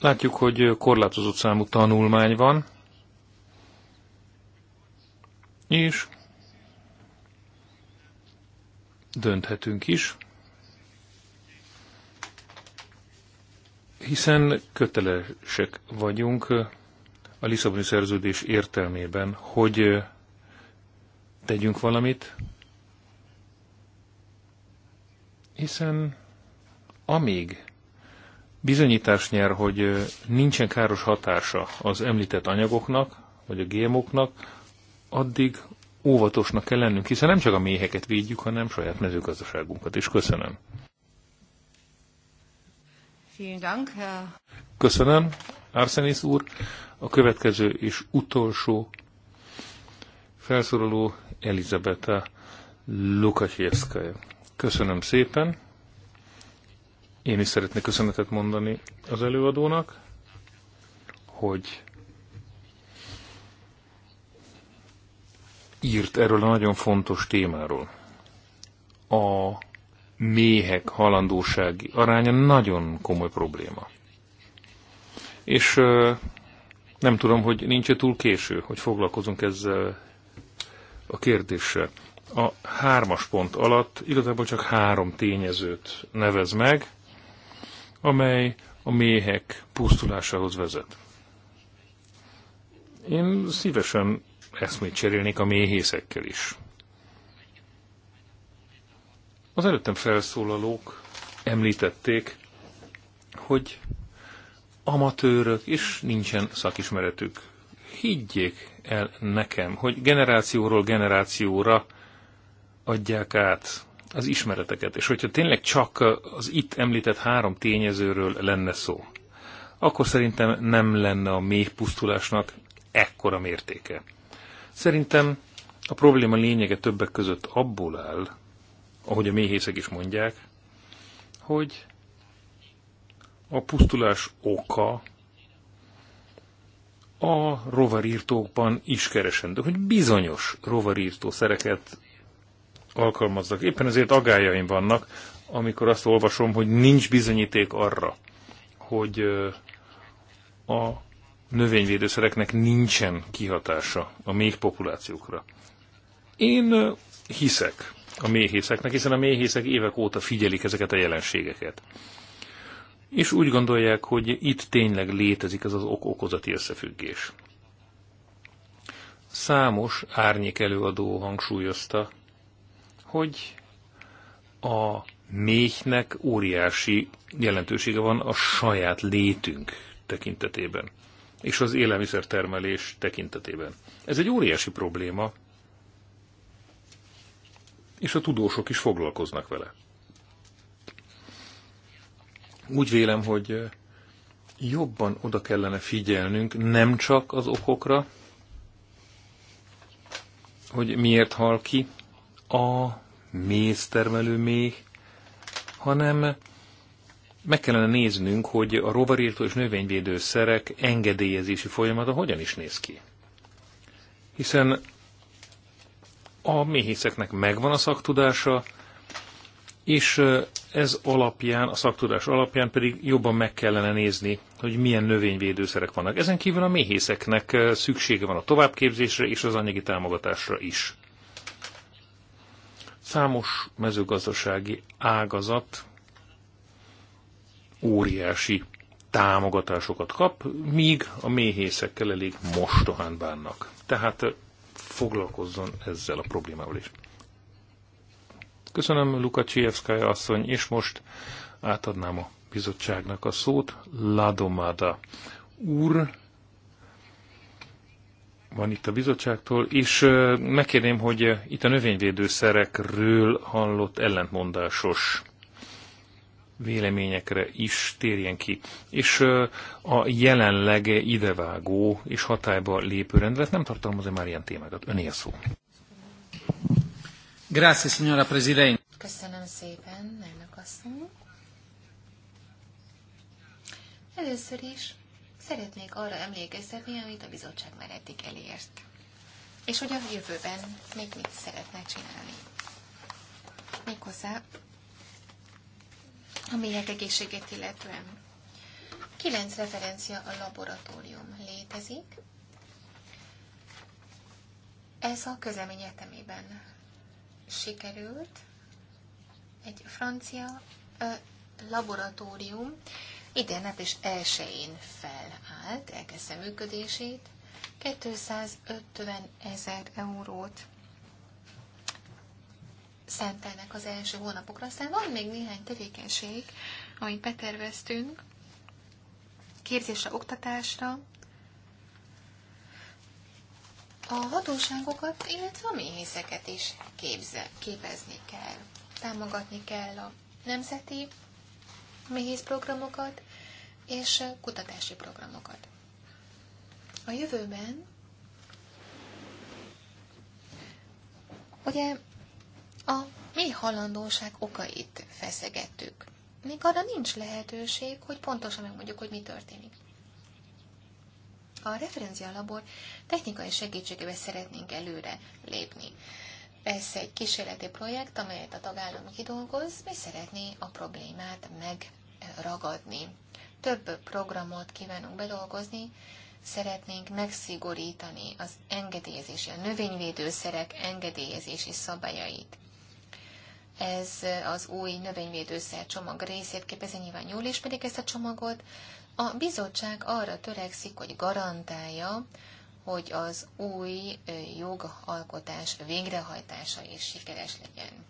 Látjuk, hogy korlátozott számú tanulmány van, és dönthetünk is, hiszen kötelesek vagyunk a Lisszaboni szerződés értelmében, hogy tegyünk valamit, hiszen amíg bizonyítás nyer, hogy nincsen káros hatása az említett anyagoknak, vagy a gémoknak, addig óvatosnak kell lennünk, hiszen nem csak a méheket védjük, hanem saját mezőgazdaságunkat is. Köszönöm. Köszönöm, Arsenis úr. A következő és utolsó felszoroló Elizabeta Lukasiewskaja. Köszönöm szépen. Én is szeretnék köszönetet mondani az előadónak, hogy írt erről a nagyon fontos témáról. A méhek halandósági aránya nagyon komoly probléma. És nem tudom, hogy nincs-e túl késő, hogy foglalkozunk ezzel a kérdéssel. A hármas pont alatt igazából csak három tényezőt nevez meg, amely a méhek pusztulásához vezet. Én szívesen eszmét cserélnék a méhészekkel is. Az előttem felszólalók említették, hogy amatőrök, és nincsen szakismeretük. Higgyék el nekem, hogy generációról generációra adják át az ismereteket. És hogyha tényleg csak az itt említett három tényezőről lenne szó, akkor szerintem nem lenne a méhpusztulásnak ekkora mértéke. Szerintem a probléma lényege többek között abból áll, ahogy a méhészek is mondják, hogy a pusztulás oka a rovarírtókban is keresendő, hogy bizonyos rovarírtó szereket alkalmaznak. Éppen ezért agályaim vannak, amikor azt olvasom, hogy nincs bizonyíték arra, hogy a növényvédőszereknek nincsen kihatása a méh populációkra. Én hiszek a méhészeknek, hiszen a méhészek évek óta figyelik ezeket a jelenségeket. És úgy gondolják, hogy itt tényleg létezik ez az ok-okozati összefüggés. Számos árnyék előadó hangsúlyozta, hogy a méhnek óriási jelentősége van a saját létünk tekintetében és az élelmiszertermelés tekintetében. Ez egy óriási probléma, és a tudósok is foglalkoznak vele. Úgy vélem, hogy jobban oda kellene figyelnünk nem csak az okokra, hogy miért hal ki a méztermelő méh, hanem meg kellene néznünk, hogy a rovarírtó és növényvédőszerek engedélyezési folyamata hogyan is néz ki. Hiszen a méhészeknek megvan a szaktudása, és ez alapján, a szaktudás alapján pedig jobban meg kellene nézni, hogy milyen növényvédőszerek vannak. Ezen kívül a méhészeknek szüksége van a továbbképzésre és az anyagi támogatásra is. Számos mezőgazdasági ágazat óriási támogatásokat kap, míg a méhészekkel elég mostohán bánnak. Tehát foglalkozzon ezzel a problémával is. Köszönöm Luka Csijevszkája asszony, és most átadnám a bizottságnak a szót. Ladomada úr van itt a bizottságtól, és megkérném, hogy itt a növényvédőszerekről hallott ellentmondásos véleményekre is térjen ki. És a jelenleg idevágó és hatályba lépő rendelet nem tartalmaz már ilyen témákat. Öné a szó. Grazie, signora Presidente. Köszönöm szépen, elnök asszony. Először is szeretnék arra emlékeztetni, amit a bizottság már eddig elért. És hogy a jövőben még mit szeretne csinálni. Méghozzá a méhek egészségét illetően. Kilenc referencia a laboratórium létezik. Ez a közlemény egyetemében sikerült. Egy francia ö, laboratórium idén április 1-én felállt, elkezdte működését, 250 ezer eurót szentelnek az első hónapokra. Aztán van még néhány tevékenység, amit beterveztünk, képzésre, oktatásra, a hatóságokat, illetve a méhészeket is képze, képezni kell. Támogatni kell a nemzeti méhész programokat és kutatási programokat. A jövőben ugye a mi halandóság okait feszegettük. Még arra nincs lehetőség, hogy pontosan megmondjuk, hogy mi történik. A referencialabor technikai segítségével szeretnénk előre lépni. Ez egy kísérleti projekt, amelyet a tagállam kidolgoz, és szeretné a problémát megragadni. Több programot kívánunk bedolgozni, szeretnénk megszigorítani az engedélyezési, a növényvédőszerek engedélyezési szabályait ez az új növényvédőszer csomag részét képezi, nyilván jól ismerik ezt a csomagot. A bizottság arra törekszik, hogy garantálja, hogy az új jogalkotás végrehajtása is sikeres legyen.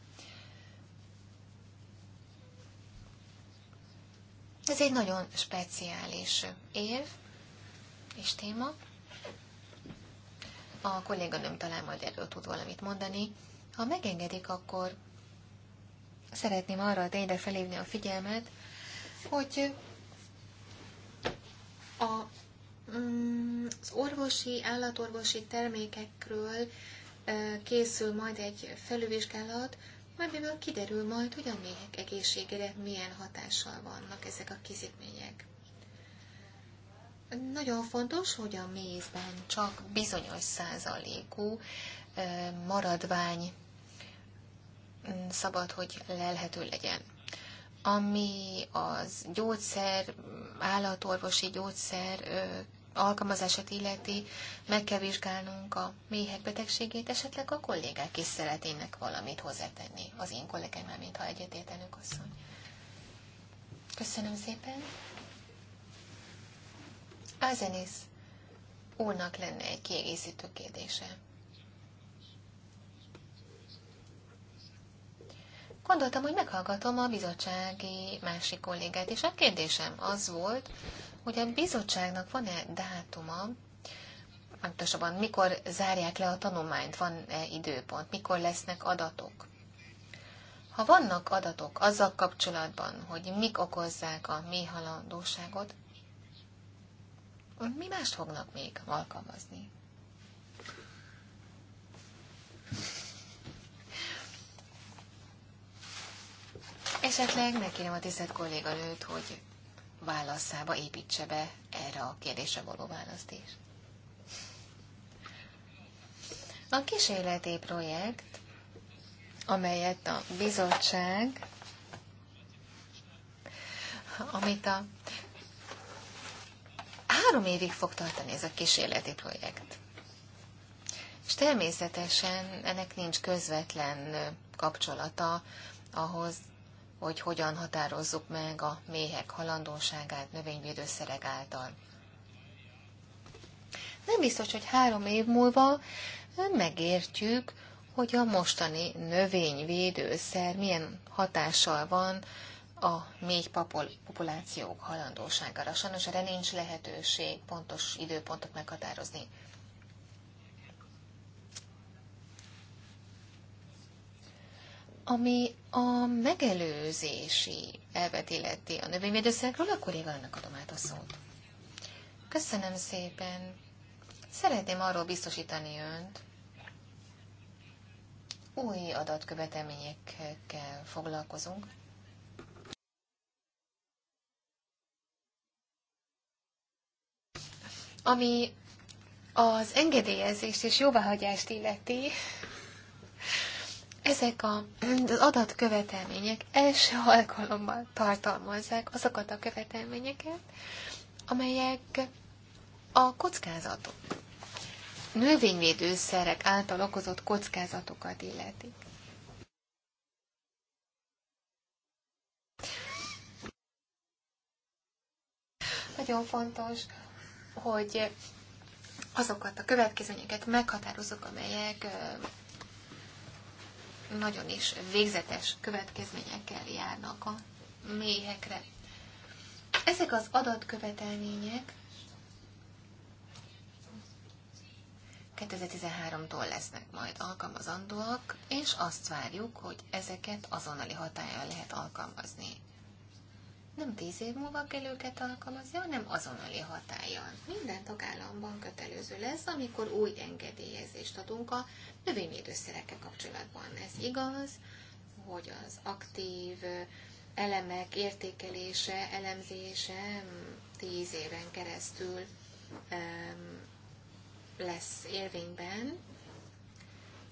Ez egy nagyon speciális év és téma. A kolléganőm talán majd erről tud valamit mondani. Ha megengedik, akkor szeretném arra a tényre felhívni a figyelmet, hogy a, mm, az orvosi, állatorvosi termékekről készül majd egy felülvizsgálat, amiből kiderül majd, hogy a méhek egészségére milyen hatással vannak ezek a kizikmények. Nagyon fontos, hogy a mézben csak bizonyos százalékú maradvány szabad, hogy lelhető legyen. Ami az gyógyszer, állatorvosi gyógyszer alkalmazását illeti, meg kell vizsgálnunk a méhek betegségét, esetleg a kollégák is szeretnének valamit hozzátenni. Az én mint ha egyetértenek asszony. Köszönöm szépen. Ázenész úrnak lenne egy kiegészítő kérdése. gondoltam, hogy meghallgatom a bizottsági másik kollégát, és a kérdésem az volt, hogy a bizottságnak van-e dátuma, pontosabban mikor zárják le a tanulmányt, van-e időpont, mikor lesznek adatok. Ha vannak adatok azzal kapcsolatban, hogy mik okozzák a mi halandóságot, mi mást fognak még alkalmazni? Esetleg megkérem a tisztelt kolléganőt, hogy válaszába építse be erre a kérdésre való választ is. A kísérleti projekt, amelyet a bizottság, amit a három évig fog tartani ez a kísérleti projekt. És természetesen ennek nincs közvetlen kapcsolata ahhoz hogy hogyan határozzuk meg a méhek halandóságát növényvédőszerek által. Nem biztos, hogy három év múlva megértjük, hogy a mostani növényvédőszer milyen hatással van a mély populációk halandóságára. Sajnos erre nincs lehetőség pontos időpontot meghatározni. Ami a megelőzési elvet illeti a növényvédőszerekről, a kollégának adom át a szót. Köszönöm szépen. Szeretném arról biztosítani önt, új adatkövetelményekkel foglalkozunk, ami az engedélyezést és jóváhagyást illeti, ezek a, az adatkövetelmények első alkalommal tartalmazzák azokat a követelményeket, amelyek a kockázatok, növényvédőszerek által okozott kockázatokat illetik. Nagyon fontos, hogy azokat a következményeket meghatározok, amelyek nagyon is végzetes következményekkel járnak a méhekre. Ezek az adatkövetelmények 2013-tól lesznek majd alkalmazandóak, és azt várjuk, hogy ezeket azonnali hatállyal lehet alkalmazni nem tíz év múlva kell őket alkalmazni, hanem azonnali hatályon. Minden tagállamban kötelező lesz, amikor új engedélyezést adunk a növényvédőszerekkel kapcsolatban. Ez igaz, hogy az aktív elemek értékelése, elemzése mm, tíz éven keresztül lesz érvényben.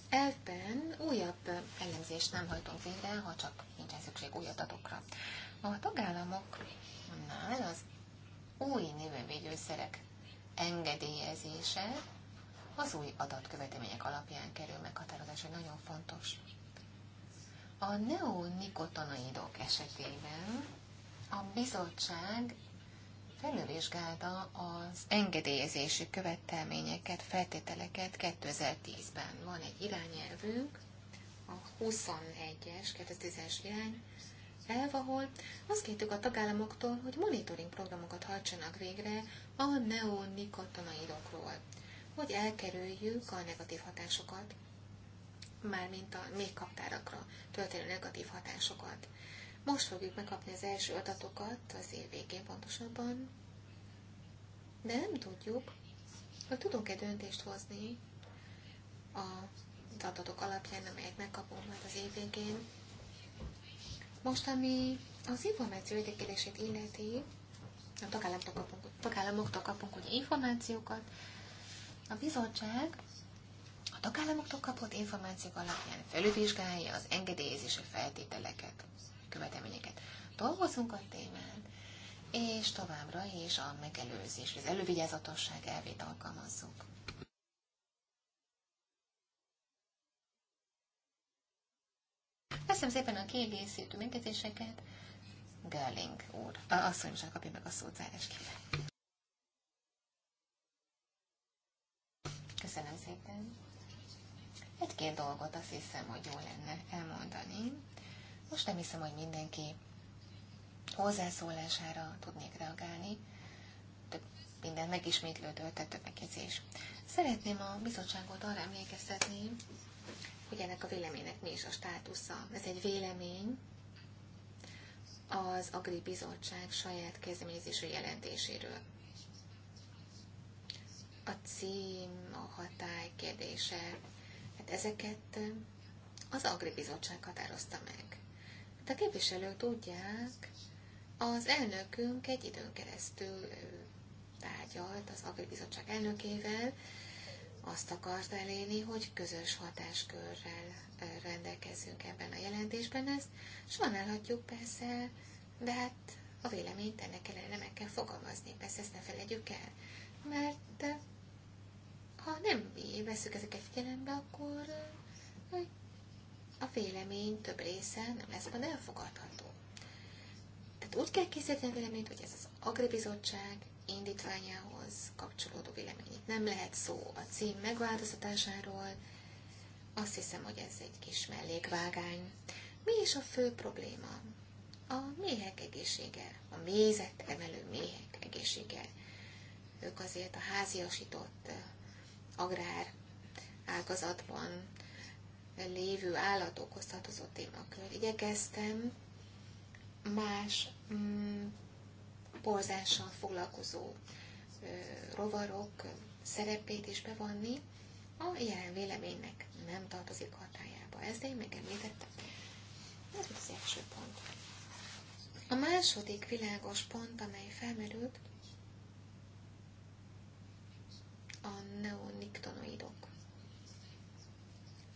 Elvben újabb elemzést nem hajtunk végre, ha csak nincsen szükség új adatokra. A tagállamoknál az új növényvédőszerek engedélyezése az új adatkövetemények alapján kerül meghatározásra, nagyon fontos. A neonikotonaidok esetében a bizottság felülvizsgálta az engedélyezési követelményeket, feltételeket 2010-ben. Van egy irányelvünk, a 21-es, 2010-es irány, elv, ahol azt kértük a tagállamoktól, hogy monitoring programokat hajtsanak végre a neonikotinoidokról, hogy elkerüljük a negatív hatásokat, mármint a még kaptárakra történő negatív hatásokat. Most fogjuk megkapni az első adatokat az év végén pontosabban, de nem tudjuk, hogy tudunk-e döntést hozni a adatok alapján, amelyet megkapunk majd az év végén, most, ami az információ értékelését illeti, a tagállamoktól kapunk, tagállamoktól kapunk ugye információkat, a bizottság a tagállamoktól kapott információk alapján felülvizsgálja az engedélyezési feltételeket, követelményeket. Dolgozunk a témán, és továbbra is a megelőzés, az elővigyázatosság elvét alkalmazzuk. Köszönöm szépen a kiegészítő megjegyzéseket. Görling úr, a asszony most kapja meg a szót zárásképpen. Köszönöm szépen. Egy-két dolgot azt hiszem, hogy jó lenne elmondani. Most nem hiszem, hogy mindenki hozzászólására tudnék reagálni. Több minden megismétlődött, tehát több megjegyzés. Szeretném a bizottságot arra emlékeztetni, hogy ennek a véleménynek mi is a státusza. Ez egy vélemény az Agri Bizottság saját kezdeményezésű jelentéséről. A cím, a hatály kérdése, hát ezeket az Agri Bizottság határozta meg. De hát a képviselők tudják, az elnökünk egy időn keresztül tárgyalt az Agri Bizottság elnökével, azt akart elérni, hogy közös hatáskörrel rendelkezzünk ebben a jelentésben. Ezt sajnálhatjuk persze, de hát a véleményt ennek ellenére meg kell fogalmazni, persze ezt ne felejtjük el. Mert ha nem veszük ezeket figyelembe, akkor a vélemény több része nem lesz majd elfogadható. Tehát úgy kell készíteni a véleményt, hogy ez az agribizottság indítványához kapcsolódó véleményét. Nem lehet szó a cím megváltoztatásáról, azt hiszem, hogy ez egy kis mellékvágány. Mi is a fő probléma? A méhek egészsége, a mézet emelő méhek egészsége. Ők azért a háziasított eh, agrár ágazatban lévő állatokhoz tartozó témakör. Igyekeztem más mm, porzással foglalkozó rovarok szerepét is bevonni, a jelen véleménynek nem tartozik hatájába. Ezt én még említettem. Ez az első pont. A második világos pont, amely felmerült, a neoniktonoidok.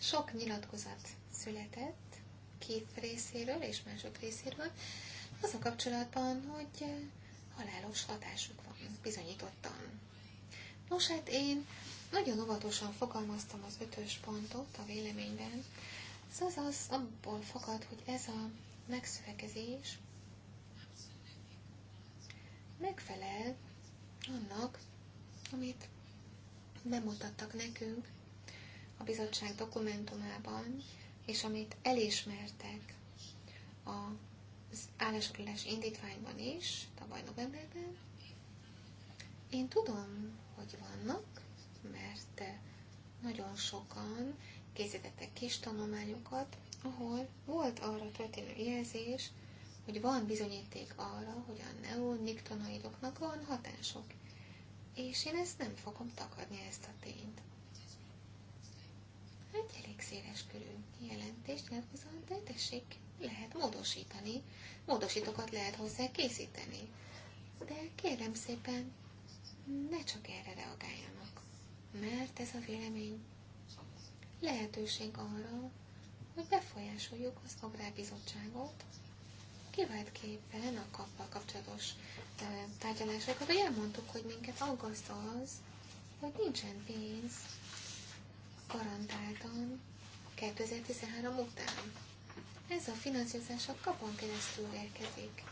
Sok nyilatkozat született két részéről és mások részéről az a kapcsolatban, hogy halálos hatásuk van, bizonyítottan. Nos, hát én nagyon óvatosan fogalmaztam az ötös pontot a véleményben. Ez az az abból fakad, hogy ez a megszövegezés megfelel annak, amit bemutattak nekünk a bizottság dokumentumában, és amit elismertek a az állásfoglalás indítványban is, tavaly novemberben. Én tudom, hogy vannak, mert nagyon sokan készítettek kis tanulmányokat, ahol volt arra történő jelzés, hogy van bizonyíték arra, hogy a neoniktonoidoknak van hatások. És én ezt nem fogom takadni, ezt a tényt. Egy elég széles körű jelentést nyilatkozom, de tessék, lehet módosítani, módosítókat lehet hozzá készíteni. De kérem szépen, ne csak erre reagáljanak, mert ez a vélemény lehetőség arra, hogy befolyásoljuk az agrárbizottságot, kiváltképpen a kappal kapcsolatos tárgyalásokat, hogy elmondtuk, hogy minket aggaszt az, hogy nincsen pénz garantáltan 2013 után. Ez a finanszírozás a kapon keresztül érkezik.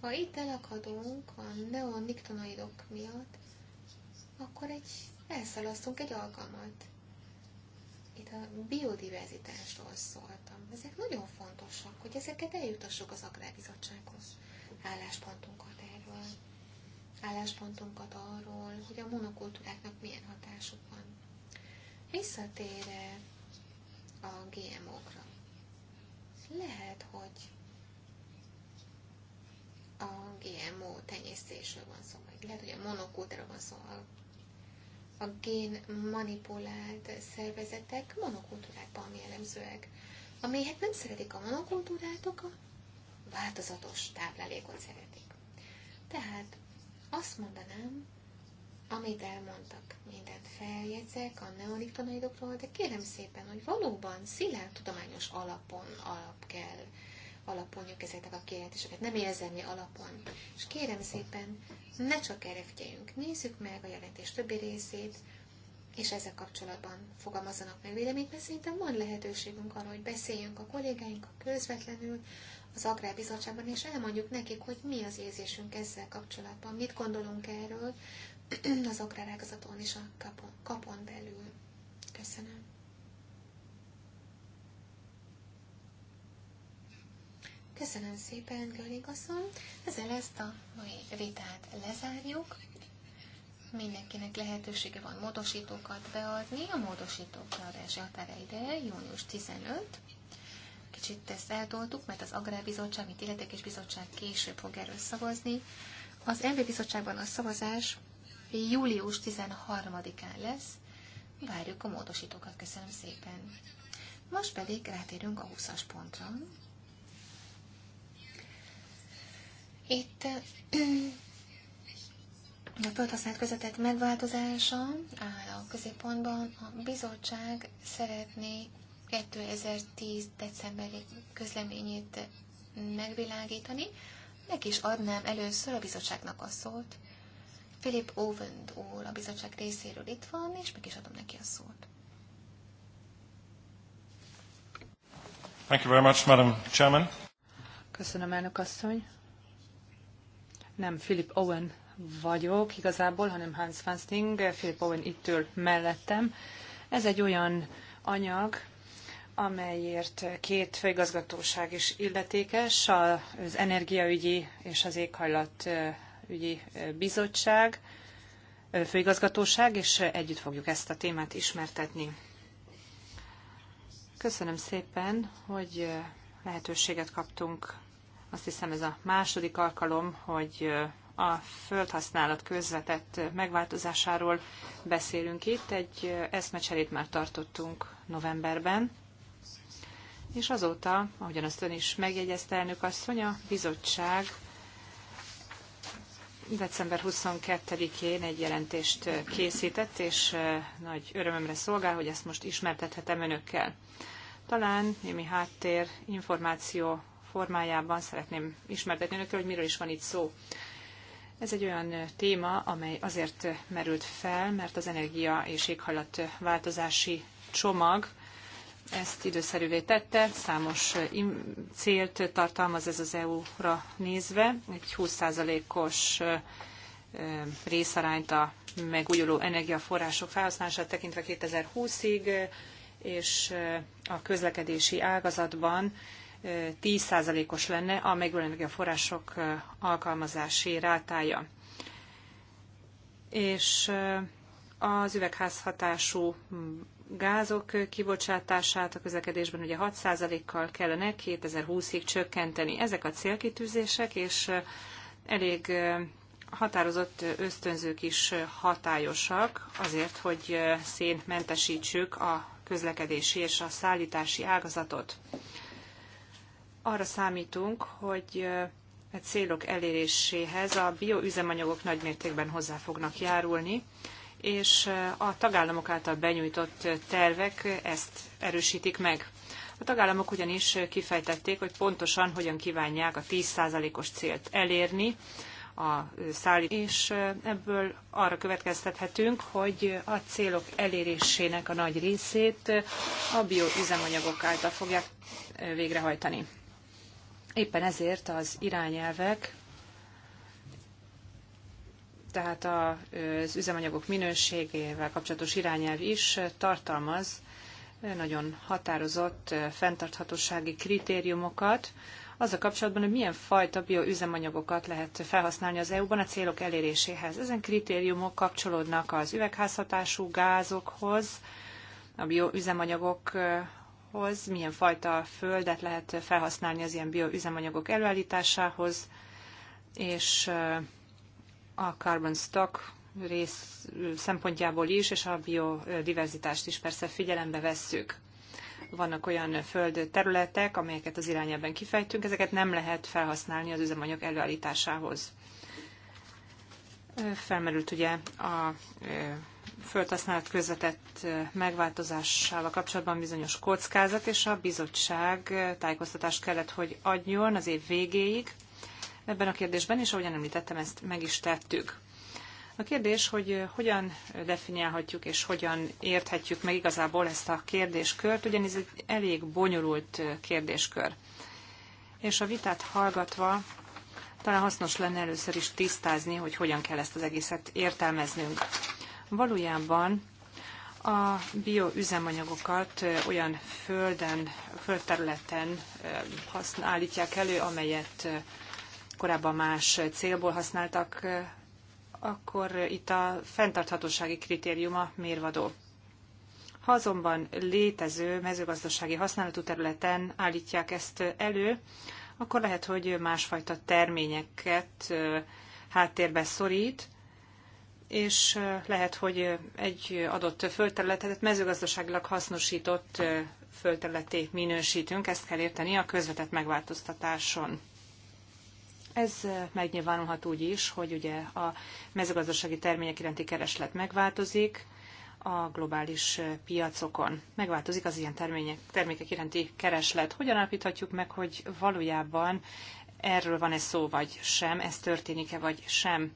Ha itt elakadunk a neoniktonaidok miatt, akkor egy, elszalasztunk egy alkalmat. Itt a biodiverzitásról szóltam. Ezek nagyon fontosak, hogy ezeket eljutassuk az Agrárbizottsághoz. Álláspontunkat erről. Álláspontunkat arról, hogy a monokultúráknak milyen hatásuk van. Visszatére a GMO-kra lehet, hogy a GMO tenyésztésről van szó, vagy lehet, hogy a monokultúra van szó, a a gén manipulált szervezetek monokultúrákban jellemzőek. A méhek nem szeretik a monokultúrát, a változatos táplálékot szeretik. Tehát azt mondanám, amit elmondtak, mindent feljegyzek a neoniklonaidokról, de kérem szépen, hogy valóban szilárd tudományos alapon alap kell alapon ezeknek a kérdéseket, nem érzelmi alapon. És kérem szépen, ne csak erre figyeljünk, nézzük meg a jelentés többi részét, és ezzel kapcsolatban fogalmazzanak meg véleményt, mert szerintem van lehetőségünk arra, hogy beszéljünk a kollégáinkkal közvetlenül az Agrárbizottságban, és elmondjuk nekik, hogy mi az érzésünk ezzel kapcsolatban, mit gondolunk erről, az agrárágazaton és a kapon, kapon belül. Köszönöm. Köszönöm szépen, Göring asszony. Ezzel ezt a mai vitát lezárjuk. Mindenkinek lehetősége van módosítókat beadni. A módosítók beadási határa ideje június 15. Kicsit ezt eltoltuk, mert az Agrárbizottság, mint Illetékes Bizottság később fog erről szavazni. Az MB Bizottságban a szavazás július 13-án lesz. Várjuk a módosítókat, köszönöm szépen. Most pedig rátérünk a 20-as pontra. Itt a földhasznált közvetett megváltozása áll a középpontban. A bizottság szeretné 2010. decemberi közleményét megvilágítani. Meg is adnám először a bizottságnak a szót. Philip Owend úr a bizottság részéről itt van, és meg is adom neki a szót. Thank you very much, Madam Chairman. Köszönöm, elnök asszony. Nem Philip Owen vagyok igazából, hanem Hans Fansting. Philip Owen itt ül mellettem. Ez egy olyan anyag, amelyért két főigazgatóság is illetékes, az energiaügyi és az éghajlat ügyi bizottság, főigazgatóság, és együtt fogjuk ezt a témát ismertetni. Köszönöm szépen, hogy lehetőséget kaptunk. Azt hiszem ez a második alkalom, hogy a földhasználat közvetett megváltozásáról beszélünk itt. Egy eszmecserét már tartottunk novemberben, és azóta, ahogyan azt ön is megjegyezte elnök asszony, a bizottság december 22-én egy jelentést készített, és nagy örömömre szolgál, hogy ezt most ismertethetem önökkel. Talán némi háttér információ formájában szeretném ismertetni önökkel, hogy miről is van itt szó. Ez egy olyan téma, amely azért merült fel, mert az energia és éghajlatváltozási csomag ezt időszerűvé tette, számos eh, célt tartalmaz ez az EU-ra nézve, egy 20%-os eh, eh, részarányt a megújuló energiaforrások felhasználását tekintve 2020-ig, és a közlekedési ágazatban 10%-os lenne a megújuló energiaforrások alkalmazási rátája. És az üvegházhatású gázok kibocsátását a közlekedésben ugye 6%-kal kellene 2020-ig csökkenteni. Ezek a célkitűzések, és elég határozott ösztönzők is hatályosak azért, hogy szénmentesítsük a közlekedési és a szállítási ágazatot. Arra számítunk, hogy a célok eléréséhez a bioüzemanyagok nagymértékben hozzá fognak járulni, és a tagállamok által benyújtott tervek ezt erősítik meg. A tagállamok ugyanis kifejtették, hogy pontosan hogyan kívánják a 10%-os célt elérni, a szállít, és ebből arra következtethetünk, hogy a célok elérésének a nagy részét a bioüzemanyagok által fogják eh, végrehajtani. Éppen ezért az irányelvek tehát az üzemanyagok minőségével kapcsolatos irányelv is tartalmaz nagyon határozott fenntarthatósági kritériumokat, a kapcsolatban, hogy milyen fajta bioüzemanyagokat lehet felhasználni az EU-ban a célok eléréséhez. Ezen kritériumok kapcsolódnak az üvegházhatású gázokhoz, a bioüzemanyagokhoz, milyen fajta földet lehet felhasználni az ilyen bioüzemanyagok előállításához, és a carbon stock rész szempontjából is, és a biodiverzitást is persze figyelembe vesszük. Vannak olyan földterületek, amelyeket az irányában kifejtünk, ezeket nem lehet felhasználni az üzemanyag előállításához. Felmerült ugye a földhasználat közvetett megváltozásával kapcsolatban bizonyos kockázat, és a bizottság tájékoztatást kellett, hogy adjon az év végéig, ebben a kérdésben, és ahogyan említettem, ezt meg is tettük. A kérdés, hogy eh, hogyan definiálhatjuk és hogyan érthetjük meg igazából ezt a kérdéskört, ugyanis ez egy elég bonyolult eh, kérdéskör. És a vitát hallgatva talán hasznos lenne először is tisztázni, hogy hogyan kell ezt az egészet értelmeznünk. Valójában a bioüzemanyagokat eh, olyan földen, földterületen használítják elő, amelyet korábban más célból használtak, akkor itt a fenntarthatósági kritériuma mérvadó. Ha azonban létező mezőgazdasági használatú területen állítják ezt elő, akkor lehet, hogy másfajta terményeket háttérbe szorít, és lehet, hogy egy adott földterületet mezőgazdaságilag hasznosított földterületé minősítünk, ezt kell érteni a közvetett megváltoztatáson. Ez megnyilvánulhat úgy is, hogy ugye a mezőgazdasági termények iránti kereslet megváltozik, a globális piacokon. Megváltozik az ilyen termények, termékek iránti kereslet. Hogyan állapíthatjuk meg, hogy valójában erről van-e szó vagy sem, ez történik-e vagy sem.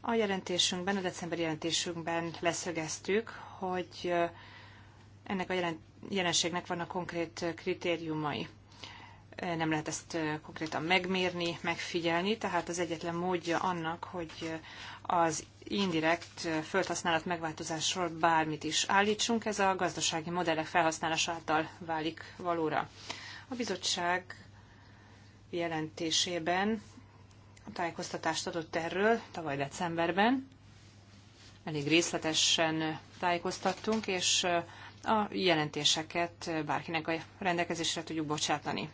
A jelentésünkben, a december jelentésünkben leszögeztük, hogy ennek a jelenségnek vannak konkrét kritériumai nem lehet ezt konkrétan megmérni, megfigyelni, tehát az egyetlen módja annak, hogy az indirekt földhasználat megváltozásról bármit is állítsunk, ez a gazdasági modellek felhasználásától válik valóra. A bizottság jelentésében a tájékoztatást adott erről tavaly decemberben. Elég részletesen tájékoztattunk, és a jelentéseket bárkinek a rendelkezésre tudjuk bocsátani.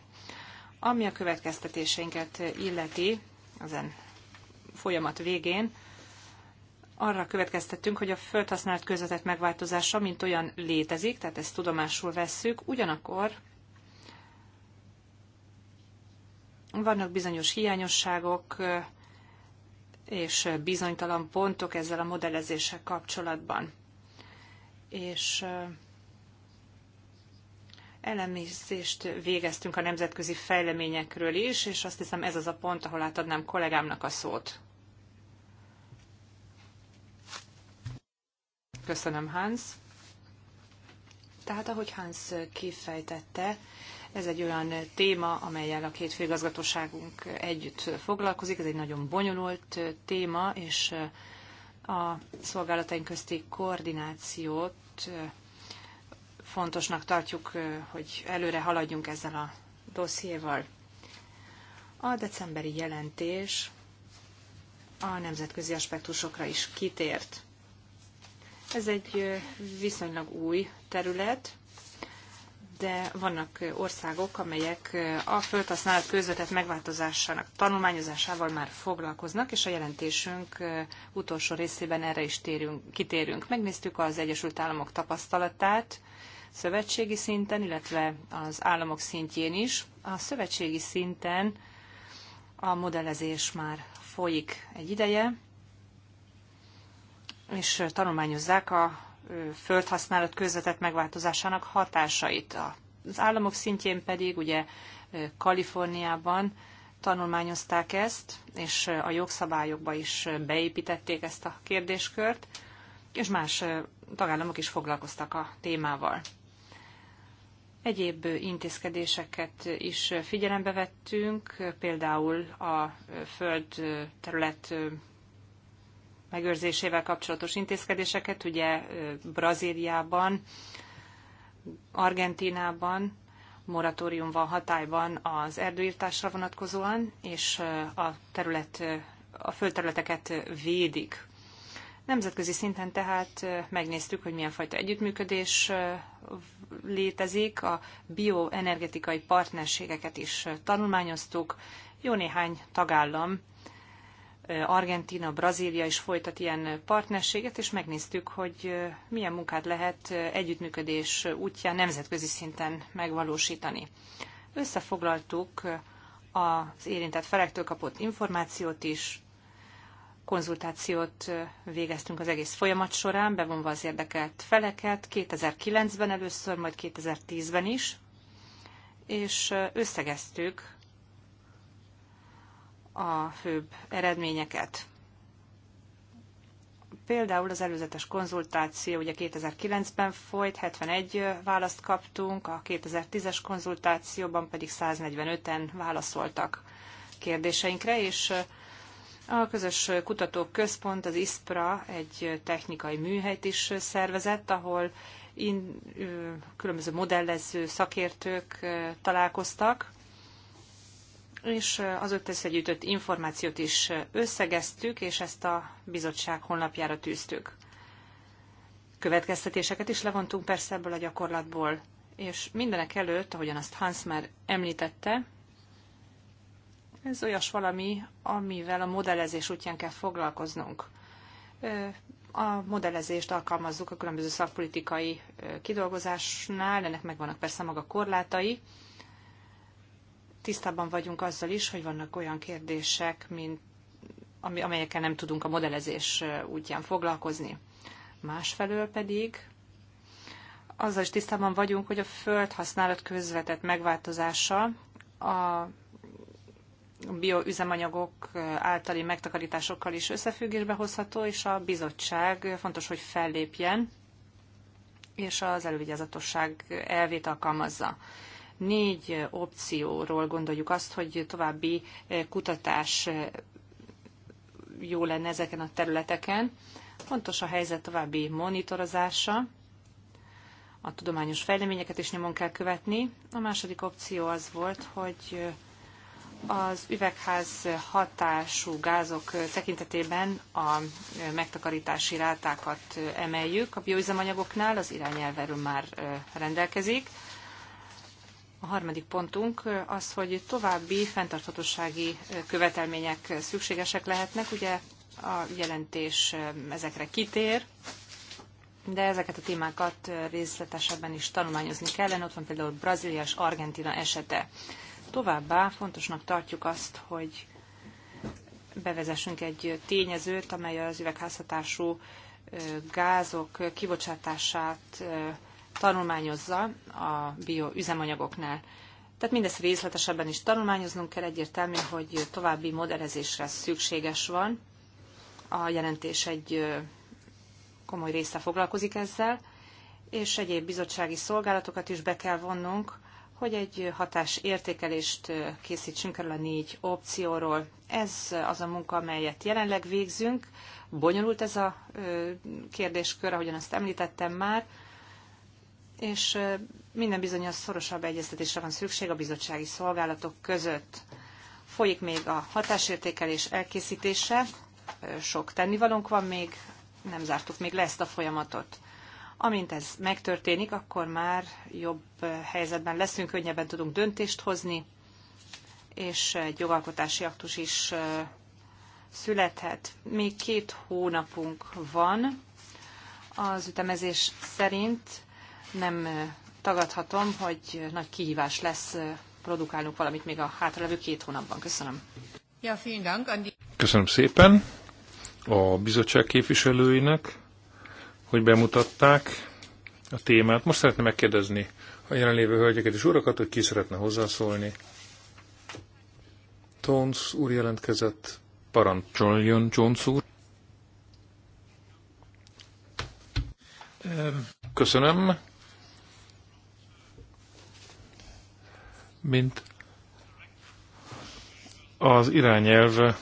Ami a következtetéseinket illeti, ezen folyamat végén, arra következtettünk, hogy a földhasználat közvetett megváltozása, mint olyan létezik, tehát ezt tudomásul vesszük, ugyanakkor vannak bizonyos hiányosságok és bizonytalan pontok ezzel a modellezéssel kapcsolatban. És Elemzést végeztünk a nemzetközi fejleményekről is, és azt hiszem ez az a pont, ahol átadnám kollégámnak a szót. Köszönöm, Hans. Tehát, ahogy Hans kifejtette, ez egy olyan téma, amelyel a két főigazgatóságunk együtt foglalkozik. Ez egy nagyon bonyolult téma, és a szolgálataink közti koordinációt fontosnak tartjuk, hogy előre haladjunk ezzel a dossziéval. A decemberi jelentés a nemzetközi aspektusokra is kitért. Ez egy viszonylag új terület, de vannak országok, amelyek a földhasználat közvetett megváltozásának tanulmányozásával már foglalkoznak, és a jelentésünk utolsó részében erre is térünk, kitérünk. Megnéztük az Egyesült Államok tapasztalatát, szövetségi szinten, illetve az államok szintjén is. A szövetségi szinten a modellezés már folyik egy ideje, és tanulmányozzák a földhasználat közvetett megváltozásának hatásait. Az államok szintjén pedig ugye Kaliforniában tanulmányozták ezt, és a jogszabályokba is beépítették ezt a kérdéskört, és más tagállamok is foglalkoztak a témával. Egyéb intézkedéseket is figyelembe vettünk, például a föld terület megőrzésével kapcsolatos intézkedéseket, ugye Brazíliában, Argentínában moratórium van hatályban az erdőírtásra vonatkozóan, és a, terület, a földterületeket védik. Nemzetközi szinten tehát megnéztük, hogy milyen fajta együttműködés létezik, a bioenergetikai partnerségeket is tanulmányoztuk. Jó néhány tagállam, Argentina, Brazília is folytat ilyen partnerséget, és megnéztük, hogy milyen munkát lehet együttműködés útján nemzetközi szinten megvalósítani. Összefoglaltuk az érintett felektől kapott információt is, konzultációt végeztünk az egész folyamat során, bevonva az érdekelt feleket, 2009-ben először, majd 2010-ben is, és összegeztük a főbb eredményeket. Például az előzetes konzultáció ugye 2009-ben folyt, 71 választ kaptunk, a 2010-es konzultációban pedig 145-en válaszoltak kérdéseinkre, és a közös kutatóközpont, az ISPRA egy technikai műhelyt is szervezett, ahol in, különböző modellező szakértők találkoztak, és az öt összegyűjtött információt is összegeztük, és ezt a bizottság honlapjára tűztük. Következtetéseket is levontunk persze ebből a gyakorlatból, és mindenek előtt, ahogyan azt Hans már említette, ez olyas valami, amivel a modellezés útján kell foglalkoznunk. A modellezést alkalmazzuk a különböző szakpolitikai kidolgozásnál, ennek megvannak persze maga korlátai. Tisztában vagyunk azzal is, hogy vannak olyan kérdések, mint amelyekkel nem tudunk a modellezés útján foglalkozni. Másfelől pedig azzal is tisztában vagyunk, hogy a földhasználat közvetett megváltozása a bioüzemanyagok általi megtakarításokkal is összefüggésbe hozható, és a bizottság fontos, hogy fellépjen, és az elővigyázatosság elvét alkalmazza. Négy opcióról gondoljuk azt, hogy további eh, kutatás eh, jó lenne ezeken a területeken. Fontos a helyzet további monitorozása, a tudományos fejleményeket is nyomon kell követni. A második opció az volt, hogy eh, az üvegház hatású gázok tekintetében a megtakarítási rátákat emeljük. A bioüzemanyagoknál az irányelv erről már rendelkezik. A harmadik pontunk az, hogy további fenntarthatósági követelmények szükségesek lehetnek. Ugye a jelentés ezekre kitér, de ezeket a témákat részletesebben is tanulmányozni kellene. Ott van például Brazília és Argentina esete. Továbbá fontosnak tartjuk azt, hogy bevezessünk egy tényezőt, amely az üvegházhatású gázok kibocsátását tanulmányozza a bioüzemanyagoknál. Tehát mindezt részletesebben is tanulmányoznunk kell, egyértelmű, hogy további modellezésre szükséges van. A jelentés egy komoly része foglalkozik ezzel, és egyéb bizottsági szolgálatokat is be kell vonnunk, hogy egy hatás értékelést készítsünk erről a négy opcióról. Ez az a munka, amelyet jelenleg végzünk. Bonyolult ez a kérdéskör, ahogyan azt említettem már, és minden bizonyos szorosabb egyeztetésre van szükség a bizottsági szolgálatok között. Folyik még a hatásértékelés elkészítése, sok tennivalónk van még, nem zártuk még le ezt a folyamatot. Amint ez megtörténik, akkor már jobb helyzetben leszünk, könnyebben tudunk döntést hozni, és egy jogalkotási aktus is születhet. Még két hónapunk van. Az ütemezés szerint nem tagadhatom, hogy nagy kihívás lesz produkálnunk valamit még a hátralevő két hónapban. Köszönöm. Ja, Köszönöm szépen a bizottság képviselőinek hogy bemutatták a témát. Most szeretném megkérdezni a jelenlévő hölgyeket és urakat, hogy ki szeretne hozzászólni. Tonsz úr jelentkezett, parancsoljon Jones úr. Köszönöm. Mint az irányelv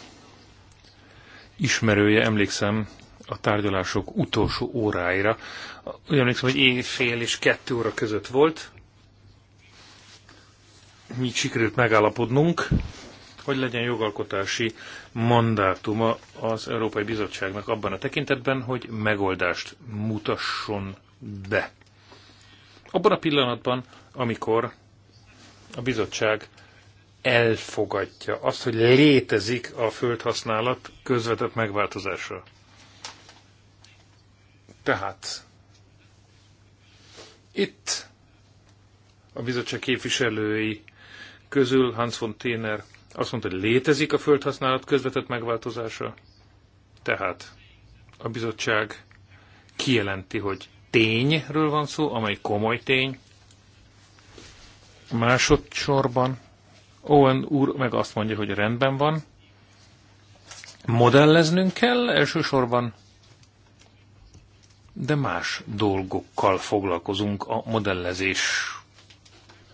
ismerője, emlékszem a tárgyalások utolsó óráira. Úgy emlékszem, hogy éjfél és kettő óra között volt. Mi sikerült megállapodnunk, hogy legyen jogalkotási mandátuma az Európai Bizottságnak abban a tekintetben, hogy megoldást mutasson be. Abban a pillanatban, amikor a bizottság elfogadja azt, hogy létezik a földhasználat közvetett megváltozása. Tehát itt a bizottság képviselői közül Hans von Téner azt mondta, hogy létezik a földhasználat közvetett megváltozása, tehát a bizottság kijelenti, hogy tényről van szó, amely komoly tény. Másodszorban Owen úr meg azt mondja, hogy rendben van. Modelleznünk kell elsősorban de más dolgokkal foglalkozunk a modellezés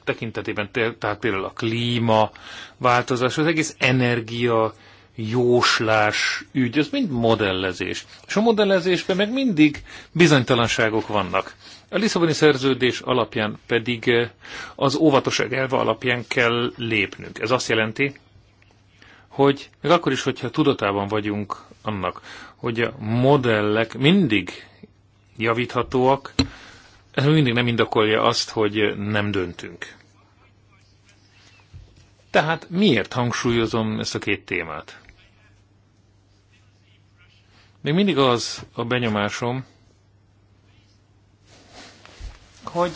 tekintetében, tehát például a klíma változás, az egész energia jóslás ügy, ez mind modellezés. És a modellezésben meg mindig bizonytalanságok vannak. A Lisszaboni szerződés alapján pedig eh, az óvatosság elve alapján kell lépnünk. Ez azt jelenti, hogy még akkor is, hogyha tudatában vagyunk annak, hogy a modellek mindig javíthatóak. Ez mindig nem indokolja azt, hogy nem döntünk. Tehát miért hangsúlyozom ezt a két témát? Még mindig az a benyomásom, hogy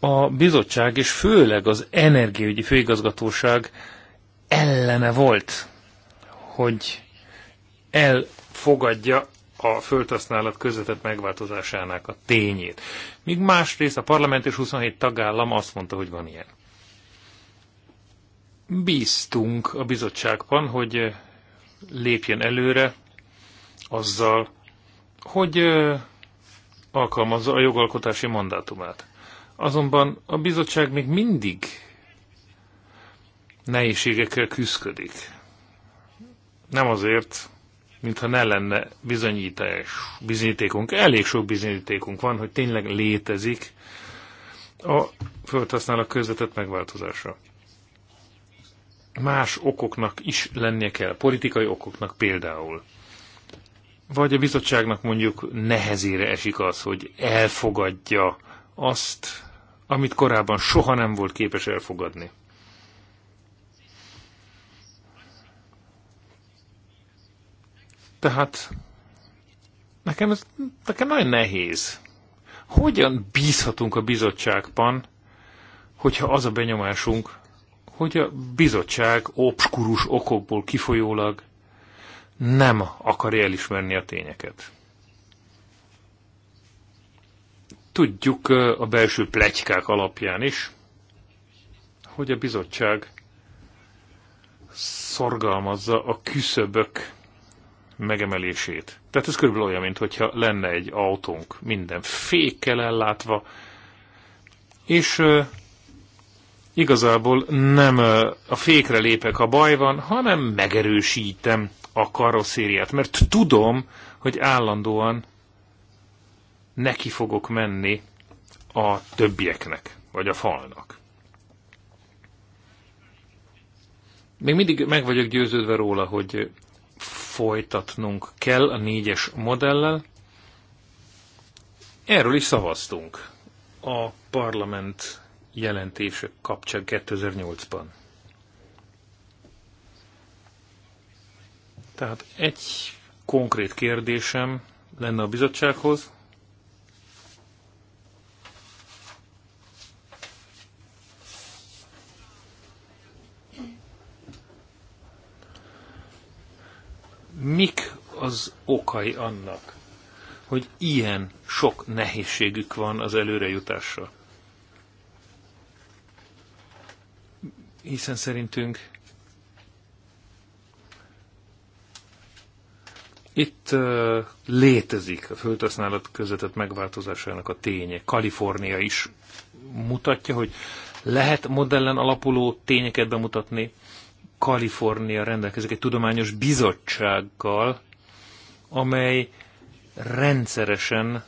a bizottság és főleg az energiaügyi főigazgatóság ellene volt, hogy elfogadja a földhasználat közvetett megváltozásának a tényét. Míg másrészt a parlament és 27 tagállam azt mondta, hogy van ilyen. Bíztunk a bizottságban, hogy eh, lépjen előre azzal, hogy eh, alkalmazza a jogalkotási mandátumát. Azonban a bizottság még mindig nehézségekkel küzdik. Nem azért, mintha ne lenne bizonyítás, bizonyítékunk. Elég sok bizonyítékunk van, hogy tényleg létezik a földhasználók közvetett megváltozása. Más okoknak is lennie kell, politikai okoknak például. Vagy a bizottságnak mondjuk nehezére esik az, hogy elfogadja azt, amit korábban soha nem volt képes elfogadni. Tehát nekem, ez, nekem nagyon nehéz. Hogyan bízhatunk a bizottságban, hogyha az a benyomásunk, hogy a bizottság obskurus okokból kifolyólag nem akar elismerni a tényeket. Tudjuk a belső plegykák alapján is, hogy a bizottság szorgalmazza a küszöbök megemelését. Tehát ez körülbelül olyan, mint hogyha lenne egy autónk minden fékkel ellátva, és igazából nem a fékre lépek a baj van, hanem megerősítem a karosszériát, mert tudom, hogy állandóan neki fogok menni a többieknek, vagy a falnak. Még mindig meg vagyok győződve róla, hogy folytatnunk kell a négyes modellel. Erről is szavaztunk a parlament jelentése kapcsán 2008-ban. Tehát egy konkrét kérdésem lenne a bizottsághoz, mik az okai annak, hogy ilyen sok nehézségük van az előrejutással? Hiszen szerintünk Itt uh, létezik a földhasználat közvetett megváltozásának a ténye. Kalifornia is mutatja, hogy lehet modellen alapuló tényeket bemutatni, Kalifornia rendelkezik egy tudományos bizottsággal, amely rendszeresen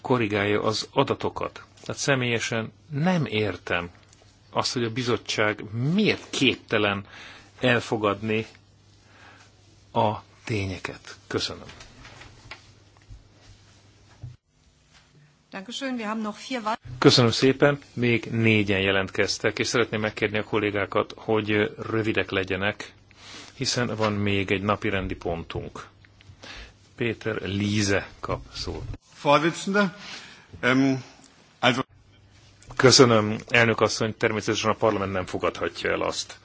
korrigálja az adatokat. Tehát személyesen nem értem azt, hogy a bizottság miért képtelen elfogadni a tényeket. Köszönöm. Köszönöm szépen, még négyen jelentkeztek, és szeretném megkérni a kollégákat, hogy rövidek legyenek, hiszen van még egy napi rendi pontunk. Péter Líze kap szót. Ähm, Köszönöm, elnök asszony, természetesen a parlament nem fogadhatja el azt,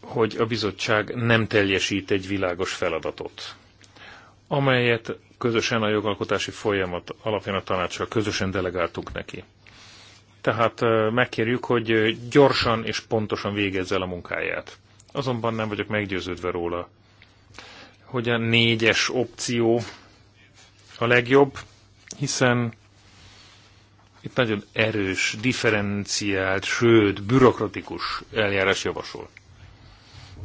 hogy a bizottság nem teljesít egy világos feladatot amelyet közösen a jogalkotási folyamat alapján a tanácssal közösen delegáltunk neki. Tehát megkérjük, hogy gyorsan és pontosan végezze el a munkáját. Azonban nem vagyok meggyőződve róla, hogy a négyes opció a legjobb, hiszen itt nagyon erős, differenciált, sőt, bürokratikus eljárás javasol.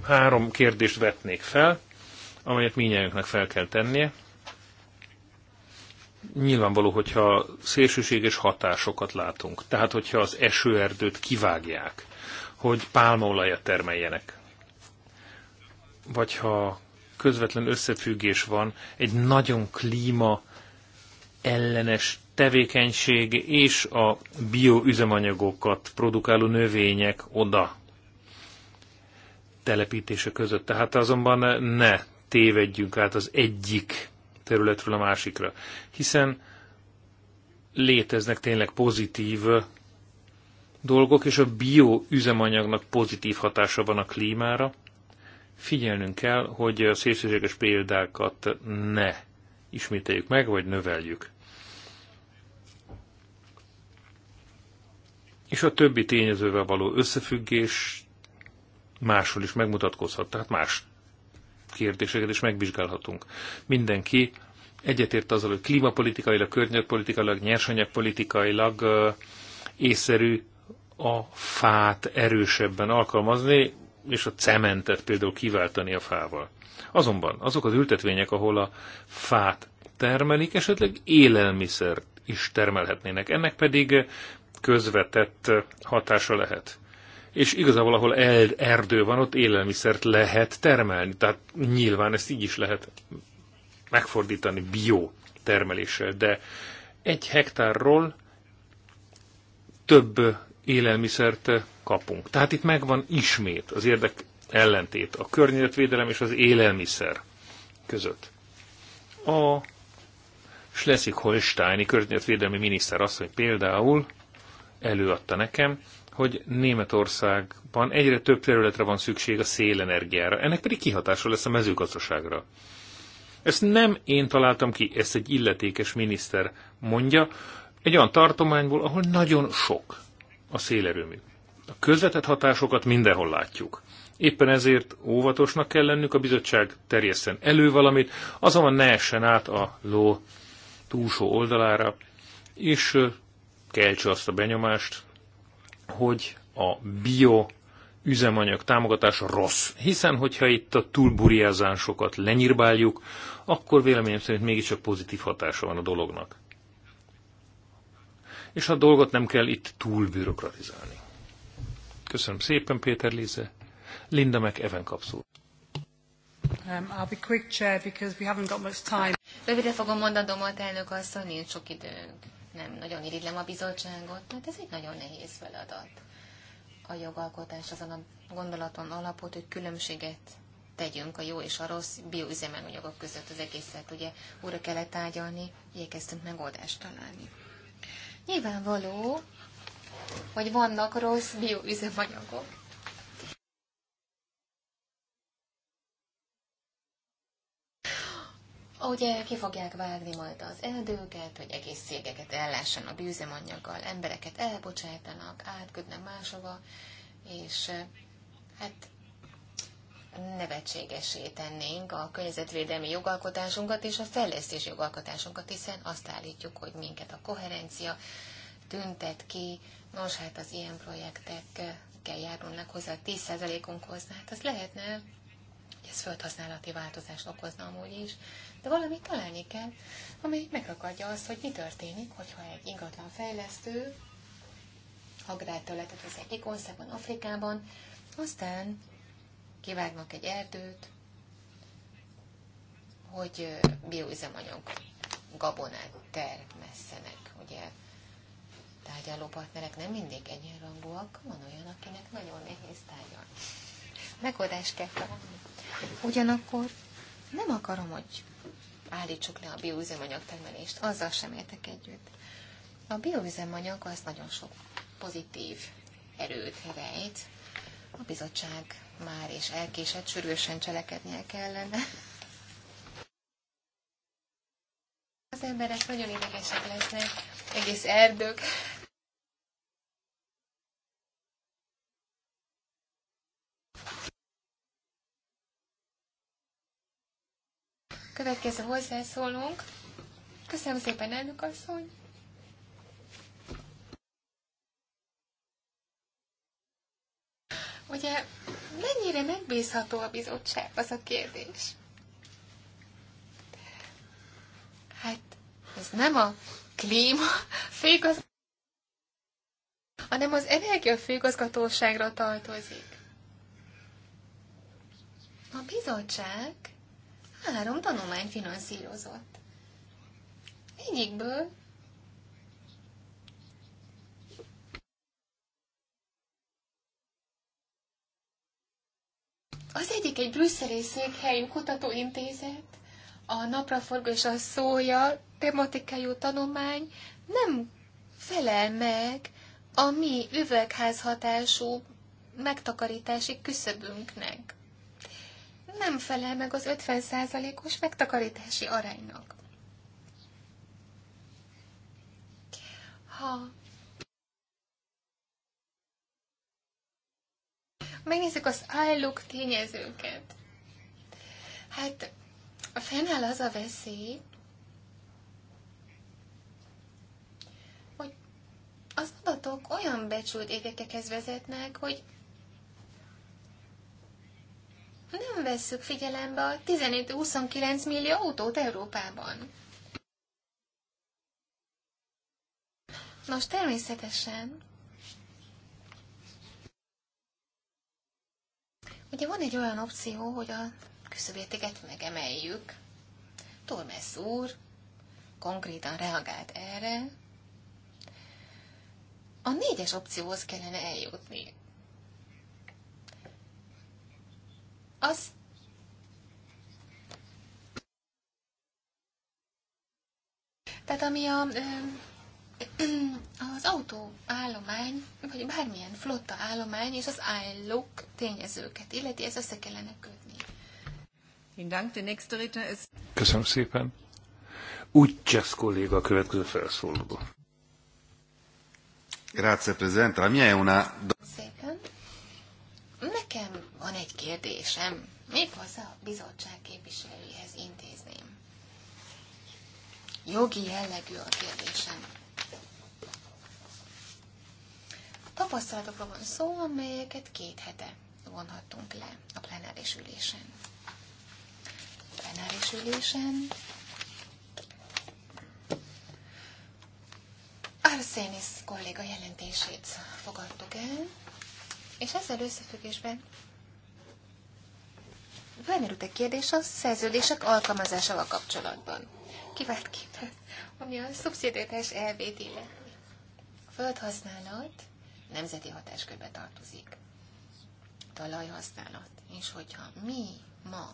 Három kérdést vetnék fel amelyet minnyájunknak fel kell tennie. Nyilvánvaló, hogyha szélsőséges hatásokat látunk, tehát hogyha az esőerdőt kivágják, hogy pálmaolajat termeljenek, vagy ha közvetlen összefüggés van egy nagyon klíma ellenes tevékenység és a bioüzemanyagokat produkáló növények oda telepítése között. Tehát azonban ne tévedjünk át az egyik területről a másikra, hiszen léteznek tényleg pozitív dolgok, és a bioüzemanyagnak pozitív hatása van a klímára. Figyelnünk kell, hogy a szélsőséges példákat ne ismételjük meg, vagy növeljük. És a többi tényezővel való összefüggés máshol is megmutatkozhat, tehát más kérdéseket is megvizsgálhatunk. Mindenki egyetért azzal, hogy klímapolitikailag, környezetpolitikailag, nyersanyagpolitikailag észszerű a fát erősebben alkalmazni, és a cementet például kiváltani a fával. Azonban azok az ültetvények, ahol a fát termelik, esetleg élelmiszert is termelhetnének. Ennek pedig közvetett hatása lehet és igazából ahol el, erdő van, ott élelmiszert lehet termelni. Tehát nyilván ezt így is lehet megfordítani bio termeléssel, de egy hektárról több élelmiszert kapunk. Tehát itt megvan ismét az érdek ellentét a környezetvédelem és az élelmiszer között. A Schleswig-Holsteini környezetvédelmi miniszter asszony például előadta nekem, hogy Németországban egyre több területre van szükség a szélenergiára, ennek pedig kihatása lesz a mezőgazdaságra. Ezt nem én találtam ki, ezt egy illetékes miniszter mondja, egy olyan tartományból, ahol nagyon sok a szélerőmű. A közvetett hatásokat mindenhol látjuk. Éppen ezért óvatosnak kell lennünk, a bizottság terjeszten elő valamit, azonban ne essen át a ló túlsó oldalára, és keltse azt a benyomást, hogy a bio üzemanyag támogatás rossz. Hiszen, hogyha itt a túlburiázásokat lenyírbáljuk, akkor véleményem szerint mégiscsak pozitív hatása van a dolognak. És a dolgot nem kell itt túl bürokratizálni. Köszönöm szépen, Péter Lize. Linda meg Even kapszul. Um, Rövidre fogom mondanom, elnök asszony, nincs sok időnk nem nagyon iridlem a bizottságot, mert ez egy nagyon nehéz feladat. A jogalkotás azon a gondolaton alapot, hogy különbséget tegyünk a jó és a rossz bioüzemanyagok között az egészet. Ugye újra kellett tárgyalni, igyekeztünk megoldást találni. Nyilvánvaló, hogy vannak rossz bioüzemanyagok, Ugye ki fogják vágni majd az erdőket, hogy egész cégeket a bűzemanyaggal, embereket elbocsájtanak, átködnek máshova, és hát nevetségesé tennénk a környezetvédelmi jogalkotásunkat és a fejlesztés jogalkotásunkat, hiszen azt állítjuk, hogy minket a koherencia tüntet ki. Nos, hát az ilyen projektekkel járulnak hozzá 10 10%-unkhoz, hát az lehetne, hogy ez földhasználati változást okozna amúgy is, de valamit találni kell, amely megakadja azt, hogy mi történik, hogyha egy ingatlan fejlesztő agrártöletet az egyik országban, Afrikában, aztán kivágnak egy erdőt, hogy bioüzemanyag gabonát termesszenek. Ugye tárgyalópartnerek nem mindig egyenrangúak, van olyan, akinek nagyon nehéz tárgyalni. Megoldást kell találni. Ugyanakkor nem akarom, hogy állítsuk le a bioüzemanyag termelést. Azzal sem értek együtt. A bioüzemanyag az nagyon sok pozitív erőt rejt. A bizottság már és elkésett, sürgősen cselekednie kellene. Az emberek nagyon idegesek lesznek, egész erdők Következő hozzászólónk. Köszönöm szépen, elnök asszony. Ugye mennyire megbízható a bizottság, az a kérdés. Hát ez nem a klíma főigazgató, hanem az energia főgazgatóságra tartozik. A bizottság három tanulmány finanszírozott. Egyikből Az egyik egy brüsszeli székhelyű kutatóintézet, a napraforgó és a szója tematikájú tanulmány nem felel meg a mi üvegházhatású megtakarítási küszöbünknek nem felel meg az 50%-os megtakarítási aránynak. Ha megnézzük az állók tényezőket, hát fennáll az a veszély, hogy az adatok olyan becsült értékekhez vezetnek, hogy nem vesszük figyelembe a 17-29 millió autót Európában. Nos, természetesen. Ugye van egy olyan opció, hogy a küszöbértéket megemeljük. Tormes úr konkrétan reagált erre. A négyes opcióhoz kellene eljutni. az Tehát ami a, az állomány vagy bármilyen flotta állomány és az állók tényezőket illeti, ez össze kellene kötni. Köszönöm szépen. Úgy Csesz kolléga a következő felszólaló. Grazie Presidente, la mia è una egy kérdésem, méghozzá a bizottság képviselőjéhez intézném. Jogi jellegű a kérdésem. Tapasztalatokra van szó, amelyeket két hete vonhattunk le a plenáris ülésen. A plenáris ülésen Arsenis kolléga jelentését fogadtuk el, és ezzel összefüggésben felmerült egy kérdés a szerződések alkalmazásával kapcsolatban. Kiváltképpen, ami a szubszidiaritás elvét illeti. A földhasználat nemzeti hatáskörbe tartozik. Talajhasználat. És hogyha mi ma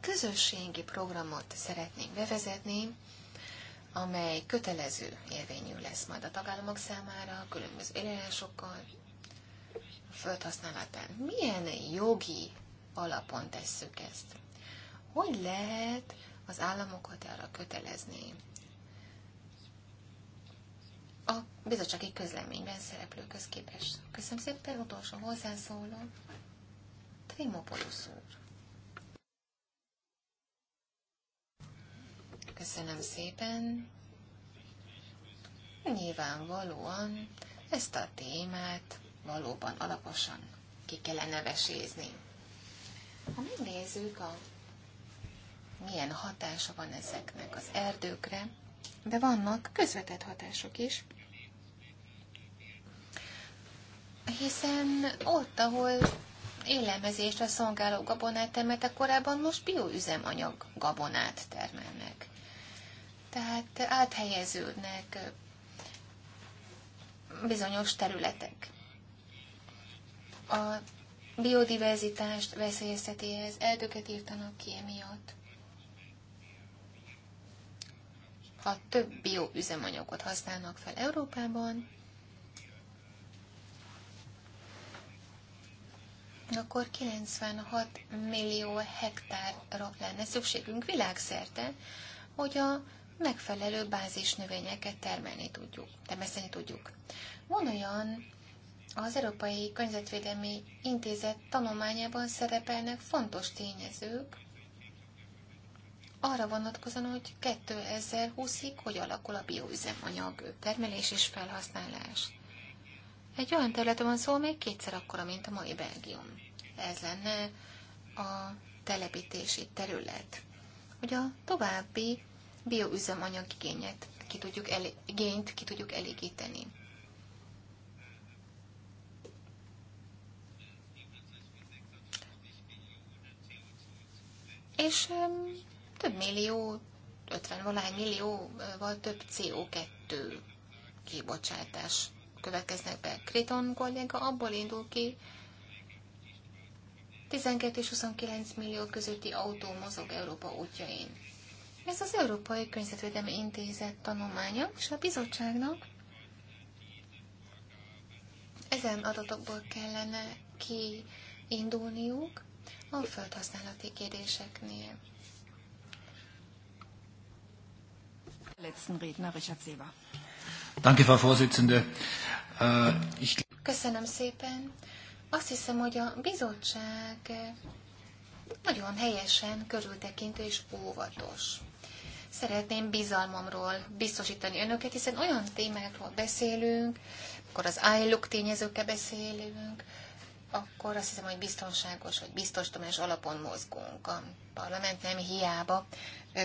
közösségi programot szeretnénk bevezetni, amely kötelező érvényű lesz majd a tagállamok számára, különböző élelásokkal, földhasználatán. Milyen jogi alapon tesszük ezt? Hogy lehet az államokat arra kötelezni? A bizottsági közleményben szereplő közképes. Köszönöm szépen, utolsó hozzászóló. Trimopolusz úr. Köszönöm szépen. Nyilvánvalóan ezt a témát valóban alaposan ki kellene vesézni. Ha megnézzük, a, milyen hatása van ezeknek az erdőkre, de vannak közvetett hatások is, hiszen ott, ahol élelmezésre szolgáló gabonát termeltek korábban, most bioüzemanyag gabonát termelnek. Tehát áthelyeződnek bizonyos területek a biodiverzitást veszélyezteti ez, erdőket írtanak ki emiatt. Ha több bioüzemanyagot használnak fel Európában, akkor 96 millió hektárra lenne szükségünk világszerte, hogy a megfelelő bázis növényeket termelni tudjuk, termeszteni tudjuk. Van olyan az Európai Környezetvédelmi Intézet tanulmányában szerepelnek fontos tényezők, arra vonatkozóan, hogy 2020-ig hogy alakul a bióüzemanyag termelés és felhasználás. Egy olyan területen van szó, még kétszer akkora, mint a mai Belgium. Ez lenne a telepítési terület, hogy a további bioüzemanyag igényet ki tudjuk el, igényt ki tudjuk elégíteni. és több millió, 50 valány millióval több CO2 kibocsátás következnek be. Kriton kolléga abból indul ki, 12 és 29 millió közötti autó mozog Európa útjain. Ez az Európai Környezetvédelmi Intézet tanulmánya, és a bizottságnak ezen adatokból kellene kiindulniuk, a földhasználati kérdéseknél. Redner Richard Danke, Frau Vorsitzende. Uh, ich... Köszönöm szépen. Azt hiszem, hogy a bizottság nagyon helyesen, körültekintő és óvatos. Szeretném bizalmamról biztosítani önöket, hiszen olyan témákról beszélünk, akkor az állók tényezőkkel beszélünk, akkor azt hiszem, hogy biztonságos, vagy biztos tudomás alapon mozgunk. A parlament nem hiába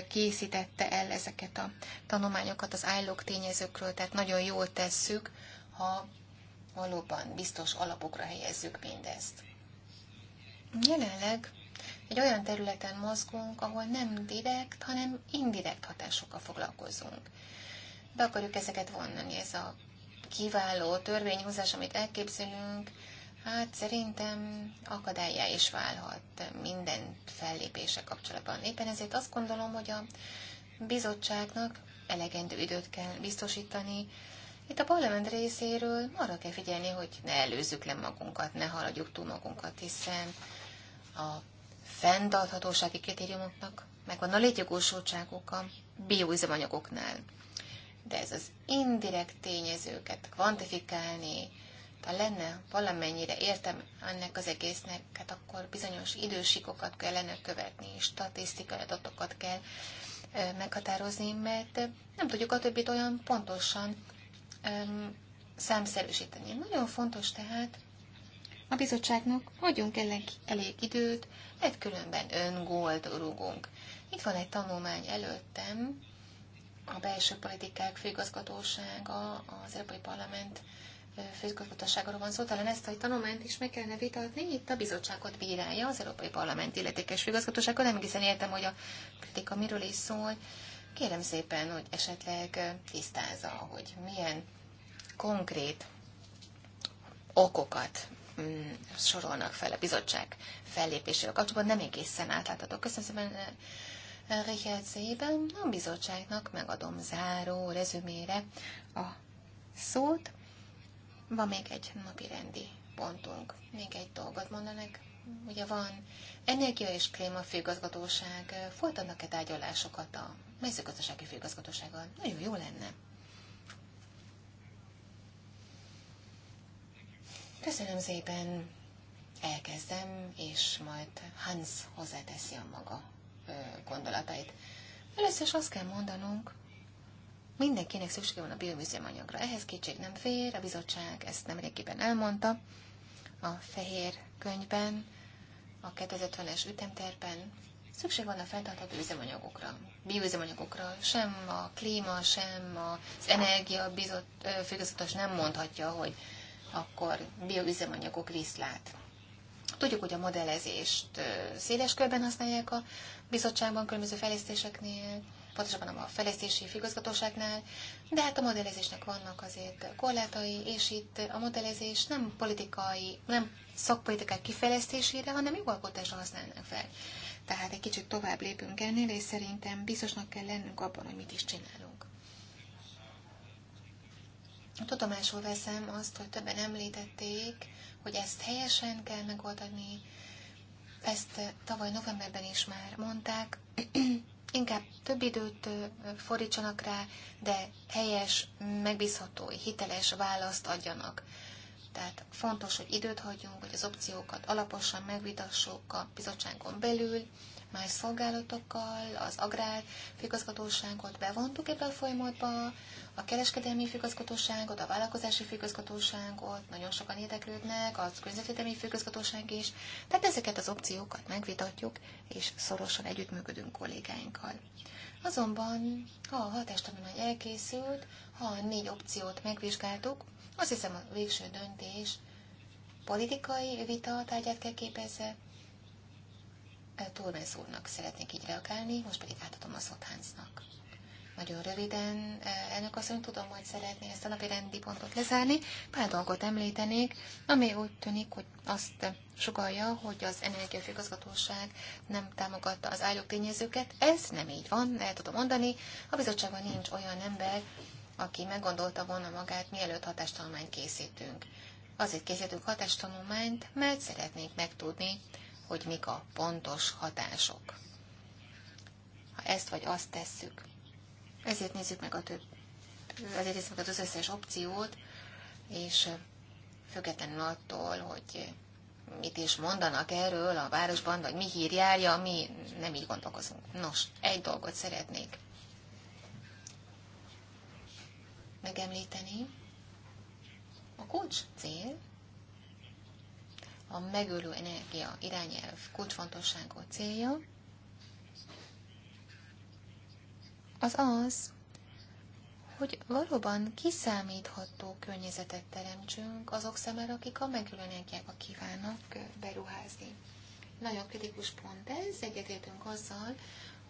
készítette el ezeket a tanulmányokat az állók tényezőkről, tehát nagyon jól tesszük, ha valóban biztos alapokra helyezzük mindezt. Jelenleg egy olyan területen mozgunk, ahol nem direkt, hanem indirekt hatásokkal foglalkozunk. Be akarjuk ezeket vonni, ez a kiváló törvényhozás, amit elképzelünk, hát szerintem akadályá is válhat minden fellépése kapcsolatban. Éppen ezért azt gondolom, hogy a bizottságnak elegendő időt kell biztosítani. Itt a parlament részéről arra kell figyelni, hogy ne előzzük le magunkat, ne haladjuk túl magunkat, hiszen a fenntarthatósági kritériumoknak megvan a létjogosultságuk a bioüzemanyagoknál. De ez az indirekt tényezőket kvantifikálni, ha lenne valamennyire értem ennek az egésznek, hát akkor bizonyos idősikokat kellene követni, és statisztikai adatokat kell meghatározni, mert nem tudjuk a többit olyan pontosan öm, számszerűsíteni. Nagyon fontos tehát a bizottságnak hagyjunk elég, elég időt, mert különben öngold rúgunk. Itt van egy tanulmány előttem, a belső politikák főigazgatósága az Európai Parlament főközgazdaságról van szó, talán ezt a tanulmányt is meg kellene vitatni. Itt a bizottságot bírálja, az Európai Parlament illetékes főigazgatósága. Nem hiszen értem, hogy a kritika miről is szól. Kérem szépen, hogy esetleg tisztázza, hogy milyen konkrét okokat mm, sorolnak fel a bizottság fellépésével kapcsolatban. Nem egészen átlátható. Köszönöm szépen, Richard Szében. A bizottságnak megadom záró rezümére a szót. Van még egy napi rendi pontunk. Még egy dolgot mondanak. Ugye van energia és klíma főgazgatóság. folytatnak-e tárgyalásokat a mezőgazdasági főgazgatósággal? Nagyon jó lenne. Köszönöm szépen, elkezdem, és majd Hans hozzáteszi a maga gondolatait. Először is azt kell mondanunk, Mindenkinek szüksége van a biomüzémanyagra. Ehhez kétség nem fér, a bizottság ezt nem régiben elmondta. A fehér könyvben, a 2050-es ütemterben szükség van a fenntartható üzemanyagokra, bioüzemanyagokra. Sem a klíma, sem az energia bizottság nem mondhatja, hogy akkor bioüzemanyagok viszlát. Tudjuk, hogy a modellezést széles körben használják a bizottságban különböző fejlesztéseknél, pontosabban a fejlesztési figazgatóságnál, de hát a modellezésnek vannak azért korlátai, és itt a modellezés nem politikai, nem szakpolitikák kifejlesztésére, hanem jogalkotásra használnak fel. Tehát egy kicsit tovább lépünk ennél, és szerintem biztosnak kell lennünk abban, hogy mit is csinálunk. Tudomásul veszem azt, hogy többen említették, hogy ezt helyesen kell megoldani, ezt tavaly novemberben is már mondták, inkább több időt fordítsanak rá, de helyes, megbízható, hiteles választ adjanak. Tehát fontos, hogy időt hagyjunk, hogy az opciókat alaposan megvitassuk a bizottságon belül, más szolgálatokkal, az agrár bevontuk ebbe a folyamatba, a kereskedelmi főközgatóságot, a vállalkozási főközgatóságot, nagyon sokan érdeklődnek, az környezetvédelmi főközgatóság is. Tehát ezeket az opciókat megvitatjuk, és szorosan együttműködünk kollégáinkkal. Azonban, ha a hatástanulmány elkészült, ha a négy opciót megvizsgáltuk, azt hiszem a végső döntés politikai vita tárgyát kell képezze. Turmes úrnak szeretnék így reagálni, most pedig átadom a szót Hansnak. Nagyon röviden, eh, elnök asszony, tudom, hogy szeretné ezt a napi rendi pontot lezárni. Pár dolgot említenék, ami úgy tűnik, hogy azt sugalja, hogy az energiafőgazgatóság nem támogatta az állók tényezőket. Ez nem így van, el tudom mondani. A bizottságban nincs olyan ember, aki meggondolta volna magát, mielőtt hatástanulmányt készítünk. Azért készítünk hatástanulmányt, mert szeretnénk megtudni, hogy mik a pontos hatások. Ha ezt vagy azt tesszük, ezért nézzük meg a több, ezért nézzük meg az összes opciót, és függetlenül attól, hogy mit is mondanak erről a városban, vagy mi hír járja, mi nem így gondolkozunk. Nos, egy dolgot szeretnék megemlíteni. A kulcs cél, a megülő energia irányelv kulcsfontosságú célja, az az, hogy valóban kiszámítható környezetet teremtsünk azok számára, akik a megülő a kívánnak beruházni. Nagyon kritikus pont ez, egyetértünk azzal,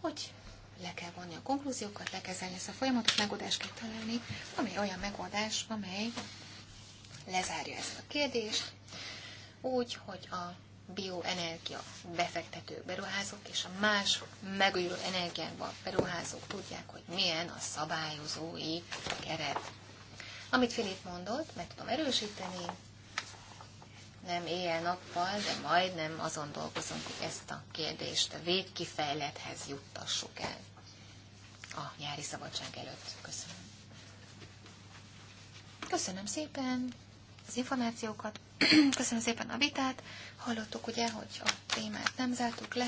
hogy le kell vonni a konklúziókat, le kell zárni ezt a folyamatot, megoldást kell találni, ami olyan megoldás, amely lezárja ezt a kérdést, úgy, hogy a bioenergia befektetők, beruházók és a más megújuló energiákba beruházók tudják, hogy milyen a szabályozói keret. Amit Filip mondott, meg tudom erősíteni, nem éjjel-nappal, de majdnem azon dolgozunk, hogy ezt a kérdést a végkifejlethez juttassuk el a nyári szabadság előtt. Köszönöm. Köszönöm szépen az információkat, köszönöm szépen a vitát. Hallottuk ugye, hogy a témát nem zártuk le,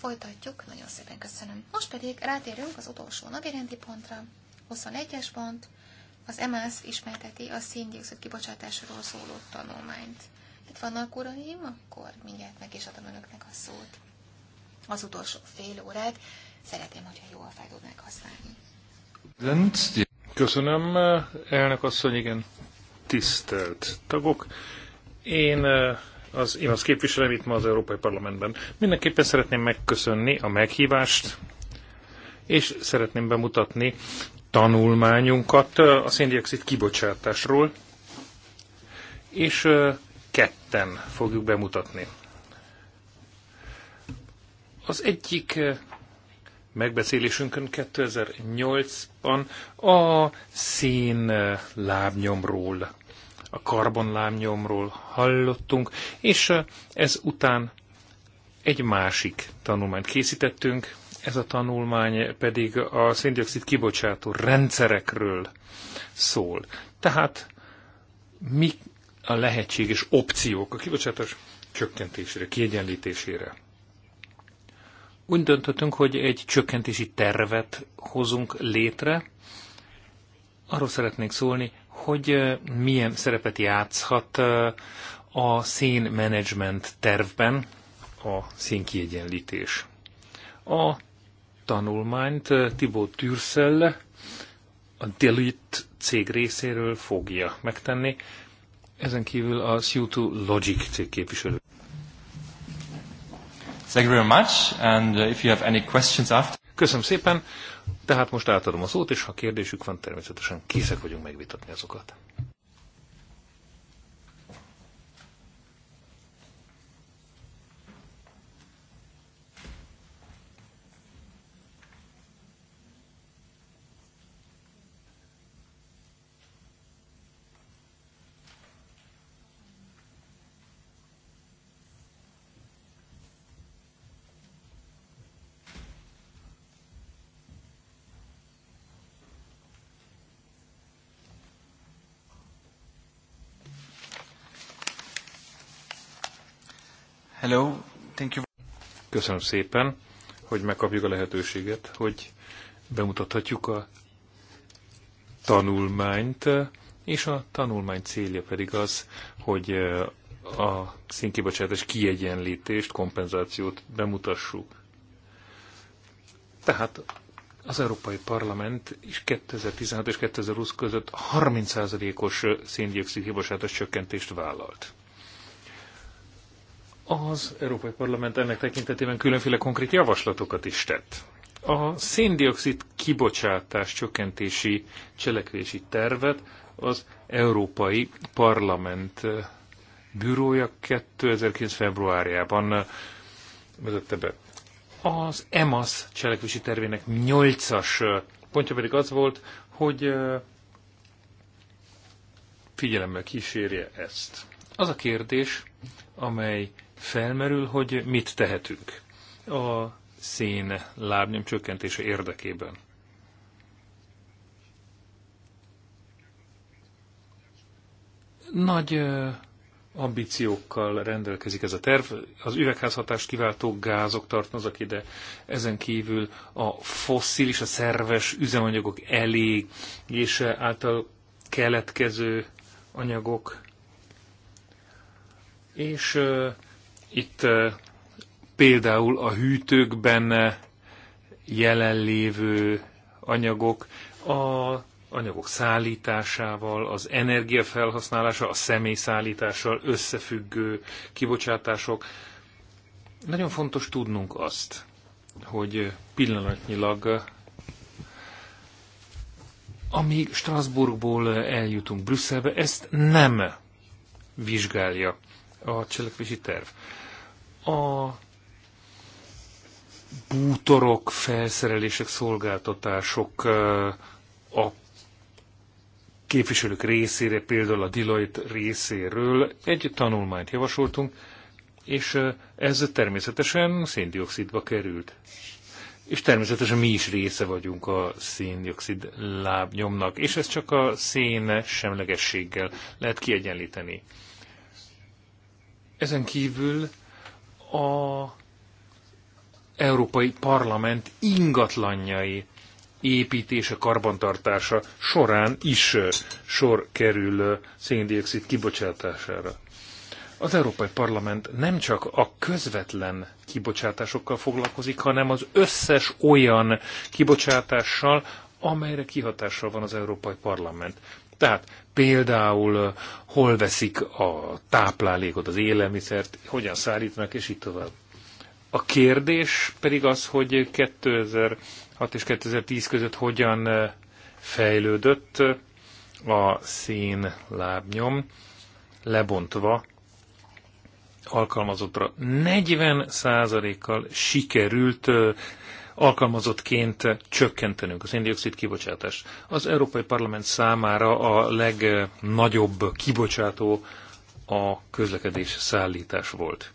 folytatjuk, nagyon szépen köszönöm. Most pedig rátérünk az utolsó napirendi pontra, 21-es pont, az EMASZ ismerteti a széndiokszid kibocsátásról szóló tanulmányt. Itt vannak uraim, akkor mindjárt meg is adom önöknek a szót. Az utolsó fél órát szeretném, hogyha jól fel tudnák használni. Köszönöm, elnök asszony, igen, tisztelt tagok. Én az IMASZ képviselem itt ma az Európai Parlamentben. Mindenképpen szeretném megköszönni a meghívást, és szeretném bemutatni tanulmányunkat a széndiokszid kibocsátásról, és ketten fogjuk bemutatni. Az egyik megbeszélésünkön 2008-ban a szén lábnyomról a karbonlámnyomról hallottunk, és ez után egy másik tanulmányt készítettünk, ez a tanulmány pedig a széndiokszid kibocsátó rendszerekről szól. Tehát mi a lehetséges opciók a kibocsátás csökkentésére, kiegyenlítésére? Úgy döntöttünk, hogy egy csökkentési tervet hozunk létre. Arról szeretnénk szólni, hogy milyen szerepet játszhat a szénmenedzsment tervben a szénkiegyenlítés. A tanulmányt Tibó Türszell a Delit cég részéről fogja megtenni, ezen kívül a CO2 Logic cég képviselő. Thank you very much, and uh, if you have any questions after... Köszönöm szépen, tehát most átadom a szót, és ha kérdésük van, természetesen készek vagyunk megvitatni azokat. Hello, thank you. Köszönöm szépen, hogy megkapjuk a lehetőséget, hogy bemutathatjuk a tanulmányt, és a tanulmány célja pedig az, hogy eh, a színkibocsátás kiegyenlítést, kompenzációt bemutassuk. Tehát az Európai Parlament is 2016 és 2020 között 30%-os széndiokszid kibocsátás csökkentést vállalt. Az Európai Parlament ennek tekintetében különféle konkrét javaslatokat is tett. A széndiokszid kibocsátás csökkentési cselekvési tervet az Európai Parlament eh, bürója 2009. februárjában eh, vezette be. Az EMAS cselekvési tervének 8-as eh, pontja pedig az volt, hogy figyelemmel kísérje ezt. Az a kérdés, amely felmerül, hogy mit tehetünk a szén lábnyom csökkentése érdekében. Nagy ambíciókkal rendelkezik ez a terv. Az üvegházhatás kiváltó gázok tartoznak ide, ezen kívül a fosszilis, a szerves üzemanyagok elég, és által keletkező anyagok, és itt például a hűtőkben jelenlévő anyagok, a anyagok szállításával, az energiafelhasználása, a szállítással összefüggő kibocsátások. Nagyon fontos tudnunk azt, hogy pillanatnyilag amíg Strasbourgból eljutunk Brüsszelbe, ezt nem vizsgálja a cselekvési terv a bútorok, felszerelések, szolgáltatások a képviselők részére, például a Deloitte részéről egy tanulmányt javasoltunk, és ez természetesen széndiokszidba került. És természetesen mi is része vagyunk a széndiokszid lábnyomnak, és ez csak a szén semlegességgel lehet kiegyenlíteni. Ezen kívül a Európai Parlament ingatlanjai építése, karbantartása során is sor kerül széndiokszid kibocsátására. Az Európai Parlament nem csak a közvetlen kibocsátásokkal foglalkozik, hanem az összes olyan kibocsátással, amelyre kihatással van az Európai Parlament. Tehát például hol veszik a táplálékot, az élelmiszert, hogyan szállítanak, és így tovább. A kérdés pedig az, hogy 2006 és 2010 között hogyan fejlődött a szén lábnyom, lebontva alkalmazottra 40%-kal sikerült alkalmazottként csökkentenünk az indioxid kibocsátást. Az Európai Parlament számára a legnagyobb kibocsátó a közlekedés szállítás volt.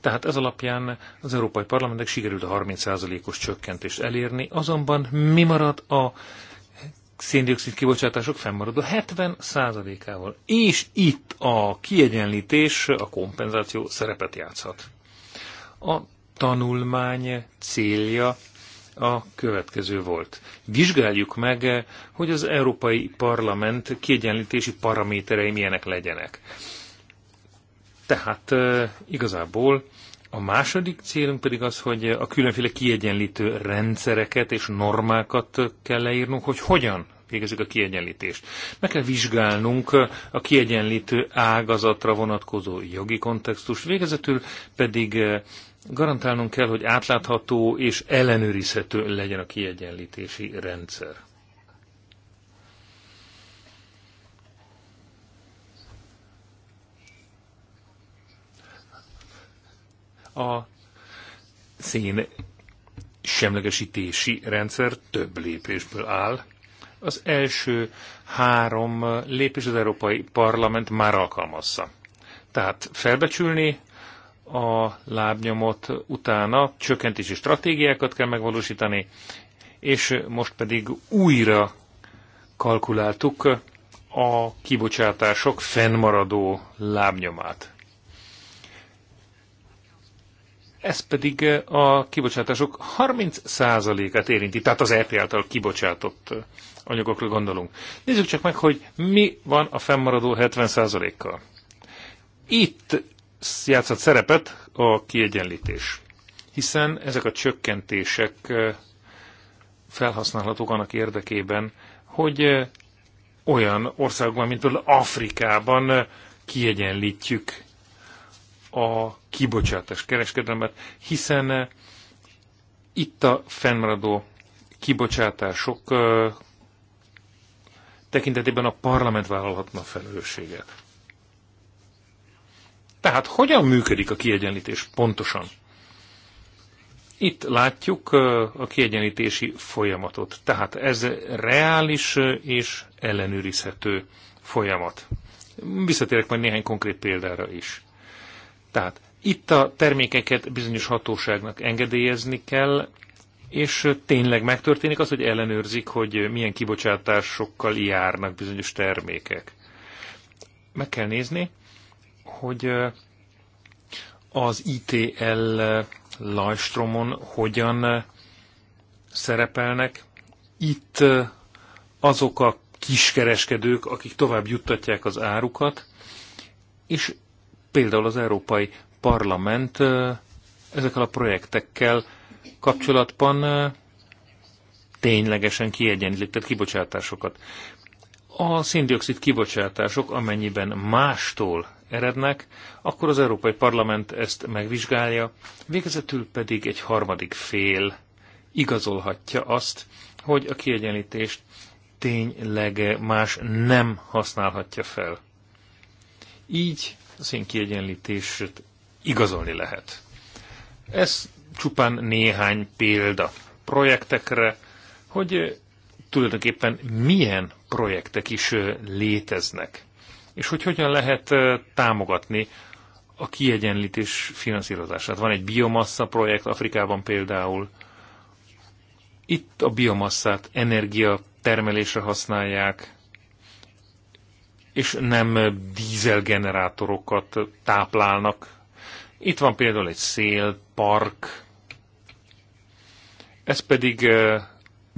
Tehát ez alapján az Európai Parlamentnek sikerült a 30%-os csökkentést elérni, azonban mi marad a széndiokszid kibocsátások fennmaradó 70%-ával. És itt a kiegyenlítés, a kompenzáció szerepet játszhat. A tanulmány célja a következő volt. Vizsgáljuk meg, hogy az Európai Parlament kiegyenlítési paraméterei milyenek legyenek. Tehát igazából a második célunk pedig az, hogy a különféle kiegyenlítő rendszereket és normákat kell leírnunk, hogy hogyan végezzük a kiegyenlítést. Meg kell vizsgálnunk a kiegyenlítő ágazatra vonatkozó jogi kontextust, végezetül pedig Garantálnunk kell, hogy átlátható és ellenőrizhető legyen a kiegyenlítési rendszer. a szén semlegesítési rendszer több lépésből áll. Az első három lépés az Európai Parlament már alkalmazza. Tehát felbecsülni, a lábnyomot, utána csökkentési stratégiákat kell megvalósítani, és most pedig újra kalkuláltuk a kibocsátások fennmaradó lábnyomát. Ez pedig a kibocsátások 30%-át érinti, tehát az RT e által kibocsátott anyagokra gondolunk. Nézzük csak meg, hogy mi van a fennmaradó 70%-kal. Itt játszott szerepet a kiegyenlítés. Hiszen ezek a csökkentések felhasználhatók annak érdekében, hogy olyan országban, mint például Afrikában kiegyenlítjük a kibocsátás kereskedelmet, hiszen itt a fennmaradó kibocsátások tekintetében a parlament vállalhatna felelősséget. Tehát hogyan működik a kiegyenlítés pontosan? Itt látjuk a kiegyenlítési folyamatot. Tehát ez reális és ellenőrizhető folyamat. Visszatérek majd néhány konkrét példára is. Tehát itt a termékeket bizonyos hatóságnak engedélyezni kell, és tényleg megtörténik az, hogy ellenőrzik, hogy milyen kibocsátásokkal járnak bizonyos termékek. Meg kell nézni, hogy az ITL Lajstromon hogyan szerepelnek. Itt azok a kiskereskedők, akik tovább juttatják az árukat, és például az Európai Parlament ezekkel a projektekkel kapcsolatban ténylegesen kiegyenlített kibocsátásokat a széndiokszid kibocsátások amennyiben mástól erednek, akkor az Európai Parlament ezt megvizsgálja, végezetül pedig egy harmadik fél igazolhatja azt, hogy a kiegyenlítést tényleg más nem használhatja fel. Így a szénkiegyenlítést igazolni lehet. Ez csupán néhány példa projektekre, hogy tulajdonképpen milyen projektek is léteznek, és hogy hogyan lehet támogatni a kiegyenlítés finanszírozását. Van egy biomassa projekt Afrikában például. Itt a biomasszát energia termelésre használják, és nem dízelgenerátorokat táplálnak. Itt van például egy szélpark, ez pedig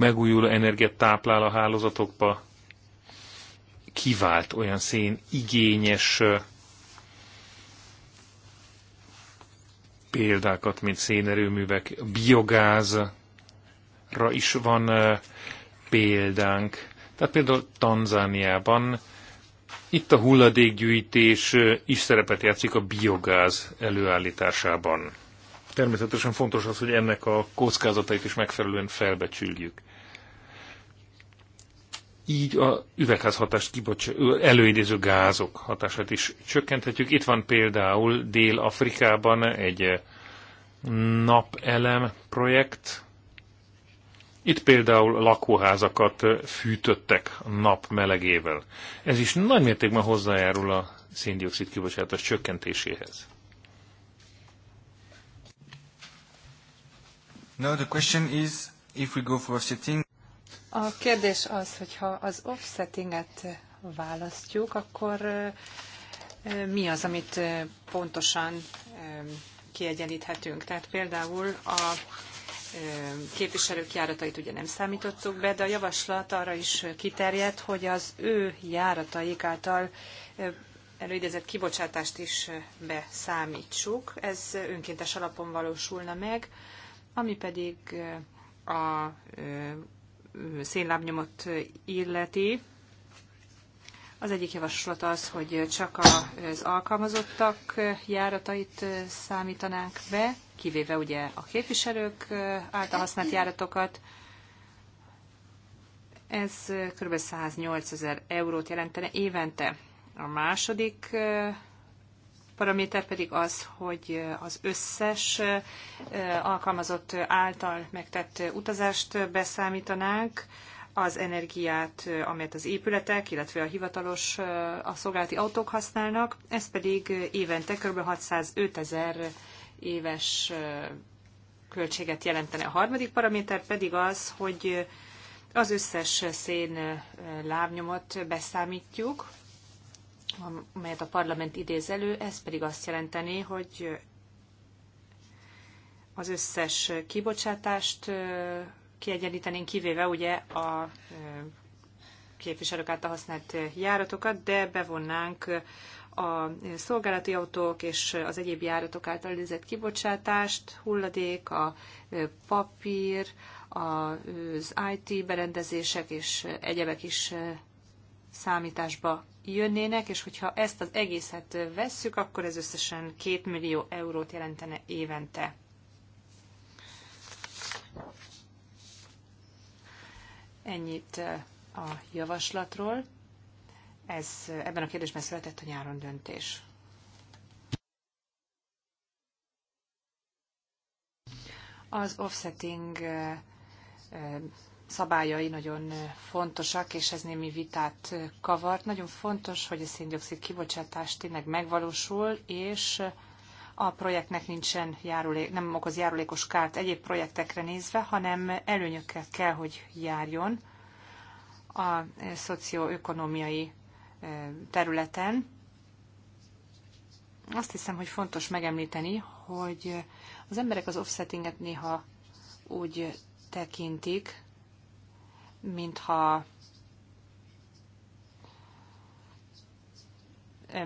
megújuló energiát táplál a hálózatokba, kivált olyan szén igényes példákat, mint szénerőművek, biogázra is van példánk. Tehát például Tanzániában itt a hulladékgyűjtés is szerepet játszik a biogáz előállításában. Természetesen fontos az, hogy ennek a kockázatait is megfelelően felbecsüljük így a üvegházhatást kibocs, előidéző gázok hatását is csökkenthetjük. Itt van például Dél-Afrikában egy eh, napelem projekt. Itt például lakóházakat eh, fűtöttek nap melegével. Ez is nagy mértékben hozzájárul a széndiokszid kibocsátás csökkentéséhez. Now the question is, if we go for sitting, a kérdés az, hogyha az offsettinget választjuk, akkor mi az, amit pontosan kiegyenlíthetünk? Tehát például a képviselők járatait ugye nem számítottuk be, de a javaslat arra is kiterjedt, hogy az ő járataik által előidézett kibocsátást is beszámítsuk. Ez önkéntes alapon valósulna meg, ami pedig a szénlábnyomot illeti, az egyik javaslat az, hogy csak az alkalmazottak járatait számítanánk be, kivéve ugye a képviselők által használt járatokat. Ez kb. 108 ezer eurót jelentene évente. A második paraméter pedig az, hogy az összes alkalmazott által megtett utazást beszámítanánk, az energiát, amelyet az épületek, illetve a hivatalos a szolgálati autók használnak, ez pedig évente kb. 605 ezer éves költséget jelentene. A harmadik paraméter pedig az, hogy az összes szén lábnyomot beszámítjuk, amelyet a parlament idéz elő, ez pedig azt jelenteni, hogy az összes kibocsátást kiegyenlítenénk, kivéve ugye a képviselők által használt járatokat, de bevonnánk a szolgálati autók és az egyéb járatok által idézett kibocsátást, hulladék, a papír, az IT berendezések és egyebek is számításba jönnének, és hogyha ezt az egészet vesszük, akkor ez összesen 2 millió eurót jelentene évente. Ennyit eh, a javaslatról. Ez, eh, ebben a kérdésben született a nyáron döntés. Az offsetting eh, szabályai nagyon fontosak, és ez némi vitát kavart. Nagyon fontos, hogy a széndiokszid kibocsátás tényleg megvalósul, és a projektnek nincsen járulék, nem okoz járulékos kárt egyéb projektekre nézve, hanem előnyökkel kell, hogy járjon a szocioökonomiai e, területen. Azt hiszem, hogy fontos megemlíteni, hogy az emberek az offsettinget néha úgy tekintik, mintha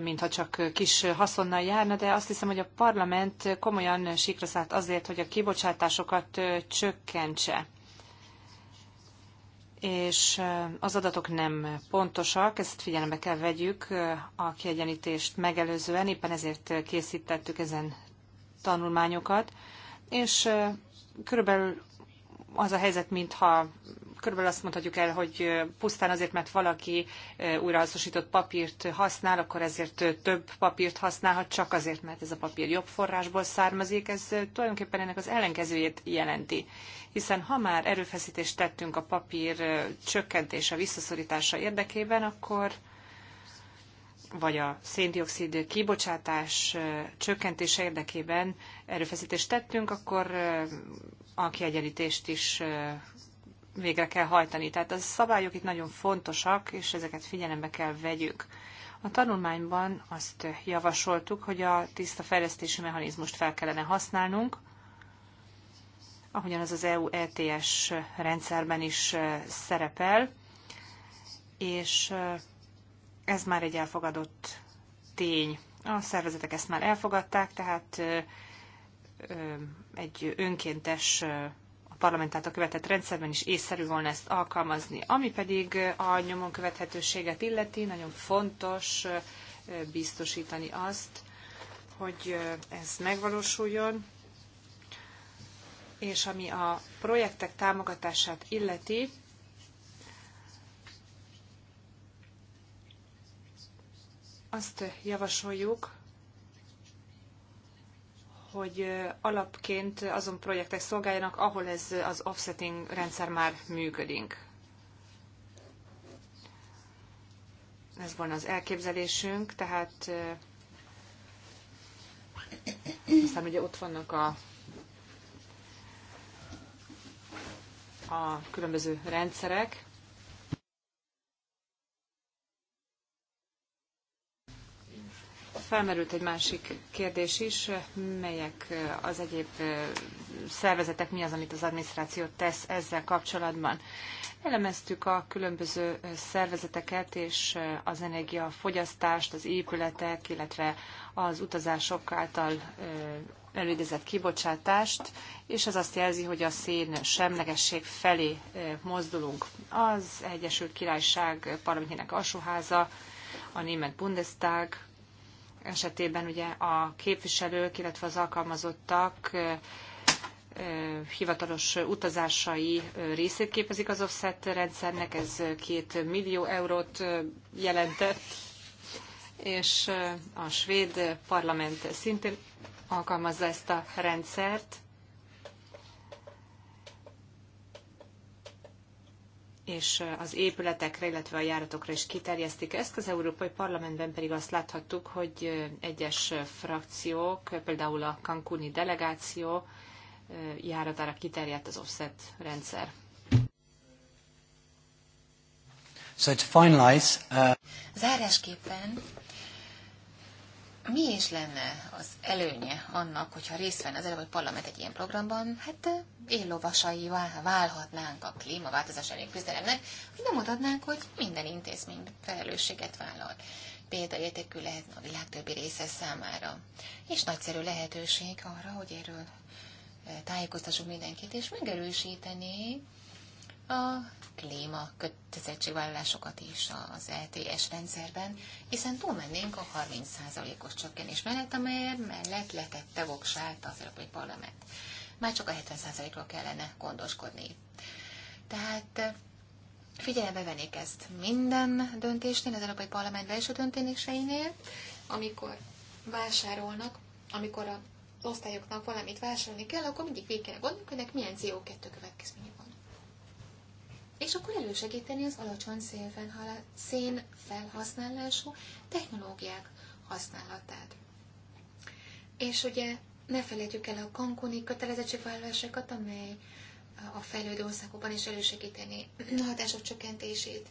mintha csak kis haszonnal járna, de azt hiszem, hogy a parlament komolyan síkra szállt azért, hogy a kibocsátásokat csökkentse. És az adatok nem pontosak, ezt figyelembe kell vegyük a kiegyenítést megelőzően, éppen ezért készítettük ezen tanulmányokat, és körülbelül az a helyzet, mintha körülbelül azt mondhatjuk el, hogy pusztán azért, mert valaki újrahasznosított papírt használ, akkor ezért több papírt használhat, csak azért, mert ez a papír jobb forrásból származik. Ez tulajdonképpen ennek az ellenkezőjét jelenti. Hiszen ha már erőfeszítést tettünk a papír csökkentése, visszaszorítása érdekében, akkor vagy a széndiokszid kibocsátás csökkentése érdekében erőfeszítést tettünk, akkor a kiegyenlítést is végre kell hajtani. Tehát a szabályok itt nagyon fontosak, és ezeket figyelembe kell vegyük. A tanulmányban azt javasoltuk, hogy a tiszta fejlesztési mechanizmust fel kellene használnunk, ahogyan az az EU ETS rendszerben is szerepel, és ez már egy elfogadott tény. A szervezetek ezt már elfogadták, tehát egy önkéntes parlament által követett rendszerben is észszerű volna ezt alkalmazni. Ami pedig a nyomon követhetőséget illeti, nagyon fontos biztosítani azt, hogy ez megvalósuljon, és ami a projektek támogatását illeti, azt javasoljuk, hogy alapként azon projektek szolgáljanak, ahol ez az offsetting rendszer már működik. Ez volna az elképzelésünk, tehát aztán ugye ott vannak a a különböző rendszerek. felmerült egy másik kérdés is, melyek az egyéb szervezetek, mi az, amit az adminisztráció tesz ezzel kapcsolatban. Elemeztük a különböző szervezeteket és az energiafogyasztást, az épületek, illetve az utazások által előidézett kibocsátást, és ez azt jelzi, hogy a szén semlegesség felé mozdulunk. Az Egyesült Királyság parlamentjének alsóháza, a német Bundestag esetében ugye a képviselők, illetve az alkalmazottak hivatalos utazásai részét képezik az offset rendszernek, ez két millió eurót jelentett, és a svéd parlament szintén alkalmazza ezt a rendszert. és az épületekre, illetve a járatokra is kiterjesztik ezt. Az Európai Parlamentben pedig azt láthattuk, hogy egyes frakciók, például a Cancúni delegáció járatára kiterjedt az offset rendszer. So to finalize, uh... Zárásképpen mi is lenne az előnye annak, hogyha részt venne az Európai Parlament egy ilyen programban? Hát éllovasai válhatnánk a klímaváltozás elég küzdelemnek, hogy mutatnánk, hogy minden intézmény felelősséget vállal. Példaértékű lehetne a világ többi része számára. És nagyszerű lehetőség arra, hogy erről tájékoztassuk mindenkit, és megerősíteni a klíma kötelezettségvállalásokat is az LTS e rendszerben, hiszen túlmennénk a 30%-os csökkenés mellett, amely mellett letette voksát az Európai Parlament. Már csak a 70%-ról kellene gondoskodni. Tehát eh, figyelembe vennék ezt minden döntésnél, az Európai Parlament belső döntéseinél, amikor vásárolnak, amikor a osztályoknak valamit vásárolni kell, akkor mindig végig kell gondolni, hogy ennek milyen CO2 következménye és akkor elősegíteni az alacsony szén felhasználású technológiák használatát. És ugye ne felejtjük el a kankuni kötelezettségvállalásokat, amely a fejlődő országokban is elősegíteni a hatások csökkentését.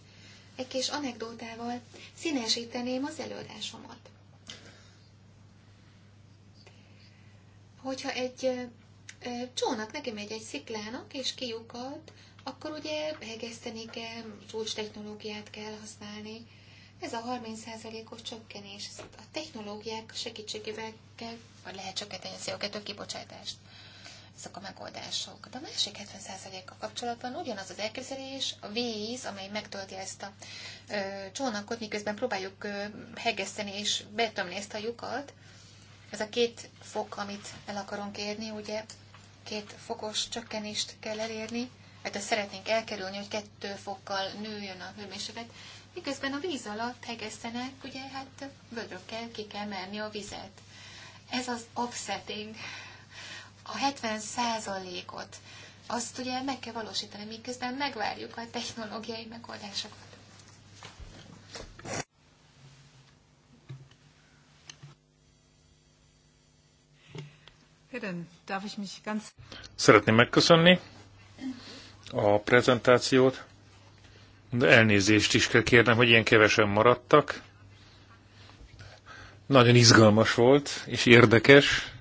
Egy kis anekdótával színesíteném az előadásomat. Hogyha egy csónak neki megy egy sziklának, és kiukad akkor ugye hegeszteni kell, csúcs technológiát kell használni. Ez a 30%-os csökkenés, a technológiák segítségével kell, vagy lehet csökkenteni a CO2 kibocsátást. Ezek a megoldások. De a másik 70%-a kapcsolatban ugyanaz az elképzelés, a víz, amely megtölti ezt a ö, csónakot, miközben próbáljuk ö, hegeszteni és betömni ezt a lyukat. Ez a két fok, amit el akarunk érni, ugye két fokos csökkenést kell elérni, hát azt szeretnénk elkerülni, hogy kettő fokkal nőjön a hőmérséklet, miközben a víz alatt hegesztenek, ugye hát vödrökkel ki kell menni a vizet. Ez az offsetting, a 70 százalékot, azt ugye meg kell valósítani, miközben megvárjuk a technológiai megoldásokat. Szeretném megköszönni a prezentációt, de elnézést is kell kérnem, hogy ilyen kevesen maradtak. Nagyon izgalmas volt, és érdekes.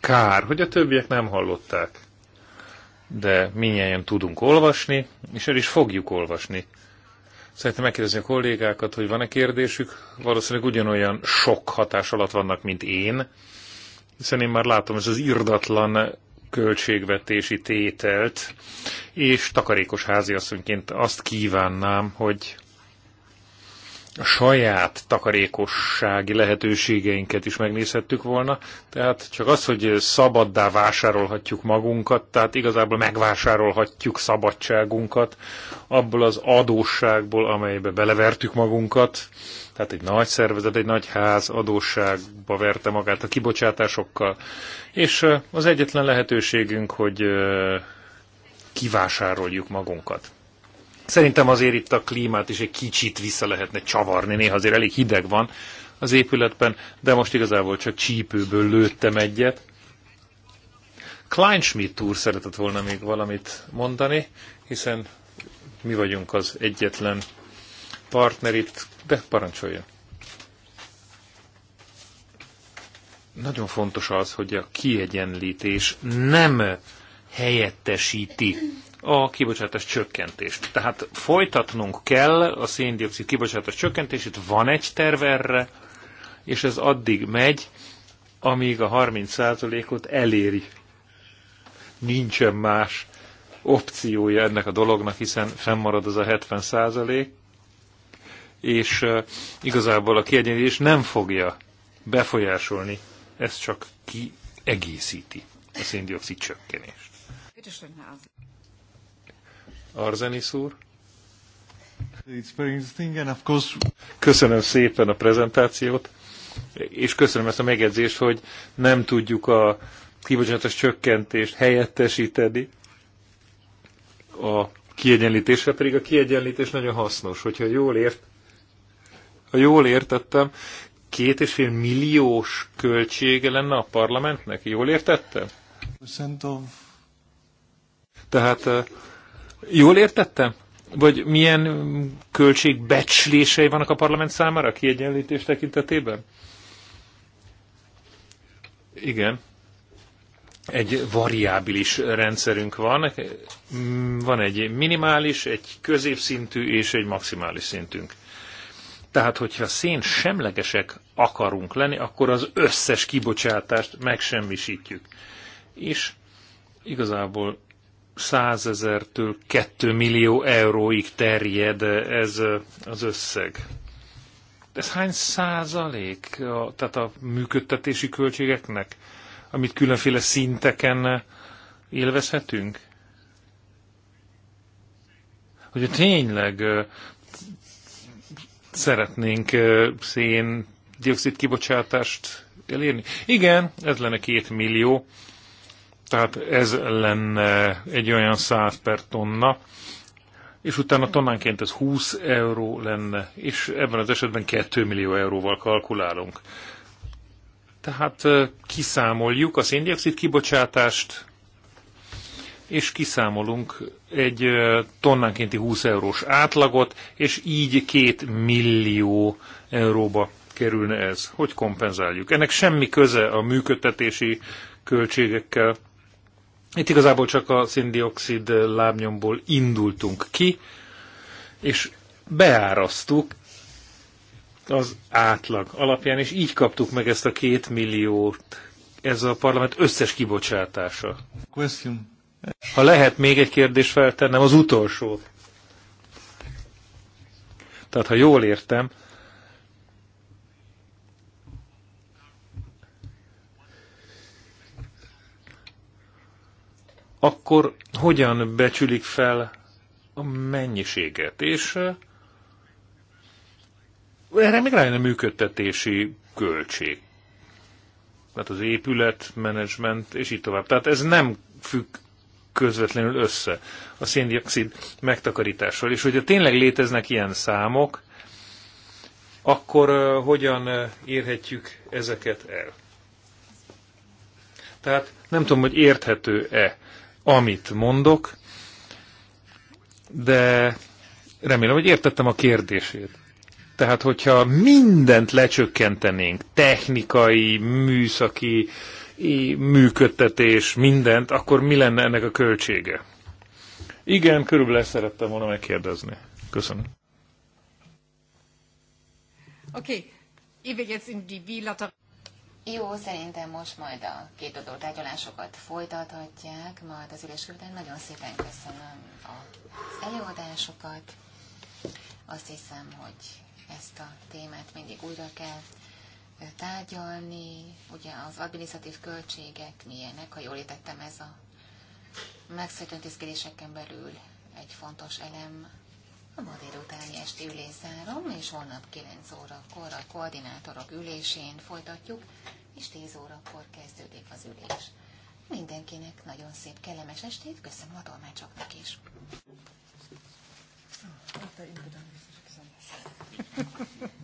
Kár, hogy a többiek nem hallották. De minnyáján tudunk olvasni, és el is fogjuk olvasni. Szeretném megkérdezni a kollégákat, hogy van-e kérdésük. Valószínűleg ugyanolyan sok hatás alatt vannak, mint én, hiszen én már látom, ez az irdatlan költségvetési tételt, és takarékos háziasszonyként azt kívánnám, hogy a saját takarékossági lehetőségeinket is megnézhettük volna. Tehát csak az, hogy szabaddá vásárolhatjuk magunkat, tehát igazából megvásárolhatjuk szabadságunkat abból az adósságból, amelybe belevertük magunkat. Tehát egy nagy szervezet, egy nagy ház adósságba verte magát a kibocsátásokkal. És az egyetlen lehetőségünk, hogy kivásároljuk magunkat. Szerintem azért itt a klímát is egy kicsit vissza lehetne csavarni, néha azért elég hideg van az épületben, de most igazából csak csípőből lőttem egyet. Klein úr szeretett volna még valamit mondani, hiszen mi vagyunk az egyetlen partner itt, de parancsoljon. Nagyon fontos az, hogy a kiegyenlítés nem helyettesíti a kibocsátás csökkentést. Tehát folytatnunk kell a széndiokszid kibocsátás csökkentését, van egy terv erre, és ez addig megy, amíg a 30%-ot eléri. Nincsen más opciója ennek a dolognak, hiszen fennmarad az a 70%, és igazából a kiegyenlítés nem fogja befolyásolni, ez csak kiegészíti a széndiokszid csökkenést. Arzenis úr. Köszönöm szépen a prezentációt, és köszönöm ezt a megjegyzést, hogy nem tudjuk a kibocsátás csökkentést helyettesíteni a kiegyenlítésre, pedig a kiegyenlítés nagyon hasznos, hogyha jól ért, ha jól értettem, két és fél milliós költsége lenne a parlamentnek, jól értettem? Tehát eh, Jól értettem? Vagy milyen költségbecslései vannak a parlament számára kiegyenlítés tekintetében? Igen. Egy variábilis rendszerünk van. Van egy minimális, egy középszintű és egy maximális szintünk. Tehát, hogyha szén semlegesek akarunk lenni, akkor az összes kibocsátást megsemmisítjük. És igazából százezertől 2 millió euróig terjed ez az összeg. Ez hány százalék, a, tehát a működtetési költségeknek, amit különféle szinteken élvezhetünk? Hogy tényleg szeretnénk szén dioxid kibocsátást elérni. Igen, ez lenne két millió, tehát ez lenne egy olyan 100 per tonna, és utána tonnánként ez 20 euró lenne, és ebben az esetben 2 millió euróval kalkulálunk. Tehát kiszámoljuk a széndiokszid kibocsátást, és kiszámolunk egy tonnánkénti 20 eurós átlagot, és így 2 millió euróba kerülne ez. Hogy kompenzáljuk? Ennek semmi köze a működtetési költségekkel, itt igazából csak a szindioxid lábnyomból indultunk ki, és beárasztuk az átlag alapján, és így kaptuk meg ezt a két milliót. Ez a parlament összes kibocsátása. Question. Ha lehet még egy kérdést feltennem, az utolsó. Tehát, ha jól értem, akkor hogyan becsülik fel a mennyiséget? És erre még rájön a működtetési költség. Tehát az épület, menedzsment, és így tovább. Tehát ez nem függ közvetlenül össze a széndiokszid megtakarítással. És hogyha tényleg léteznek ilyen számok, akkor hogyan érhetjük ezeket el? Tehát nem tudom, hogy érthető-e amit mondok, de remélem, hogy értettem a kérdését. Tehát, hogyha mindent lecsökkentenénk, technikai, műszaki, működtetés, mindent, akkor mi lenne ennek a költsége? Igen, körülbelül ezt szerettem volna megkérdezni. Köszönöm. Oké, okay. Jó, szerintem most majd a két adó tárgyalásokat folytathatják, majd az ülés után nagyon szépen köszönöm az előadásokat. Azt hiszem, hogy ezt a témát mindig újra kell tárgyalni, ugye az adminisztratív költségek milyenek, ha jól értettem, ez a megszerint intézkedéseken belül egy fontos elem a ma délutáni esti ülés zárom, és holnap 9 órakor a koordinátorok ülésén folytatjuk, és 10 órakor kezdődik az ülés. Mindenkinek nagyon szép, kellemes estét, köszönöm a tolmácsoknak is. Ah,